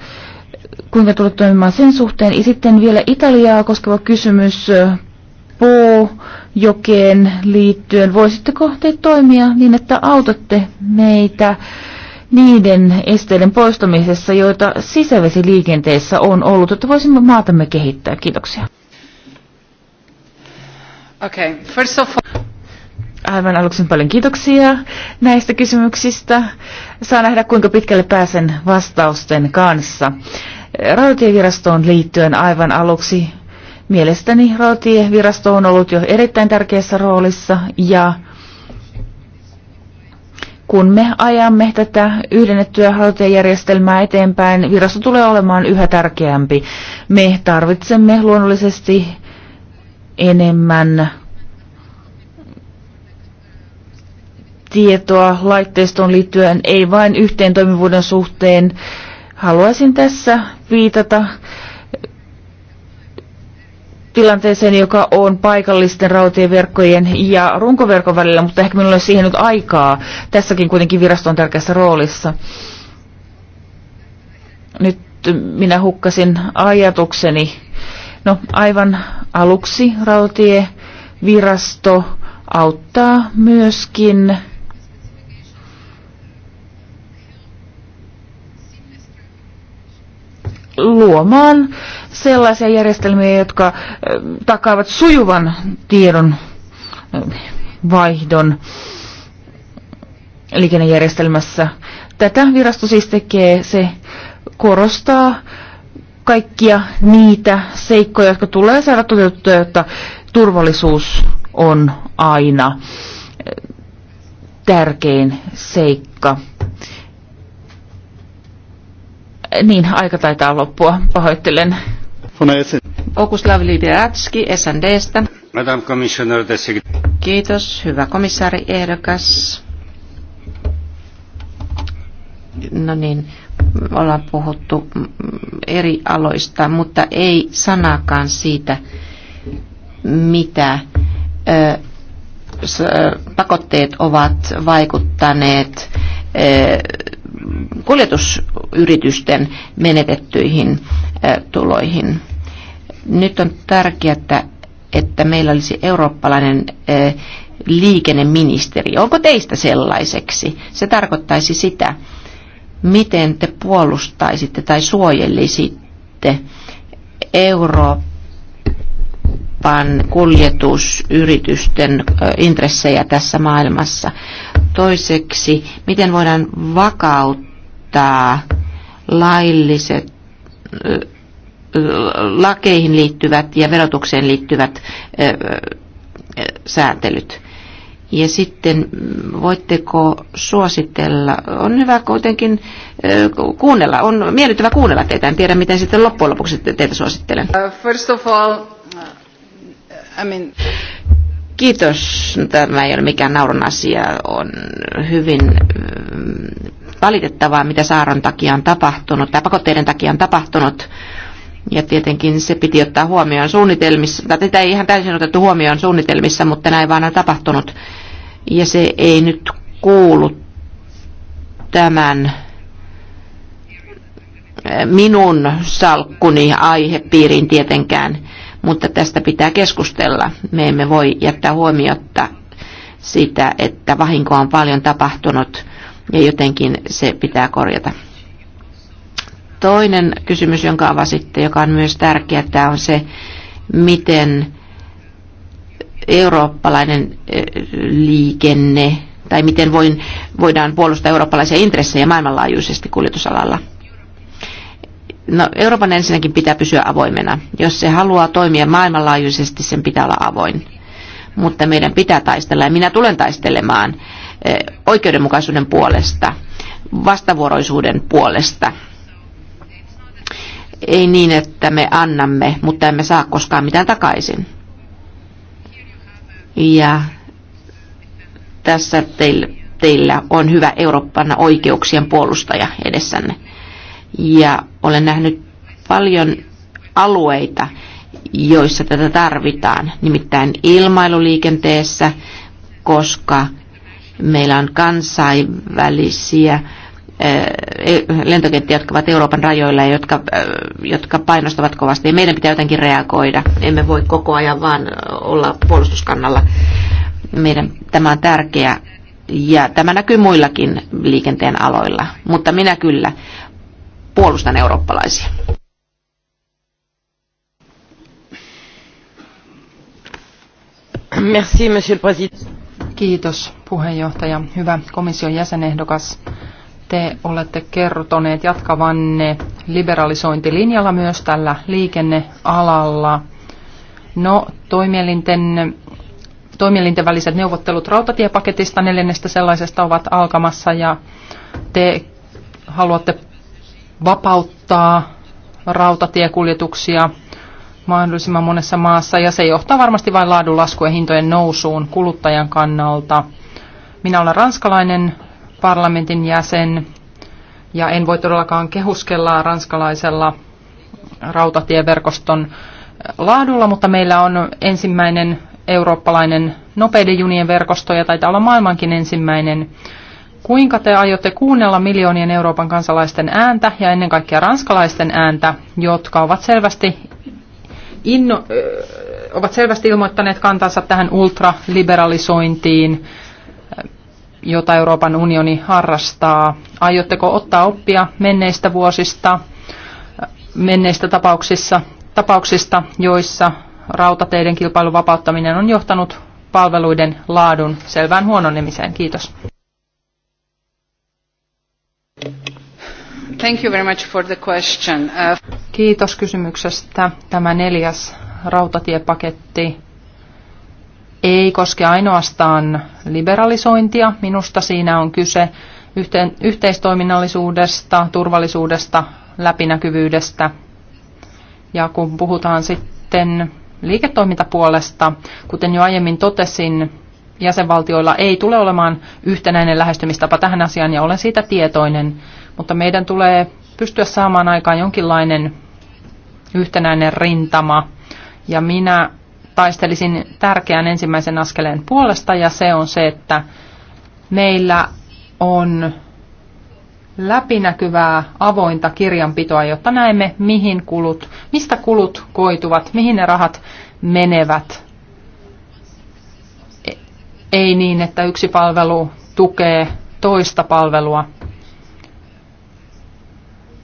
Speaker 2: kuinka tulet toimimaan sen suhteen. Ja sitten vielä Italiaa koskeva kysymys Poo-jokeen liittyen. Voisitteko te toimia niin, että autatte meitä? niiden esteiden poistamisessa, joita sisävesiliikenteessä on ollut, että voisimme maatamme kehittää. Kiitoksia.
Speaker 4: Okay. First of all...
Speaker 2: Aivan aluksi paljon kiitoksia näistä kysymyksistä. Saa nähdä, kuinka pitkälle pääsen vastausten kanssa. Rautatievirastoon liittyen aivan aluksi Mielestäni rautatievirasto on ollut jo erittäin tärkeässä roolissa ja kun me ajamme tätä yhdennettyä hautajärjestelmää eteenpäin, virasto tulee olemaan yhä tärkeämpi. Me tarvitsemme luonnollisesti enemmän tietoa laitteistoon liittyen, ei vain yhteen toimivuuden suhteen. Haluaisin tässä viitata tilanteeseen, joka on paikallisten rautieverkkojen ja runkoverkon välillä, mutta ehkä minulla olisi siihen nyt aikaa. Tässäkin kuitenkin virasto on tärkeässä roolissa. Nyt minä hukkasin ajatukseni. No aivan aluksi rautievirasto auttaa myöskin luomaan sellaisia järjestelmiä, jotka takaavat sujuvan tiedon vaihdon liikennejärjestelmässä. Tätä virasto siis tekee, se korostaa kaikkia niitä seikkoja, jotka tulee saada toteutettua, jotta turvallisuus on aina tärkein seikka. Niin, aika
Speaker 1: taitaa loppua. Pahoittelen. Okuslav Lidiatski SNDstä.
Speaker 4: Madame Commissioner
Speaker 1: Kiitos, hyvä komissaari ehdokas. No niin, ollaan puhuttu eri aloista, mutta ei sanakaan siitä, mitä ö, pakotteet ovat vaikuttaneet kuljetusyritysten menetettyihin tuloihin. Nyt on tärkeää, että meillä olisi eurooppalainen liikenneministeri. Onko teistä sellaiseksi? Se tarkoittaisi sitä, miten te puolustaisitte tai suojelisitte Eurooppaa Euroopan kuljetusyritysten intressejä tässä maailmassa. Toiseksi, miten voidaan vakauttaa lailliset lakeihin liittyvät ja verotukseen liittyvät sääntelyt. Ja sitten mm, voitteko suositella, on hyvä kuitenkin kuunnella, on miellyttävä kuunnella teitä, en tiedä miten sitten loppujen lopuksi teitä suosittelen.
Speaker 4: Uh, first of all, I
Speaker 1: mean... Kiitos. Tämä ei ole mikään naurun asia. On hyvin mm, valitettavaa, mitä saaron takia on tapahtunut tai pakotteiden takia on tapahtunut. Ja tietenkin se piti ottaa huomioon suunnitelmissa, tai tätä ei ihan täysin otettu huomioon suunnitelmissa, mutta näin vaan on tapahtunut. Ja se ei nyt kuulu tämän eh, minun salkkuni aihepiiriin tietenkään mutta tästä pitää keskustella. Me emme voi jättää huomiotta sitä, että vahinkoa on paljon tapahtunut ja jotenkin se pitää korjata. Toinen kysymys, jonka avasitte, joka on myös tärkeä, tämä on se, miten eurooppalainen liikenne, tai miten voin, voidaan puolustaa eurooppalaisia intressejä maailmanlaajuisesti kuljetusalalla – No, Euroopan ensinnäkin pitää pysyä avoimena. Jos se haluaa toimia maailmanlaajuisesti, sen pitää olla avoin. Mutta meidän pitää taistella, ja minä tulen taistelemaan eh, oikeudenmukaisuuden puolesta, vastavuoroisuuden puolesta. Ei niin, että me annamme, mutta emme saa koskaan mitään takaisin. Ja tässä teillä, teillä on hyvä Euroopan oikeuksien puolustaja edessänne. Ja olen nähnyt paljon alueita, joissa tätä tarvitaan, nimittäin ilmailuliikenteessä, koska meillä on kansainvälisiä eh, lentokenttiä, jotka ovat Euroopan rajoilla ja jotka, eh, jotka painostavat kovasti. meidän pitää jotenkin reagoida. Emme voi koko ajan vaan olla puolustuskannalla. Meidän, tämä on tärkeä ja tämä näkyy muillakin liikenteen aloilla. Mutta minä kyllä puolustan eurooppalaisia.
Speaker 3: Merci, monsieur le Kiitos puheenjohtaja. Hyvä komission jäsenehdokas. Te olette kertoneet jatkavanne liberalisointilinjalla myös tällä liikennealalla. No, toimielinten, toimielinten väliset neuvottelut rautatiepaketista neljännestä sellaisesta ovat alkamassa ja te haluatte vapauttaa rautatiekuljetuksia mahdollisimman monessa maassa, ja se johtaa varmasti vain ja hintojen nousuun kuluttajan kannalta. Minä olen ranskalainen parlamentin jäsen, ja en voi todellakaan kehuskella ranskalaisella rautatieverkoston laadulla, mutta meillä on ensimmäinen eurooppalainen nopeiden junien verkosto, ja taitaa olla maailmankin ensimmäinen Kuinka te aiotte kuunnella miljoonien Euroopan kansalaisten ääntä ja ennen kaikkea ranskalaisten ääntä, jotka ovat selvästi, inno, ovat selvästi ilmoittaneet kantansa tähän ultraliberalisointiin, jota Euroopan unioni harrastaa? Aiotteko ottaa oppia menneistä vuosista, menneistä tapauksissa, tapauksista joissa rautateiden kilpailun vapauttaminen on johtanut palveluiden laadun selvään huononemiseen? Kiitos. Thank you very much for the question. Uh... Kiitos kysymyksestä. Tämä neljäs rautatiepaketti ei koske ainoastaan liberalisointia. Minusta siinä on kyse yhteen, yhteistoiminnallisuudesta, turvallisuudesta, läpinäkyvyydestä. Ja kun puhutaan sitten liiketoimintapuolesta, kuten jo aiemmin totesin, jäsenvaltioilla ei tule olemaan yhtenäinen lähestymistapa tähän asiaan ja olen siitä tietoinen, mutta meidän tulee pystyä saamaan aikaan jonkinlainen yhtenäinen rintama ja minä taistelisin tärkeän ensimmäisen askeleen puolesta ja se on se, että meillä on läpinäkyvää avointa kirjanpitoa, jotta näemme, mihin kulut, mistä kulut koituvat, mihin ne rahat menevät ei niin, että yksi palvelu tukee toista palvelua.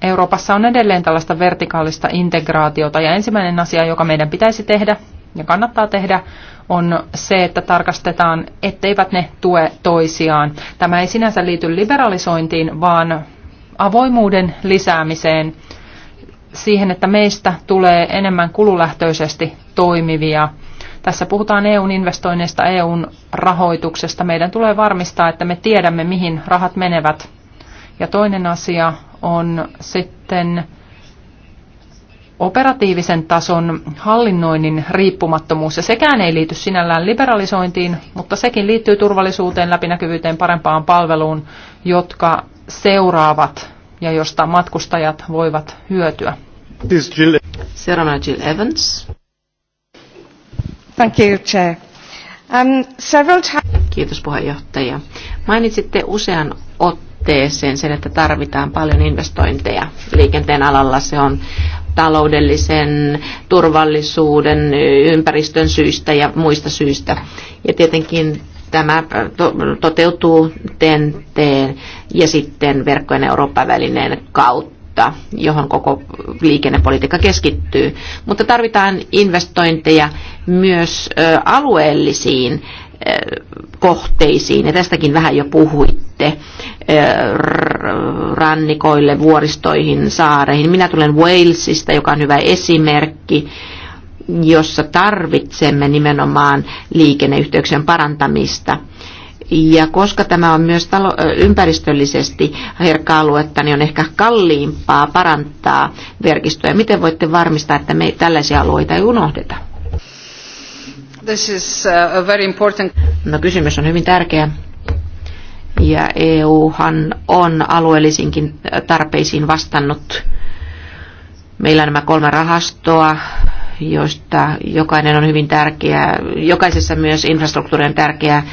Speaker 3: Euroopassa on edelleen tällaista vertikaalista integraatiota ja ensimmäinen asia, joka meidän pitäisi tehdä ja kannattaa tehdä, on se, että tarkastetaan, etteivät ne tue toisiaan. Tämä ei sinänsä liity liberalisointiin, vaan avoimuuden lisäämiseen, siihen, että meistä tulee enemmän kululähtöisesti toimivia tässä puhutaan EUn investoinneista, EUn rahoituksesta. Meidän tulee varmistaa, että me tiedämme, mihin rahat menevät. Ja toinen asia on sitten operatiivisen tason hallinnoinnin riippumattomuus, ja sekään ei liity sinällään liberalisointiin, mutta sekin liittyy turvallisuuteen, läpinäkyvyyteen, parempaan palveluun, jotka seuraavat ja josta matkustajat voivat hyötyä.
Speaker 1: Seuraavana Jill Evans. Thank you, Chair. Um, several Kiitos puheenjohtaja. Mainitsitte usean otteeseen sen, että tarvitaan paljon investointeja liikenteen alalla. Se on taloudellisen turvallisuuden, ympäristön syistä ja muista syistä. Ja tietenkin tämä äh, toteutuu TENTeen ja sitten verkkojen Eurooppa-välineen kautta kautta, johon koko liikennepolitiikka keskittyy, mutta tarvitaan investointeja myös alueellisiin kohteisiin, ja tästäkin vähän jo puhuitte, rannikoille, vuoristoihin, saareihin. Minä tulen Walesista, joka on hyvä esimerkki, jossa tarvitsemme nimenomaan liikenneyhteyksien parantamista – ja koska tämä on myös talo, ympäristöllisesti herkka aluetta, niin on ehkä kalliimpaa parantaa verkistoja. Miten voitte varmistaa, että me ei tällaisia alueita ei unohdeta? This is uh, a very important... No kysymys on hyvin tärkeä. Ja EUhan on alueellisinkin tarpeisiin vastannut. Meillä on nämä kolme rahastoa, joista jokainen on hyvin tärkeä, Jokaisessa myös infrastruktuuri on tärkeä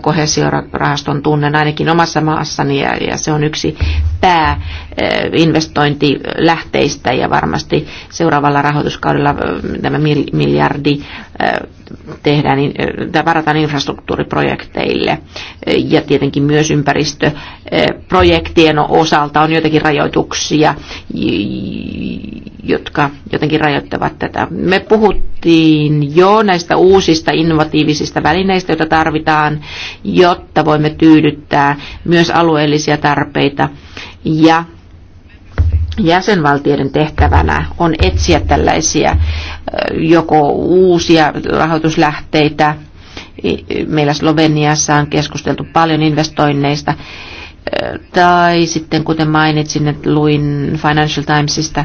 Speaker 1: kohesiorahaston tunnen ainakin omassa maassani ja, ja se on yksi pää Eh, investointilähteistä ja varmasti seuraavalla rahoituskaudella eh, tämä miljardi eh, tehdään, varataan infrastruktuuriprojekteille ja tietenkin myös ympäristöprojektien osalta on joitakin rajoituksia, jotka jotenkin rajoittavat tätä. Me puhuttiin jo näistä uusista innovatiivisista välineistä, joita tarvitaan, jotta voimme tyydyttää myös alueellisia tarpeita ja jäsenvaltioiden tehtävänä on etsiä tällaisia joko uusia rahoituslähteitä. Meillä Sloveniassa on keskusteltu paljon investoinneista. Tai sitten, kuten mainitsin, että luin Financial Timesista,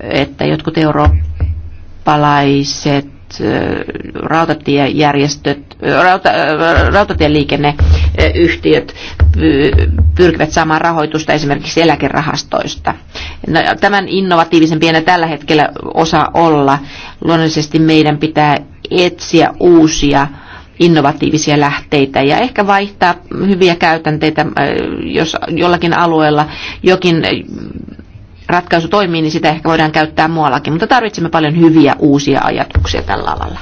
Speaker 1: että jotkut eurooppalaiset rautatiejärjestöt, rauta, rautatieliikenneyhtiöt pyrkivät saamaan rahoitusta esimerkiksi eläkerahastoista. No, tämän innovatiivisen pienen tällä hetkellä osa olla. Luonnollisesti meidän pitää etsiä uusia innovatiivisia lähteitä ja ehkä vaihtaa hyviä käytänteitä, jos jollakin alueella jokin ratkaisu toimii, niin sitä ehkä voidaan käyttää muuallakin. Mutta tarvitsemme paljon hyviä uusia ajatuksia tällä alalla.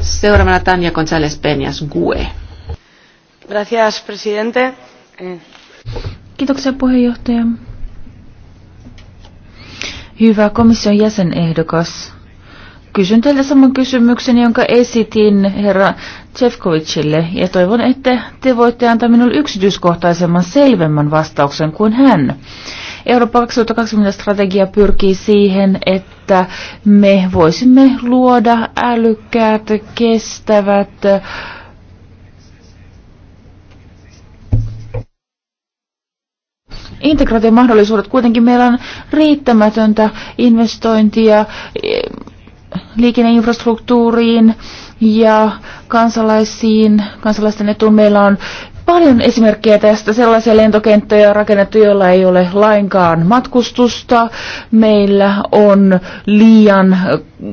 Speaker 1: Seuraavana Tanja González Peñas Gue.
Speaker 2: Gracias, presidente. Kiitoksia puheenjohtaja. Hyvä komission jäsenehdokas. Kysyn teiltä saman kysymyksen, jonka esitin herra Tsefkovicille, ja toivon, että te voitte antaa minulle yksityiskohtaisemman selvemmän vastauksen kuin hän. Eurooppa 2020 strategia pyrkii siihen, että me voisimme luoda älykkäät, kestävät, integraation mahdollisuudet. Kuitenkin meillä on riittämätöntä investointia eh, liikenneinfrastruktuuriin ja kansalaisiin, kansalaisten etuun. Meillä on paljon esimerkkejä tästä. Sellaisia lentokenttäjä on rakennettu, joilla ei ole lainkaan matkustusta. Meillä on liian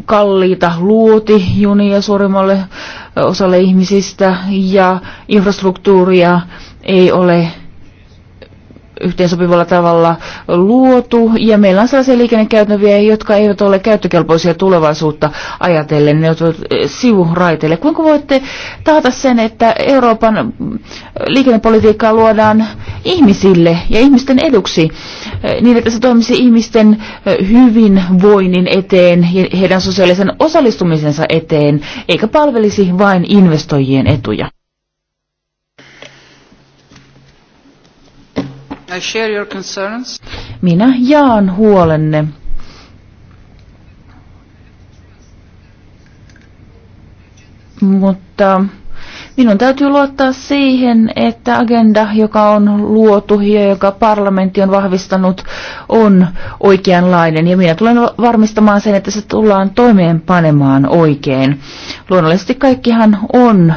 Speaker 2: kalliita luotijunia suurimmalle osalle ihmisistä ja infrastruktuuria ei ole yhteensopivalla tavalla luotu, ja meillä on sellaisia liikennekäytäviä, jotka eivät ole käyttökelpoisia tulevaisuutta ajatellen, ne ovat sivuraiteille. Kuinka voitte taata sen, että Euroopan liikennepolitiikkaa luodaan ihmisille ja ihmisten eduksi, niin että se toimisi ihmisten hyvinvoinnin eteen ja heidän sosiaalisen osallistumisensa eteen, eikä palvelisi vain investoijien etuja?
Speaker 4: I share your concerns.
Speaker 2: Minä jaan huolenne. Mutta minun täytyy luottaa siihen, että agenda, joka on luotu ja joka parlamentti on vahvistanut, on oikeanlainen. Ja minä tulen varmistamaan sen, että se tullaan toimeenpanemaan oikein. Luonnollisesti kaikkihan on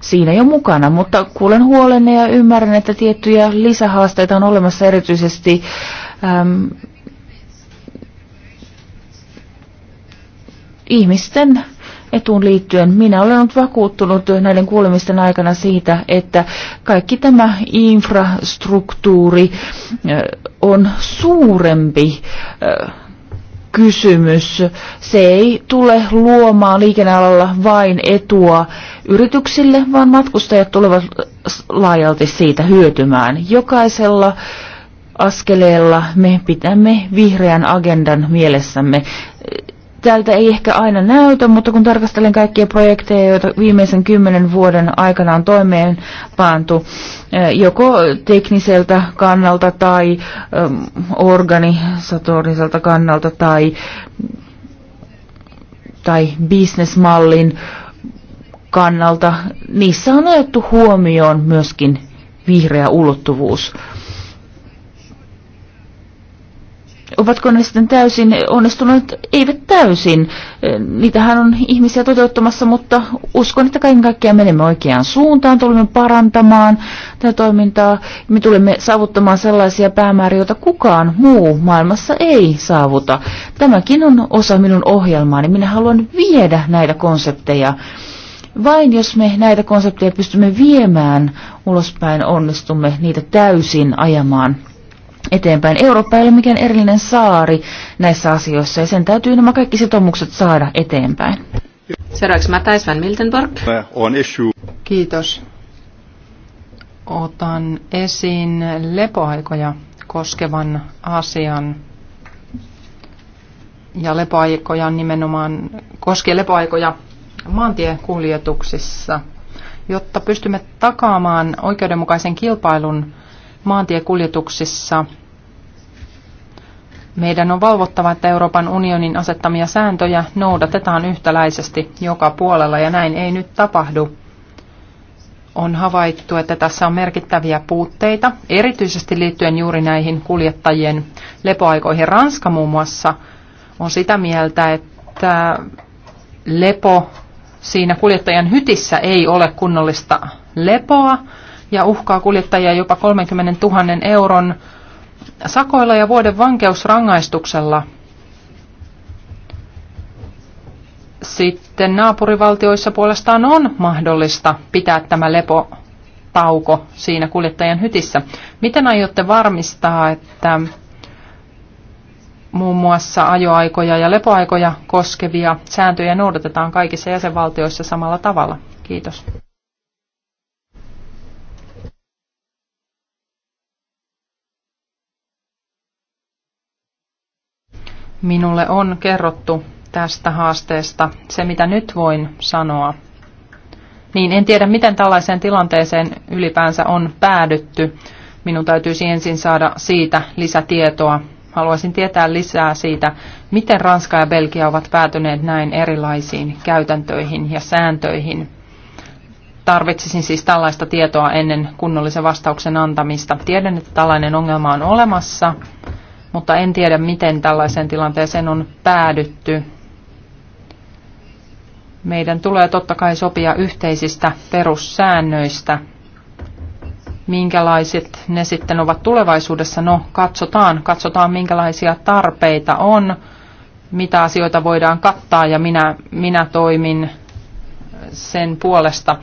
Speaker 2: siinä jo mukana, mutta kuulen huolenne ja ymmärrän, että tiettyjä lisähaasteita on olemassa erityisesti äm, ihmisten etuun liittyen. Minä olen ollut vakuuttunut näiden kuulemisten aikana siitä, että kaikki tämä infrastruktuuri äh, on suurempi äh, kysymys. Se ei tule luomaan liikennealalla vain etua yrityksille, vaan matkustajat tulevat laajalti siitä hyötymään. Jokaisella askeleella me pitämme vihreän agendan mielessämme tältä ei ehkä aina näytä, mutta kun tarkastelen kaikkia projekteja, joita viimeisen kymmenen vuoden aikana on toimeenpantu, eh, joko tekniseltä kannalta tai eh, organisatoriselta kannalta tai, tai bisnesmallin kannalta, niissä on otettu huomioon myöskin vihreä ulottuvuus. Ovatko ne sitten täysin onnistuneet? Eivät täysin. Niitähän on ihmisiä toteuttamassa, mutta uskon, että kaiken kaikkiaan menemme oikeaan suuntaan, tulemme parantamaan tätä toimintaa. Me tulemme saavuttamaan sellaisia päämääriä, joita kukaan muu maailmassa ei saavuta. Tämäkin on osa minun ohjelmaani. Minä haluan viedä näitä konsepteja vain jos me näitä konsepteja pystymme viemään ulospäin, onnistumme niitä täysin ajamaan eteenpäin. Eurooppa ei ole mikään erillinen saari näissä asioissa ja sen täytyy nämä kaikki sitoumukset saada eteenpäin.
Speaker 1: Seuraavaksi
Speaker 3: Matthijs van Miltenborg. On issue. Kiitos. Otan esiin lepoaikoja koskevan asian. Ja lepoaikoja nimenomaan koskee lepoaikoja maantiekuljetuksissa. Jotta pystymme takaamaan oikeudenmukaisen kilpailun maantiekuljetuksissa. Meidän on valvottava, että Euroopan unionin asettamia sääntöjä noudatetaan yhtäläisesti joka puolella ja näin ei nyt tapahdu. On havaittu, että tässä on merkittäviä puutteita, erityisesti liittyen juuri näihin kuljettajien lepoaikoihin. Ranska muun muassa on sitä mieltä, että lepo siinä kuljettajan hytissä ei ole kunnollista lepoa, ja uhkaa kuljettajia jopa 30 000 euron sakoilla ja vuoden vankeusrangaistuksella. Sitten naapurivaltioissa puolestaan on mahdollista pitää tämä lepotauko siinä kuljettajan hytissä. Miten aiotte varmistaa, että muun muassa ajoaikoja ja lepoaikoja koskevia sääntöjä noudatetaan kaikissa jäsenvaltioissa samalla tavalla? Kiitos. Minulle on kerrottu tästä haasteesta se, mitä nyt voin sanoa. Niin en tiedä, miten tällaiseen tilanteeseen ylipäänsä on päädytty. Minun täytyisi ensin saada siitä lisätietoa. Haluaisin tietää lisää siitä, miten Ranska ja Belgia ovat päätyneet näin erilaisiin käytäntöihin ja sääntöihin. Tarvitsisin siis tällaista tietoa ennen kunnollisen vastauksen antamista. Tiedän, että tällainen ongelma on olemassa mutta en tiedä, miten tällaiseen tilanteeseen on päädytty. Meidän tulee totta kai sopia yhteisistä perussäännöistä. Minkälaiset ne sitten ovat tulevaisuudessa? No, katsotaan. Katsotaan, minkälaisia tarpeita on, mitä asioita voidaan kattaa ja minä, minä toimin sen puolesta.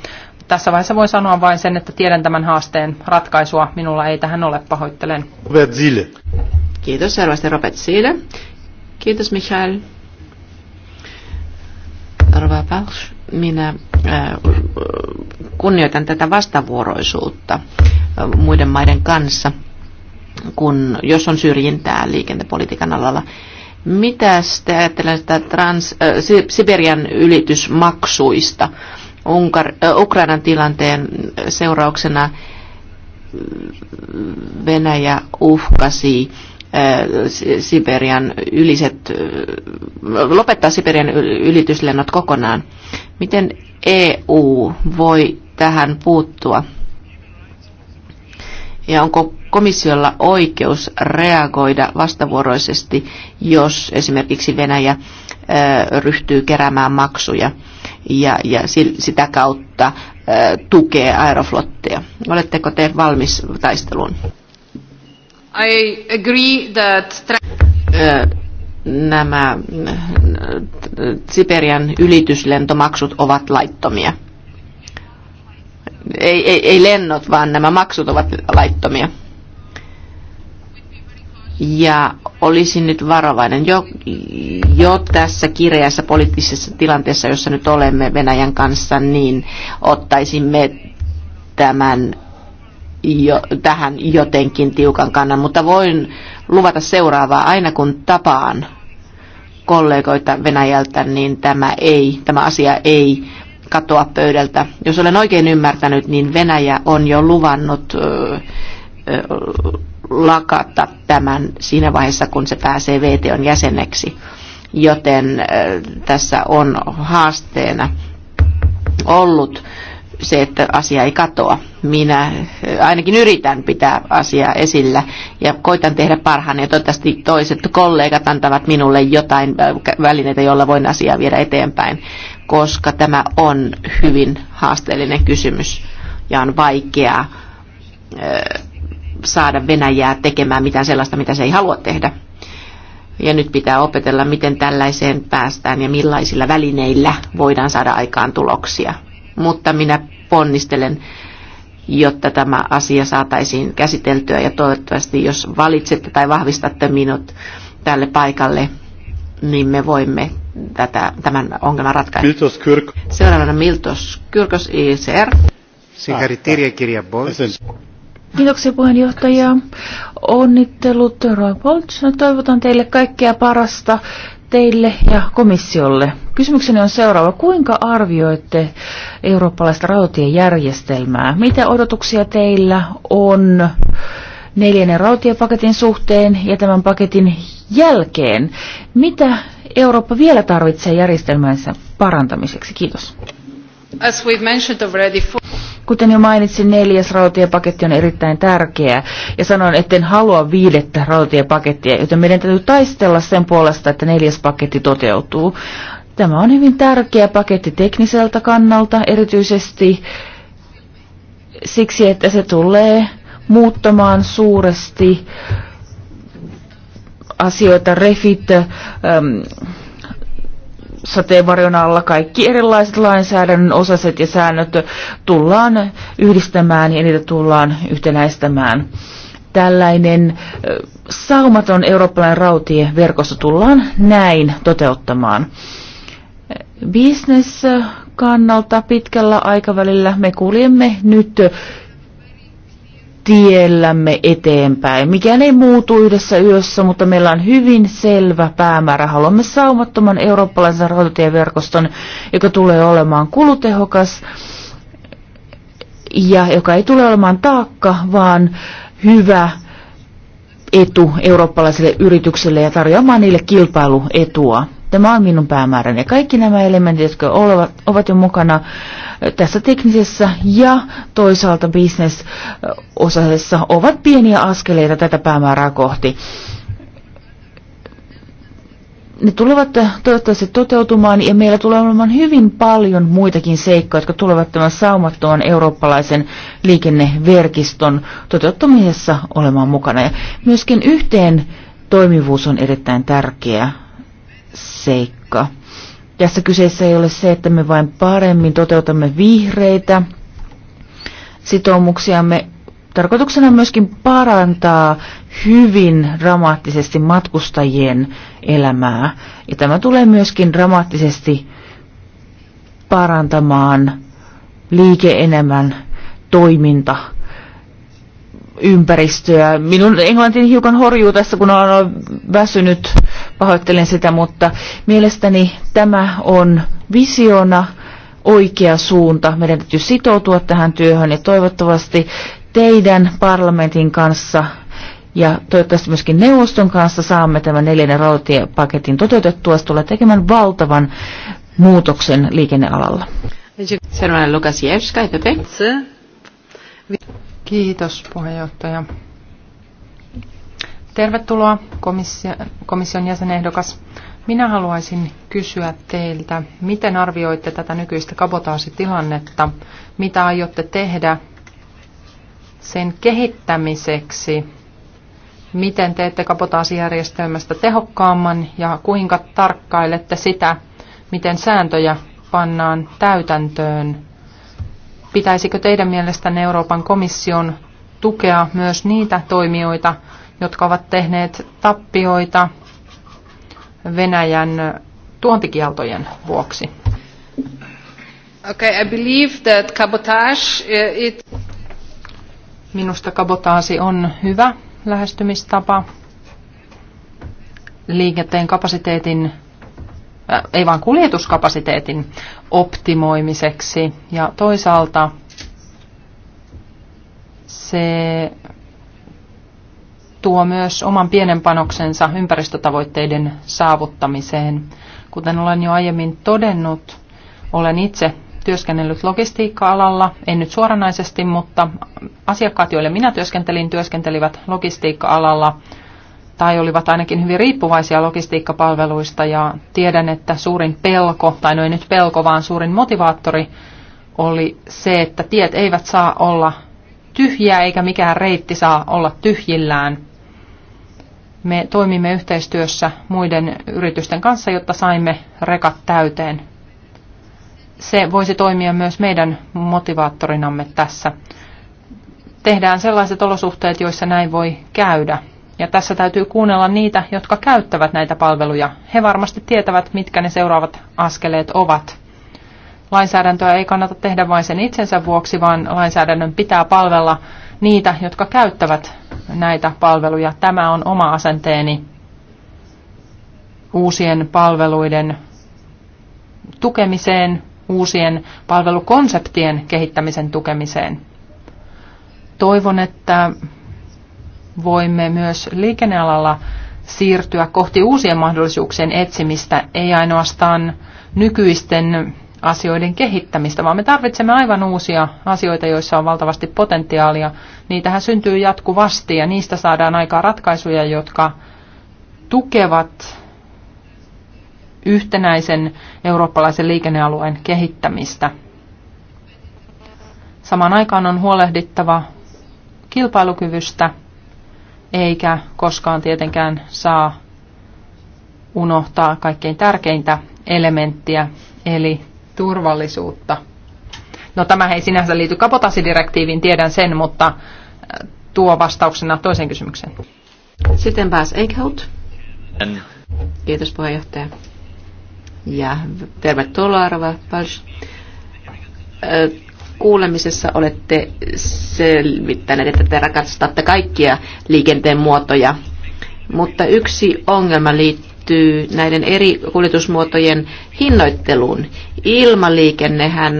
Speaker 3: Tässä vaiheessa voin sanoa vain sen, että tiedän tämän haasteen ratkaisua.
Speaker 1: Minulla ei tähän ole pahoittelen. Hyvät Kiitos, selvästi Robert Seele. Kiitos, Michael. Arvoa Bausch, minä äh, kunnioitan tätä vastavuoroisuutta äh, muiden maiden kanssa, kun, jos on syrjintää liikennepolitiikan alalla. Mitä te ajattelette trans, äh, Siberian ylitysmaksuista Unkar, äh, Ukrainan tilanteen seurauksena äh, Venäjä uhkasi äh, Siberian yliset, lopettaa Siberian ylityslennot kokonaan. Miten EU voi tähän puuttua? Ja onko komissiolla oikeus reagoida vastavuoroisesti, jos esimerkiksi Venäjä ryhtyy keräämään maksuja ja, ja sitä kautta tukee aeroflotteja? Oletteko te valmis taisteluun?
Speaker 4: I agree that...
Speaker 1: Nämä äh, Siperian ylityslentomaksut ovat laittomia. Ei, ei, ei lennot, vaan nämä maksut ovat laittomia. Ja olisin nyt varovainen jo, jo tässä kireässä poliittisessa tilanteessa, jossa nyt olemme Venäjän kanssa, niin ottaisimme tämän jo, tähän jotenkin tiukan kannan, mutta voin luvata seuraavaa. Aina kun tapaan kollegoita Venäjältä, niin tämä, ei, tämä asia ei katoa pöydältä. Jos olen oikein ymmärtänyt, niin Venäjä on jo luvannut ö, ö, lakata tämän siinä vaiheessa, kun se pääsee VTOn jäseneksi. Joten ö, tässä on haasteena ollut se, että asia ei katoa. Minä eh, ainakin yritän pitää asiaa esillä ja koitan tehdä parhaani ja toivottavasti toiset kollegat antavat minulle jotain eh, välineitä, jolla voin asiaa viedä eteenpäin, koska tämä on hyvin haasteellinen kysymys ja on vaikeaa eh, saada Venäjää tekemään mitään sellaista, mitä se ei halua tehdä. Ja nyt pitää opetella, miten tällaiseen päästään ja millaisilla välineillä voidaan saada aikaan tuloksia mutta minä ponnistelen, jotta tämä asia saataisiin käsiteltyä ja toivottavasti jos valitsette tai vahvistatte minut tälle paikalle, niin me voimme tätä, tämän ongelman ratkaista. Miltos Kyrkos. Seuraavana Miltos Kyrkos ICR. Sigaritiria kirja
Speaker 2: Kiitoksia puheenjohtaja. Onnittelut Roy Polch. Toivotan teille kaikkea parasta teille ja komissiolle. Kysymykseni on seuraava. Kuinka arvioitte eurooppalaista rautatiejärjestelmää? Mitä odotuksia teillä on neljännen rautatiepaketin suhteen ja tämän paketin jälkeen? Mitä Eurooppa vielä tarvitsee järjestelmänsä parantamiseksi? Kiitos.
Speaker 4: As we've mentioned already,
Speaker 2: Kuten jo mainitsin, neljäs rautiepaketti on erittäin tärkeä ja sanon, etten halua viidettä rautiepakettia, joten meidän täytyy taistella sen puolesta, että neljäs paketti toteutuu. Tämä on hyvin tärkeä paketti tekniseltä kannalta, erityisesti siksi, että se tulee muuttamaan suuresti asioita, refit, ähm, sateenvarjon alla kaikki erilaiset lainsäädännön osaset ja säännöt tullaan yhdistämään ja niitä tullaan yhtenäistämään. Tällainen saumaton eurooppalainen rautieverkosto tullaan näin toteuttamaan. Business kannalta pitkällä aikavälillä me kuljemme nyt tiellämme eteenpäin. Mikään ei muutu yhdessä yössä, mutta meillä on hyvin selvä päämäärä. Haluamme saumattoman eurooppalaisen rautatieverkoston, joka tulee olemaan kulutehokas ja joka ei tule olemaan taakka, vaan hyvä etu eurooppalaisille yrityksille ja tarjoamaan niille kilpailuetua. Tämä on minun päämääräni. Kaikki nämä elementit, jotka olevat, ovat jo mukana tässä teknisessä ja toisaalta bisnesosassa, ovat pieniä askeleita tätä päämäärää kohti ne tulevat toivottavasti toteutumaan ja meillä tulee olemaan hyvin paljon muitakin seikkoja, jotka tulevat tämän saumattoman eurooppalaisen liikenneverkiston toteuttamisessa olemaan mukana. Ja myöskin yhteen toimivuus on erittäin tärkeä seikka. Tässä kyseessä ei ole se, että me vain paremmin toteutamme vihreitä sitoumuksiamme. Tarkoituksena on myöskin parantaa hyvin dramaattisesti matkustajien elämää. Ja tämä tulee myöskin dramaattisesti parantamaan liike-enemmän toiminta ympäristöä. Minun englanti hiukan horjuu tässä, kun olen väsynyt, pahoittelen sitä, mutta mielestäni tämä on visiona oikea suunta. Meidän täytyy sitoutua tähän työhön ja toivottavasti teidän parlamentin kanssa ja toivottavasti myöskin neuvoston kanssa saamme tämän neljännen rautatiepaketin toteutettua. Se tulee tekemään valtavan muutoksen liikennealalla.
Speaker 1: Seuraavana Lukas Jevska, e Kiitos
Speaker 3: puheenjohtaja. Tervetuloa komission jäsenehdokas. Minä haluaisin kysyä teiltä, miten arvioitte tätä nykyistä kabotaasitilannetta, mitä aiotte tehdä sen kehittämiseksi, miten teette kabotaasijärjestelmästä tehokkaamman ja kuinka tarkkailette sitä, miten sääntöjä pannaan täytäntöön pitäisikö teidän mielestänne Euroopan komission tukea myös niitä toimijoita, jotka ovat tehneet tappioita Venäjän tuontikieltojen vuoksi?
Speaker 4: Okay, I believe that cabotage, uh, it...
Speaker 3: Minusta kabotaasi on hyvä lähestymistapa liikenteen kapasiteetin ei vain kuljetuskapasiteetin optimoimiseksi ja toisaalta se tuo myös oman pienen panoksensa ympäristötavoitteiden saavuttamiseen. Kuten olen jo aiemmin todennut, olen itse työskennellyt logistiikka-alalla, en nyt suoranaisesti, mutta asiakkaat, joille minä työskentelin, työskentelivät logistiikka-alalla tai olivat ainakin hyvin riippuvaisia logistiikkapalveluista ja tiedän, että suurin pelko, tai no ei nyt pelko, vaan suurin motivaattori oli se, että tiet eivät saa olla tyhjiä eikä mikään reitti saa olla tyhjillään. Me toimimme yhteistyössä muiden yritysten kanssa, jotta saimme rekat täyteen. Se voisi toimia myös meidän motivaattorinamme tässä. Tehdään sellaiset olosuhteet, joissa näin voi käydä. Ja tässä täytyy kuunnella niitä, jotka käyttävät näitä palveluja. He varmasti tietävät, mitkä ne seuraavat askeleet ovat. Lainsäädäntöä ei kannata tehdä vain sen itsensä vuoksi, vaan lainsäädännön pitää palvella niitä, jotka käyttävät näitä palveluja. Tämä on oma asenteeni uusien palveluiden tukemiseen, uusien palvelukonseptien kehittämisen tukemiseen. Toivon, että voimme myös liikennealalla siirtyä kohti uusien mahdollisuuksien etsimistä, ei ainoastaan nykyisten asioiden kehittämistä, vaan me tarvitsemme aivan uusia asioita, joissa on valtavasti potentiaalia. Niitähän syntyy jatkuvasti ja niistä saadaan aikaa ratkaisuja, jotka tukevat yhtenäisen eurooppalaisen liikennealueen kehittämistä. Samaan aikaan on huolehdittava kilpailukyvystä eikä koskaan tietenkään saa unohtaa kaikkein tärkeintä elementtiä, eli turvallisuutta. No tämä ei sinänsä liity kapotasidirektiiviin, tiedän sen, mutta äh,
Speaker 1: tuo vastauksena toiseen kysymykseen. Sitten pääs Eichhout. Kiitos puheenjohtaja. Ja tervetuloa Arva Pals kuulemisessa olette selvittäneet, että te rakastatte kaikkia liikenteen muotoja, mutta yksi ongelma liittyy näiden eri kuljetusmuotojen hinnoitteluun. Ilmaliikennehän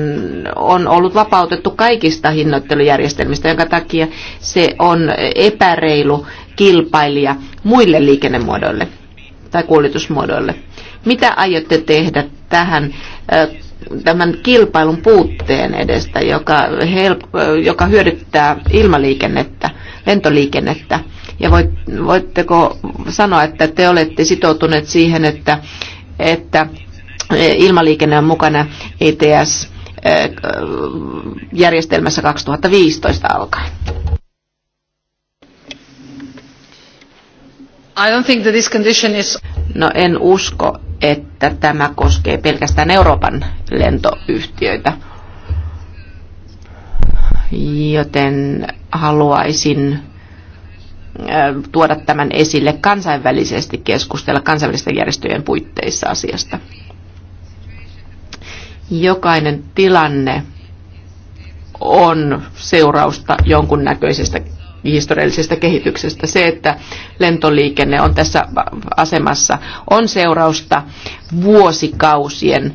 Speaker 1: on ollut vapautettu kaikista hinnoittelujärjestelmistä, jonka takia se on epäreilu kilpailija muille liikennemuodoille tai kuljetusmuodoille. Mitä aiotte tehdä tähän tämän kilpailun puutteen edestä, joka, help, joka hyödyttää ilmaliikennettä, lentoliikennettä. Ja voit, voitteko sanoa, että te olette sitoutuneet siihen, että, että e, ilmaliikenne on mukana ETS-järjestelmässä e, 2015 alkaen? I don't think that this condition is... No en usko, että tämä koskee pelkästään Euroopan lentoyhtiöitä. Joten haluaisin tuoda tämän esille kansainvälisesti, keskustella kansainvälisten järjestöjen puitteissa asiasta. Jokainen tilanne on seurausta jonkunnäköisestä historiallisesta kehityksestä. Se, että lentoliikenne on tässä asemassa, on seurausta vuosikausien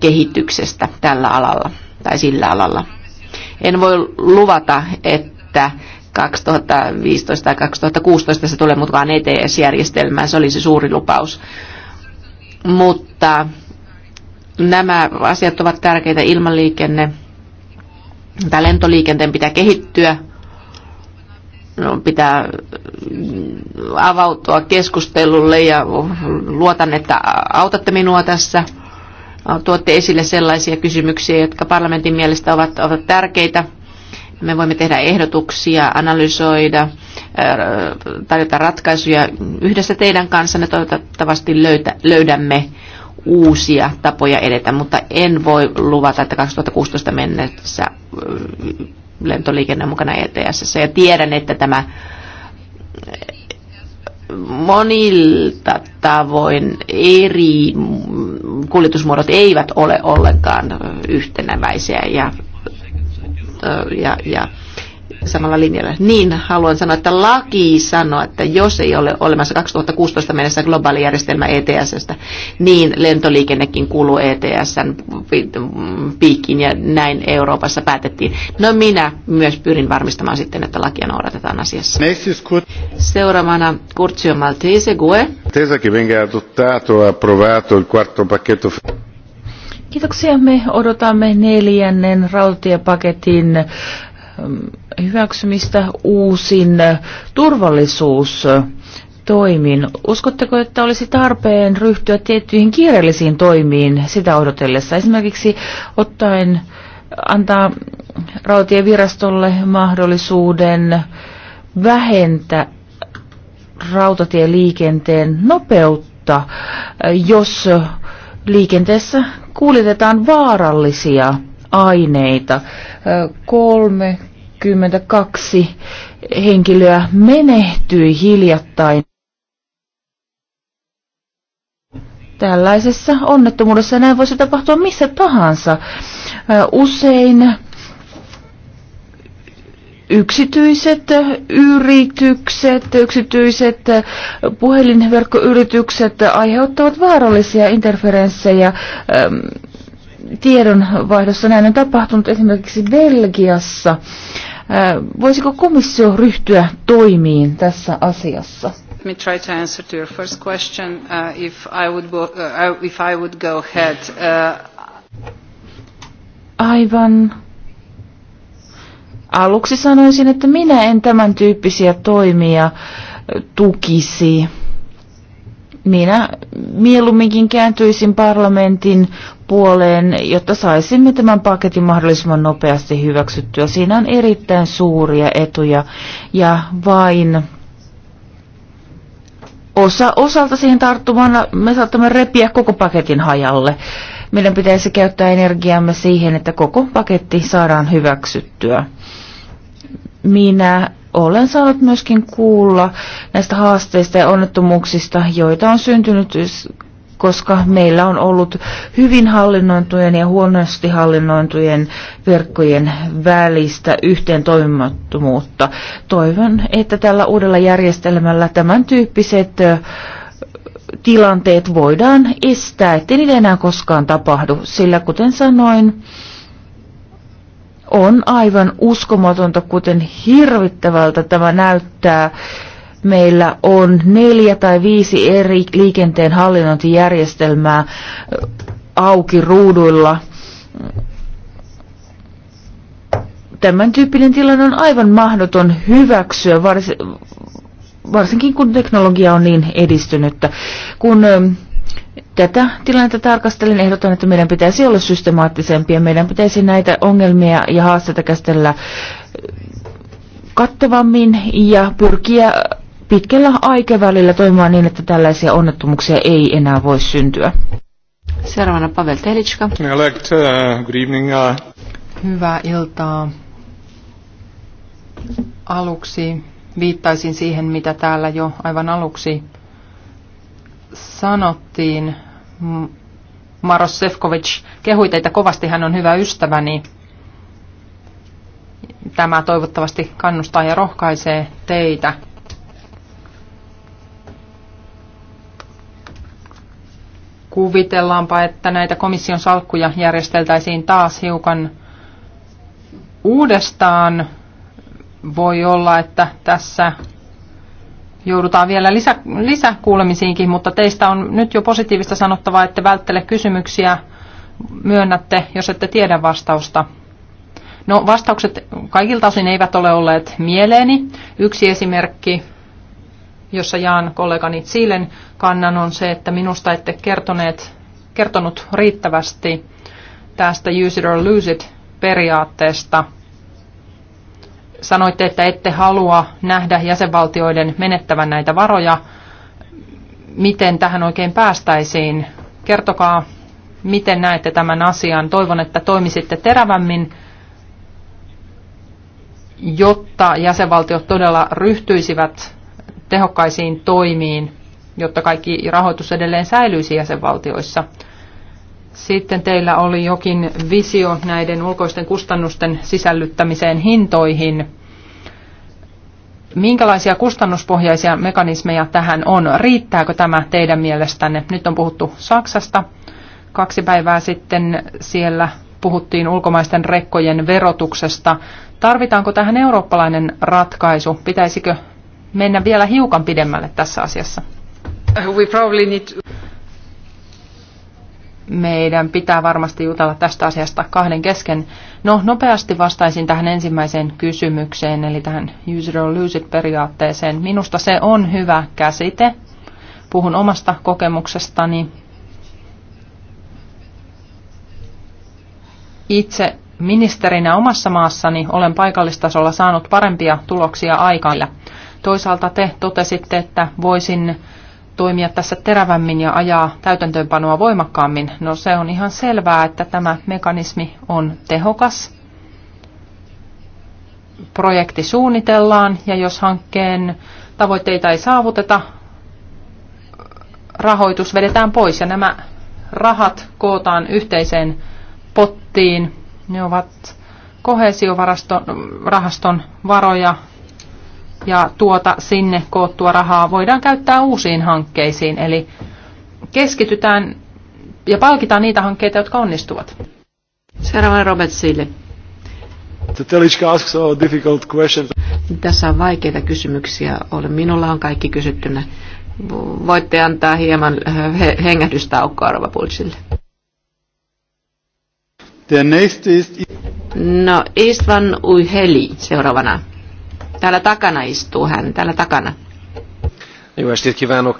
Speaker 1: kehityksestä tällä alalla tai sillä alalla. En voi luvata, että 2015 tai 2016 se tulee mukaan ETS-järjestelmään, se oli se suuri lupaus. Mutta nämä asiat ovat tärkeitä Ilmaliikenne, tai lentoliikenteen pitää kehittyä no, pitää mm, avautua keskustelulle ja luotan, että autatte minua tässä. Tuotte esille sellaisia kysymyksiä, jotka parlamentin mielestä ovat, ovat tärkeitä. Me voimme tehdä ehdotuksia, analysoida, äh, tarjota ratkaisuja yhdessä teidän kanssanne. Toivottavasti löytä, löydämme uusia tapoja edetä, mutta en voi luvata, että 2016 mennessä äh, lentoliikenne mukana ETS. Ja tiedän, että tämä monilta tavoin eri kuljetusmuodot eivät ole ollenkaan yhtenäväisiä ja, ja, ja samalla linjalla. Niin haluan sanoa, että laki sanoo, että jos ei ole olemassa 2016 mennessä globaali järjestelmä ETSstä, niin lentoliikennekin kuuluu ETSn piikkiin ja näin Euroopassa päätettiin. No minä myös pyrin varmistamaan sitten, että lakia noudatetaan asiassa. Siis Seuraavana Kurtsio Maltese, GUE. E Kiitoksia. Me odotamme
Speaker 2: neljännen rautiepaketin hyväksymistä uusin turvallisuus toimin. Uskotteko, että olisi tarpeen ryhtyä tiettyihin kiireellisiin toimiin sitä odotellessa? Esimerkiksi ottaen antaa rautatievirastolle mahdollisuuden vähentää rautatieliikenteen nopeutta, jos liikenteessä kuljetetaan vaarallisia aineita. 32 henkilöä menehtyi hiljattain tällaisessa onnettomuudessa. Näin voisi tapahtua missä tahansa. Usein yksityiset yritykset, yksityiset puhelinverkkoyritykset aiheuttavat vaarallisia interferenssejä tiedonvaihdossa näin on tapahtunut esimerkiksi Belgiassa. Voisiko komissio ryhtyä toimiin tässä asiassa?
Speaker 4: Let me try to answer to your first question. Uh, if I would go, uh, if I would go ahead. Uh,
Speaker 2: Aivan. Aluksi sanoisin, että minä en tämän tyyppisiä toimia tukisi. Minä mieluumminkin kääntyisin parlamentin puoleen, jotta saisimme tämän paketin mahdollisimman nopeasti hyväksyttyä. Siinä on erittäin suuria etuja ja vain osa, osalta siihen tarttumaan me saattamme repiä koko paketin hajalle. Meidän pitäisi käyttää energiamme siihen, että koko paketti saadaan hyväksyttyä. Minä olen saanut myöskin kuulla näistä haasteista ja onnettomuuksista, joita on syntynyt koska meillä on ollut hyvin hallinnointujen ja huonosti hallinnointujen verkkojen välistä yhteen toimimattomuutta. Toivon, että tällä uudella järjestelmällä tämän tyyppiset tilanteet voidaan estää, ettei niitä enää koskaan tapahdu, sillä kuten sanoin, on aivan uskomatonta, kuten hirvittävältä tämä näyttää meillä on neljä tai viisi eri liikenteen hallinnointijärjestelmää auki ruuduilla. Tämän tyyppinen tilanne on aivan mahdoton hyväksyä, vars, varsinkin kun teknologia on niin edistynyttä. Kun tätä tilannetta tarkastelin, ehdotan, että meidän pitäisi olla systemaattisempia. Meidän pitäisi näitä ongelmia ja haasteita käsitellä kattavammin ja pyrkiä pitkällä aikavälillä toimimaan niin, että tällaisia onnettomuuksia ei enää voi syntyä.
Speaker 3: Seuraavana Pavel Telitska.
Speaker 2: Äh, good evening. Äh.
Speaker 3: Hyvää iltaa. Aluksi viittaisin siihen, mitä täällä jo aivan aluksi sanottiin. Maros Sefkovic kehui teitä kovasti, hän on hyvä ystäväni. Tämä toivottavasti kannustaa ja rohkaisee teitä Kuvitellaanpa, että näitä komission salkkuja järjesteltäisiin taas hiukan uudestaan. Voi olla, että tässä joudutaan vielä lisä, lisäkuulemisiinkin, mutta teistä on nyt jo positiivista sanottavaa, että välttele kysymyksiä, myönnätte, jos ette tiedä vastausta. No vastaukset kaikilta osin eivät ole olleet mieleeni. Yksi esimerkki jossa jaan kollegani Siilen kannan, on se, että minusta ette kertoneet, kertonut riittävästi tästä use it or lose it periaatteesta. Sanoitte, että ette halua nähdä jäsenvaltioiden menettävän näitä varoja. Miten tähän oikein päästäisiin? Kertokaa, miten näette tämän asian. Toivon, että toimisitte terävämmin jotta jäsenvaltiot todella ryhtyisivät tehokkaisiin toimiin, jotta kaikki rahoitus edelleen säilyisi jäsenvaltioissa. Sitten teillä oli jokin visio näiden ulkoisten kustannusten sisällyttämiseen hintoihin. Minkälaisia kustannuspohjaisia mekanismeja tähän on? Riittääkö tämä teidän mielestänne? Nyt on puhuttu Saksasta. Kaksi päivää sitten siellä puhuttiin ulkomaisten rekkojen verotuksesta. Tarvitaanko tähän eurooppalainen ratkaisu? Pitäisikö mennä vielä hiukan pidemmälle tässä asiassa. Meidän pitää varmasti jutella tästä asiasta kahden kesken. No, nopeasti vastaisin tähän ensimmäiseen kysymykseen, eli tähän user or lose it periaatteeseen. Minusta se on hyvä käsite. Puhun omasta kokemuksestani. Itse ministerinä omassa maassani olen paikallistasolla saanut parempia tuloksia aikaan. Toisaalta te totesitte, että voisin toimia tässä terävämmin ja ajaa täytäntöönpanoa voimakkaammin. No se on ihan selvää, että tämä mekanismi on tehokas. Projekti suunnitellaan ja jos hankkeen tavoitteita ei saavuteta, rahoitus vedetään pois ja nämä rahat kootaan yhteiseen pottiin. Ne ovat kohesiovaraston rahaston varoja ja tuota sinne koottua rahaa voidaan käyttää uusiin hankkeisiin. Eli keskitytään ja palkitaan niitä hankkeita, jotka onnistuvat.
Speaker 1: Seuraava Robert Sille. Tässä on vaikeita kysymyksiä. Minulla on kaikki kysyttynä. Voitte antaa hieman äh, hengähdystaukoa Rova Pulsille. No, Istvan Uiheli seuraavana. Täällä takana istuu hän, täällä takana. Jó estét kívánok,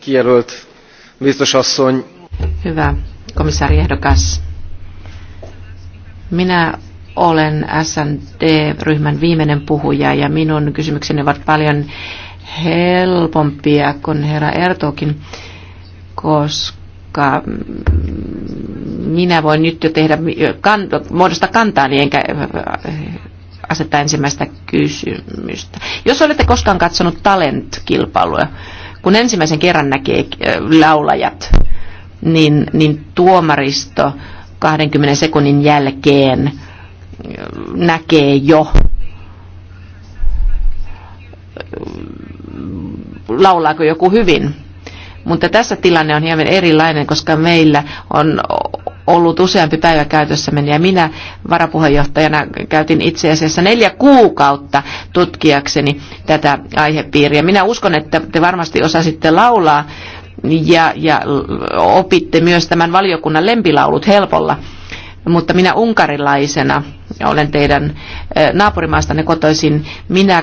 Speaker 1: kijelölt biztosasszony. Hyvä komissaari ehdokas. Minä olen SND-ryhmän viimeinen puhuja ja minun kysymykseni ovat paljon helpompia kuin herra Ertokin, koska mm, minä voin nyt jo tehdä, kan, muodostaa kantaani enkä asettaa ensimmäistä kysymystä. Jos olette koskaan katsonut talent kilpailuja kun ensimmäisen kerran näkee äh, laulajat, niin, niin tuomaristo 20 sekunnin jälkeen äh, näkee jo äh, laulaako joku hyvin mutta tässä tilanne on hieman erilainen, koska meillä on ollut useampi päivä käytössämme ja minä varapuheenjohtajana käytin itse asiassa neljä kuukautta tutkiakseni tätä aihepiiriä. Minä uskon, että te varmasti osasitte laulaa ja, ja opitte myös tämän valiokunnan lempilaulut helpolla. Mutta minä unkarilaisena, olen teidän eh, naapurimaastanne kotoisin, minä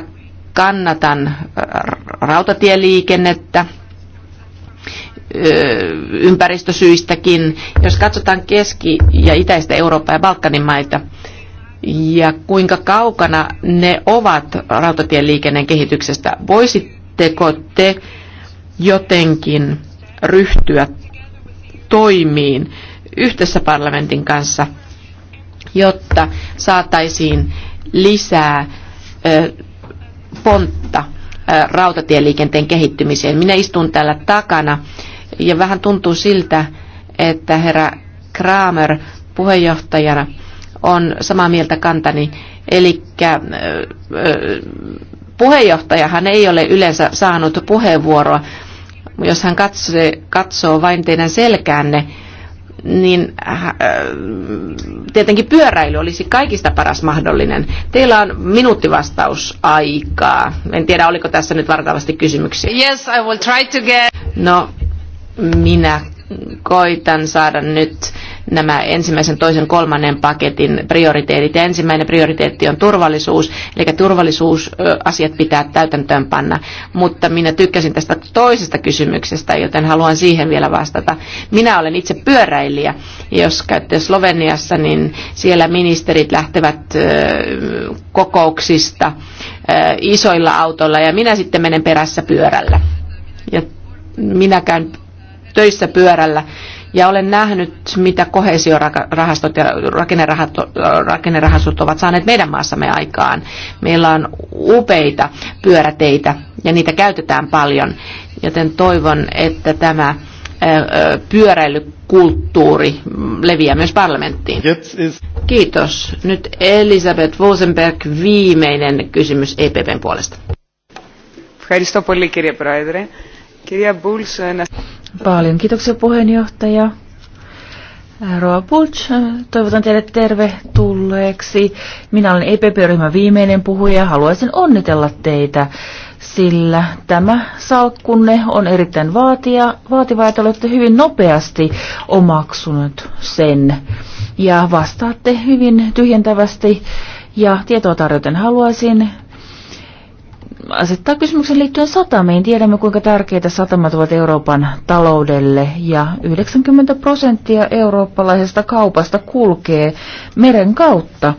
Speaker 1: kannatan eh, rautatieliikennettä, ympäristösyistäkin. Jos katsotaan Keski- ja Itäistä Eurooppaa ja Balkanin maita, ja kuinka kaukana ne ovat rautatieliikenteen kehityksestä. Voisitteko te jotenkin ryhtyä toimiin yhdessä parlamentin kanssa, jotta saataisiin lisää pontta rautatieliikenteen kehittymiseen. Minä istun täällä takana ja vähän tuntuu siltä, että herra Kramer puheenjohtajana on samaa mieltä kantani. Eli puheenjohtajahan ei ole yleensä saanut puheenvuoroa. Jos hän katsoo, katsoo vain teidän selkäänne, niin äh, tietenkin pyöräily olisi kaikista paras mahdollinen. Teillä on minuuttivastausaikaa. En tiedä, oliko tässä nyt vartavasti kysymyksiä.
Speaker 4: Yes, I will try to get...
Speaker 1: No, minä koitan saada nyt nämä ensimmäisen, toisen, kolmannen paketin prioriteetit. Ja ensimmäinen prioriteetti on turvallisuus, eli turvallisuusasiat pitää täytäntöön panna. Mutta minä tykkäsin tästä toisesta kysymyksestä, joten haluan siihen vielä vastata. Minä olen itse pyöräilijä. Jos käytte Sloveniassa, niin siellä ministerit lähtevät kokouksista isoilla autoilla ja minä sitten menen perässä pyörällä. Ja minä käyn töissä pyörällä. Ja olen nähnyt, mitä kohesiorahastot ja rakennerahastot ovat saaneet meidän maassamme aikaan. Meillä on upeita pyöräteitä ja niitä käytetään paljon, joten toivon, että tämä pyöräilykulttuuri leviää myös parlamenttiin. Kiitos. Nyt Elisabeth Wosenberg, viimeinen kysymys EPPn puolesta. Kiitos paljon, kirja Kirja Bulls,
Speaker 2: Paljon kiitoksia puheenjohtaja. Roa Pulch, toivotan teille tervetulleeksi. Minä olen EPP-ryhmän viimeinen puhuja ja haluaisin onnitella teitä, sillä tämä salkkunne on erittäin vaatia, vaativa, että olette hyvin nopeasti omaksunut sen. Ja vastaatte hyvin tyhjentävästi ja tietoa tarjoten haluaisin asettaa kysymyksen liittyen satamiin. Tiedämme, kuinka tärkeitä satamat ovat Euroopan taloudelle ja 90 prosenttia eurooppalaisesta kaupasta kulkee meren kautta.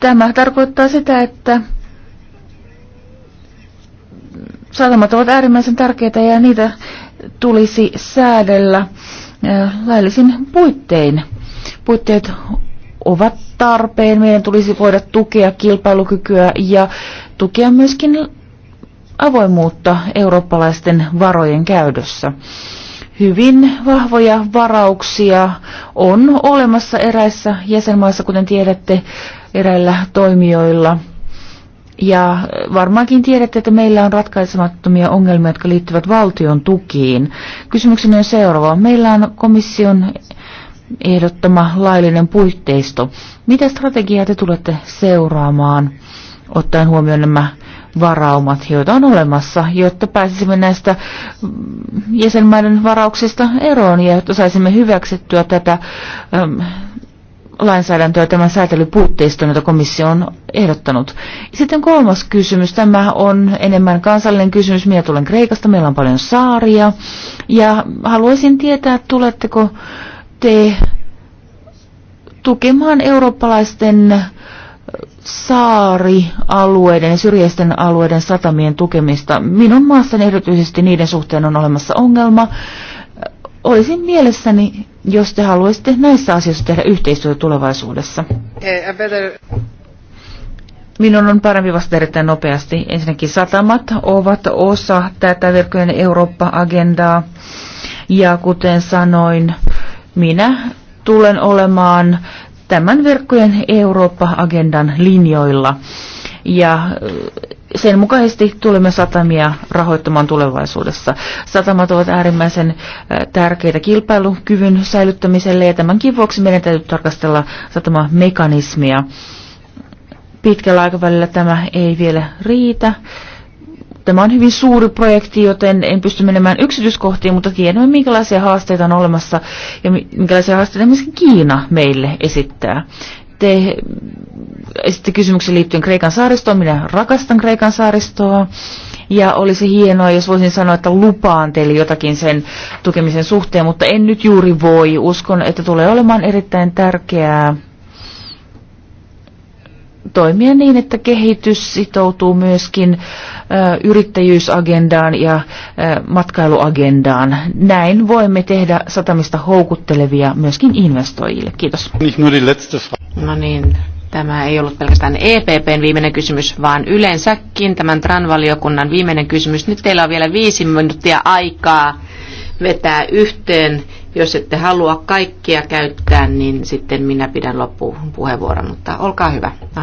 Speaker 2: Tämä tarkoittaa sitä, että satamat ovat äärimmäisen tärkeitä ja niitä tulisi säädellä laillisin puittein. Puitteet ovat tarpeen. Meidän tulisi voida tukea kilpailukykyä ja tukea myöskin avoimuutta eurooppalaisten varojen käytössä. Hyvin vahvoja varauksia on olemassa eräissä jäsenmaissa, kuten tiedätte, eräillä toimijoilla. Ja varmaankin tiedätte, että meillä on ratkaisemattomia ongelmia, jotka liittyvät valtion tukiin. Kysymykseni on seuraava. Meillä on komission ehdottama laillinen puitteisto. Mitä strategiaa te tulette seuraamaan, ottaen huomioon nämä varaumat, joita on olemassa, jotta pääsisimme näistä mm, jäsenmaiden varauksista eroon ja jotta saisimme hyväksyttyä tätä äm, lainsäädäntöä tämän säätelypuitteiston, jota komissio on ehdottanut. Sitten kolmas kysymys. Tämä on enemmän kansallinen kysymys. Minä tulen Kreikasta, meillä on paljon saaria. Ja haluaisin tietää, tuletteko lähtee tukemaan eurooppalaisten saarialueiden ja syrjäisten alueiden satamien tukemista. Minun maassani erityisesti niiden suhteen on olemassa ongelma. Olisin mielessäni, jos te haluaisitte näissä asioissa tehdä yhteistyötä tulevaisuudessa. Minun on parempi vastata erittäin nopeasti. Ensinnäkin satamat ovat osa tätä verkkojen Eurooppa-agendaa. Ja kuten sanoin, minä tulen olemaan tämän verkkojen Eurooppa-agendan linjoilla ja sen mukaisesti tulemme satamia rahoittamaan tulevaisuudessa. Satamat ovat äärimmäisen tärkeitä kilpailukyvyn säilyttämiselle ja tämänkin vuoksi meidän täytyy tarkastella satamamekanismia. Pitkällä aikavälillä tämä ei vielä riitä. Tämä on hyvin suuri projekti, joten en pysty menemään yksityiskohtiin, mutta tiedämme, minkälaisia haasteita on olemassa ja minkälaisia haasteita myöskin Kiina meille esittää. Te esitte kysymyksen liittyen Kreikan saaristoon. Minä rakastan Kreikan saaristoa. Ja olisi hienoa, jos voisin sanoa, että lupaan teille jotakin sen tukemisen suhteen, mutta en nyt juuri voi. Uskon, että tulee olemaan erittäin tärkeää toimia niin, että kehitys sitoutuu myöskin yrittäjyysagendaan ja matkailuagendaan. Näin voimme tehdä satamista houkuttelevia myöskin investoijille. Kiitos.
Speaker 1: No niin, tämä ei ollut pelkästään EPPn viimeinen kysymys, vaan yleensäkin tämän TRAN-valiokunnan viimeinen kysymys. Nyt teillä on vielä viisi minuuttia aikaa vetää yhteen. Jos ette halua kaikkia käyttää, niin sitten minä pidän loppupuheenvuoron, mutta olkaa hyvä. Anna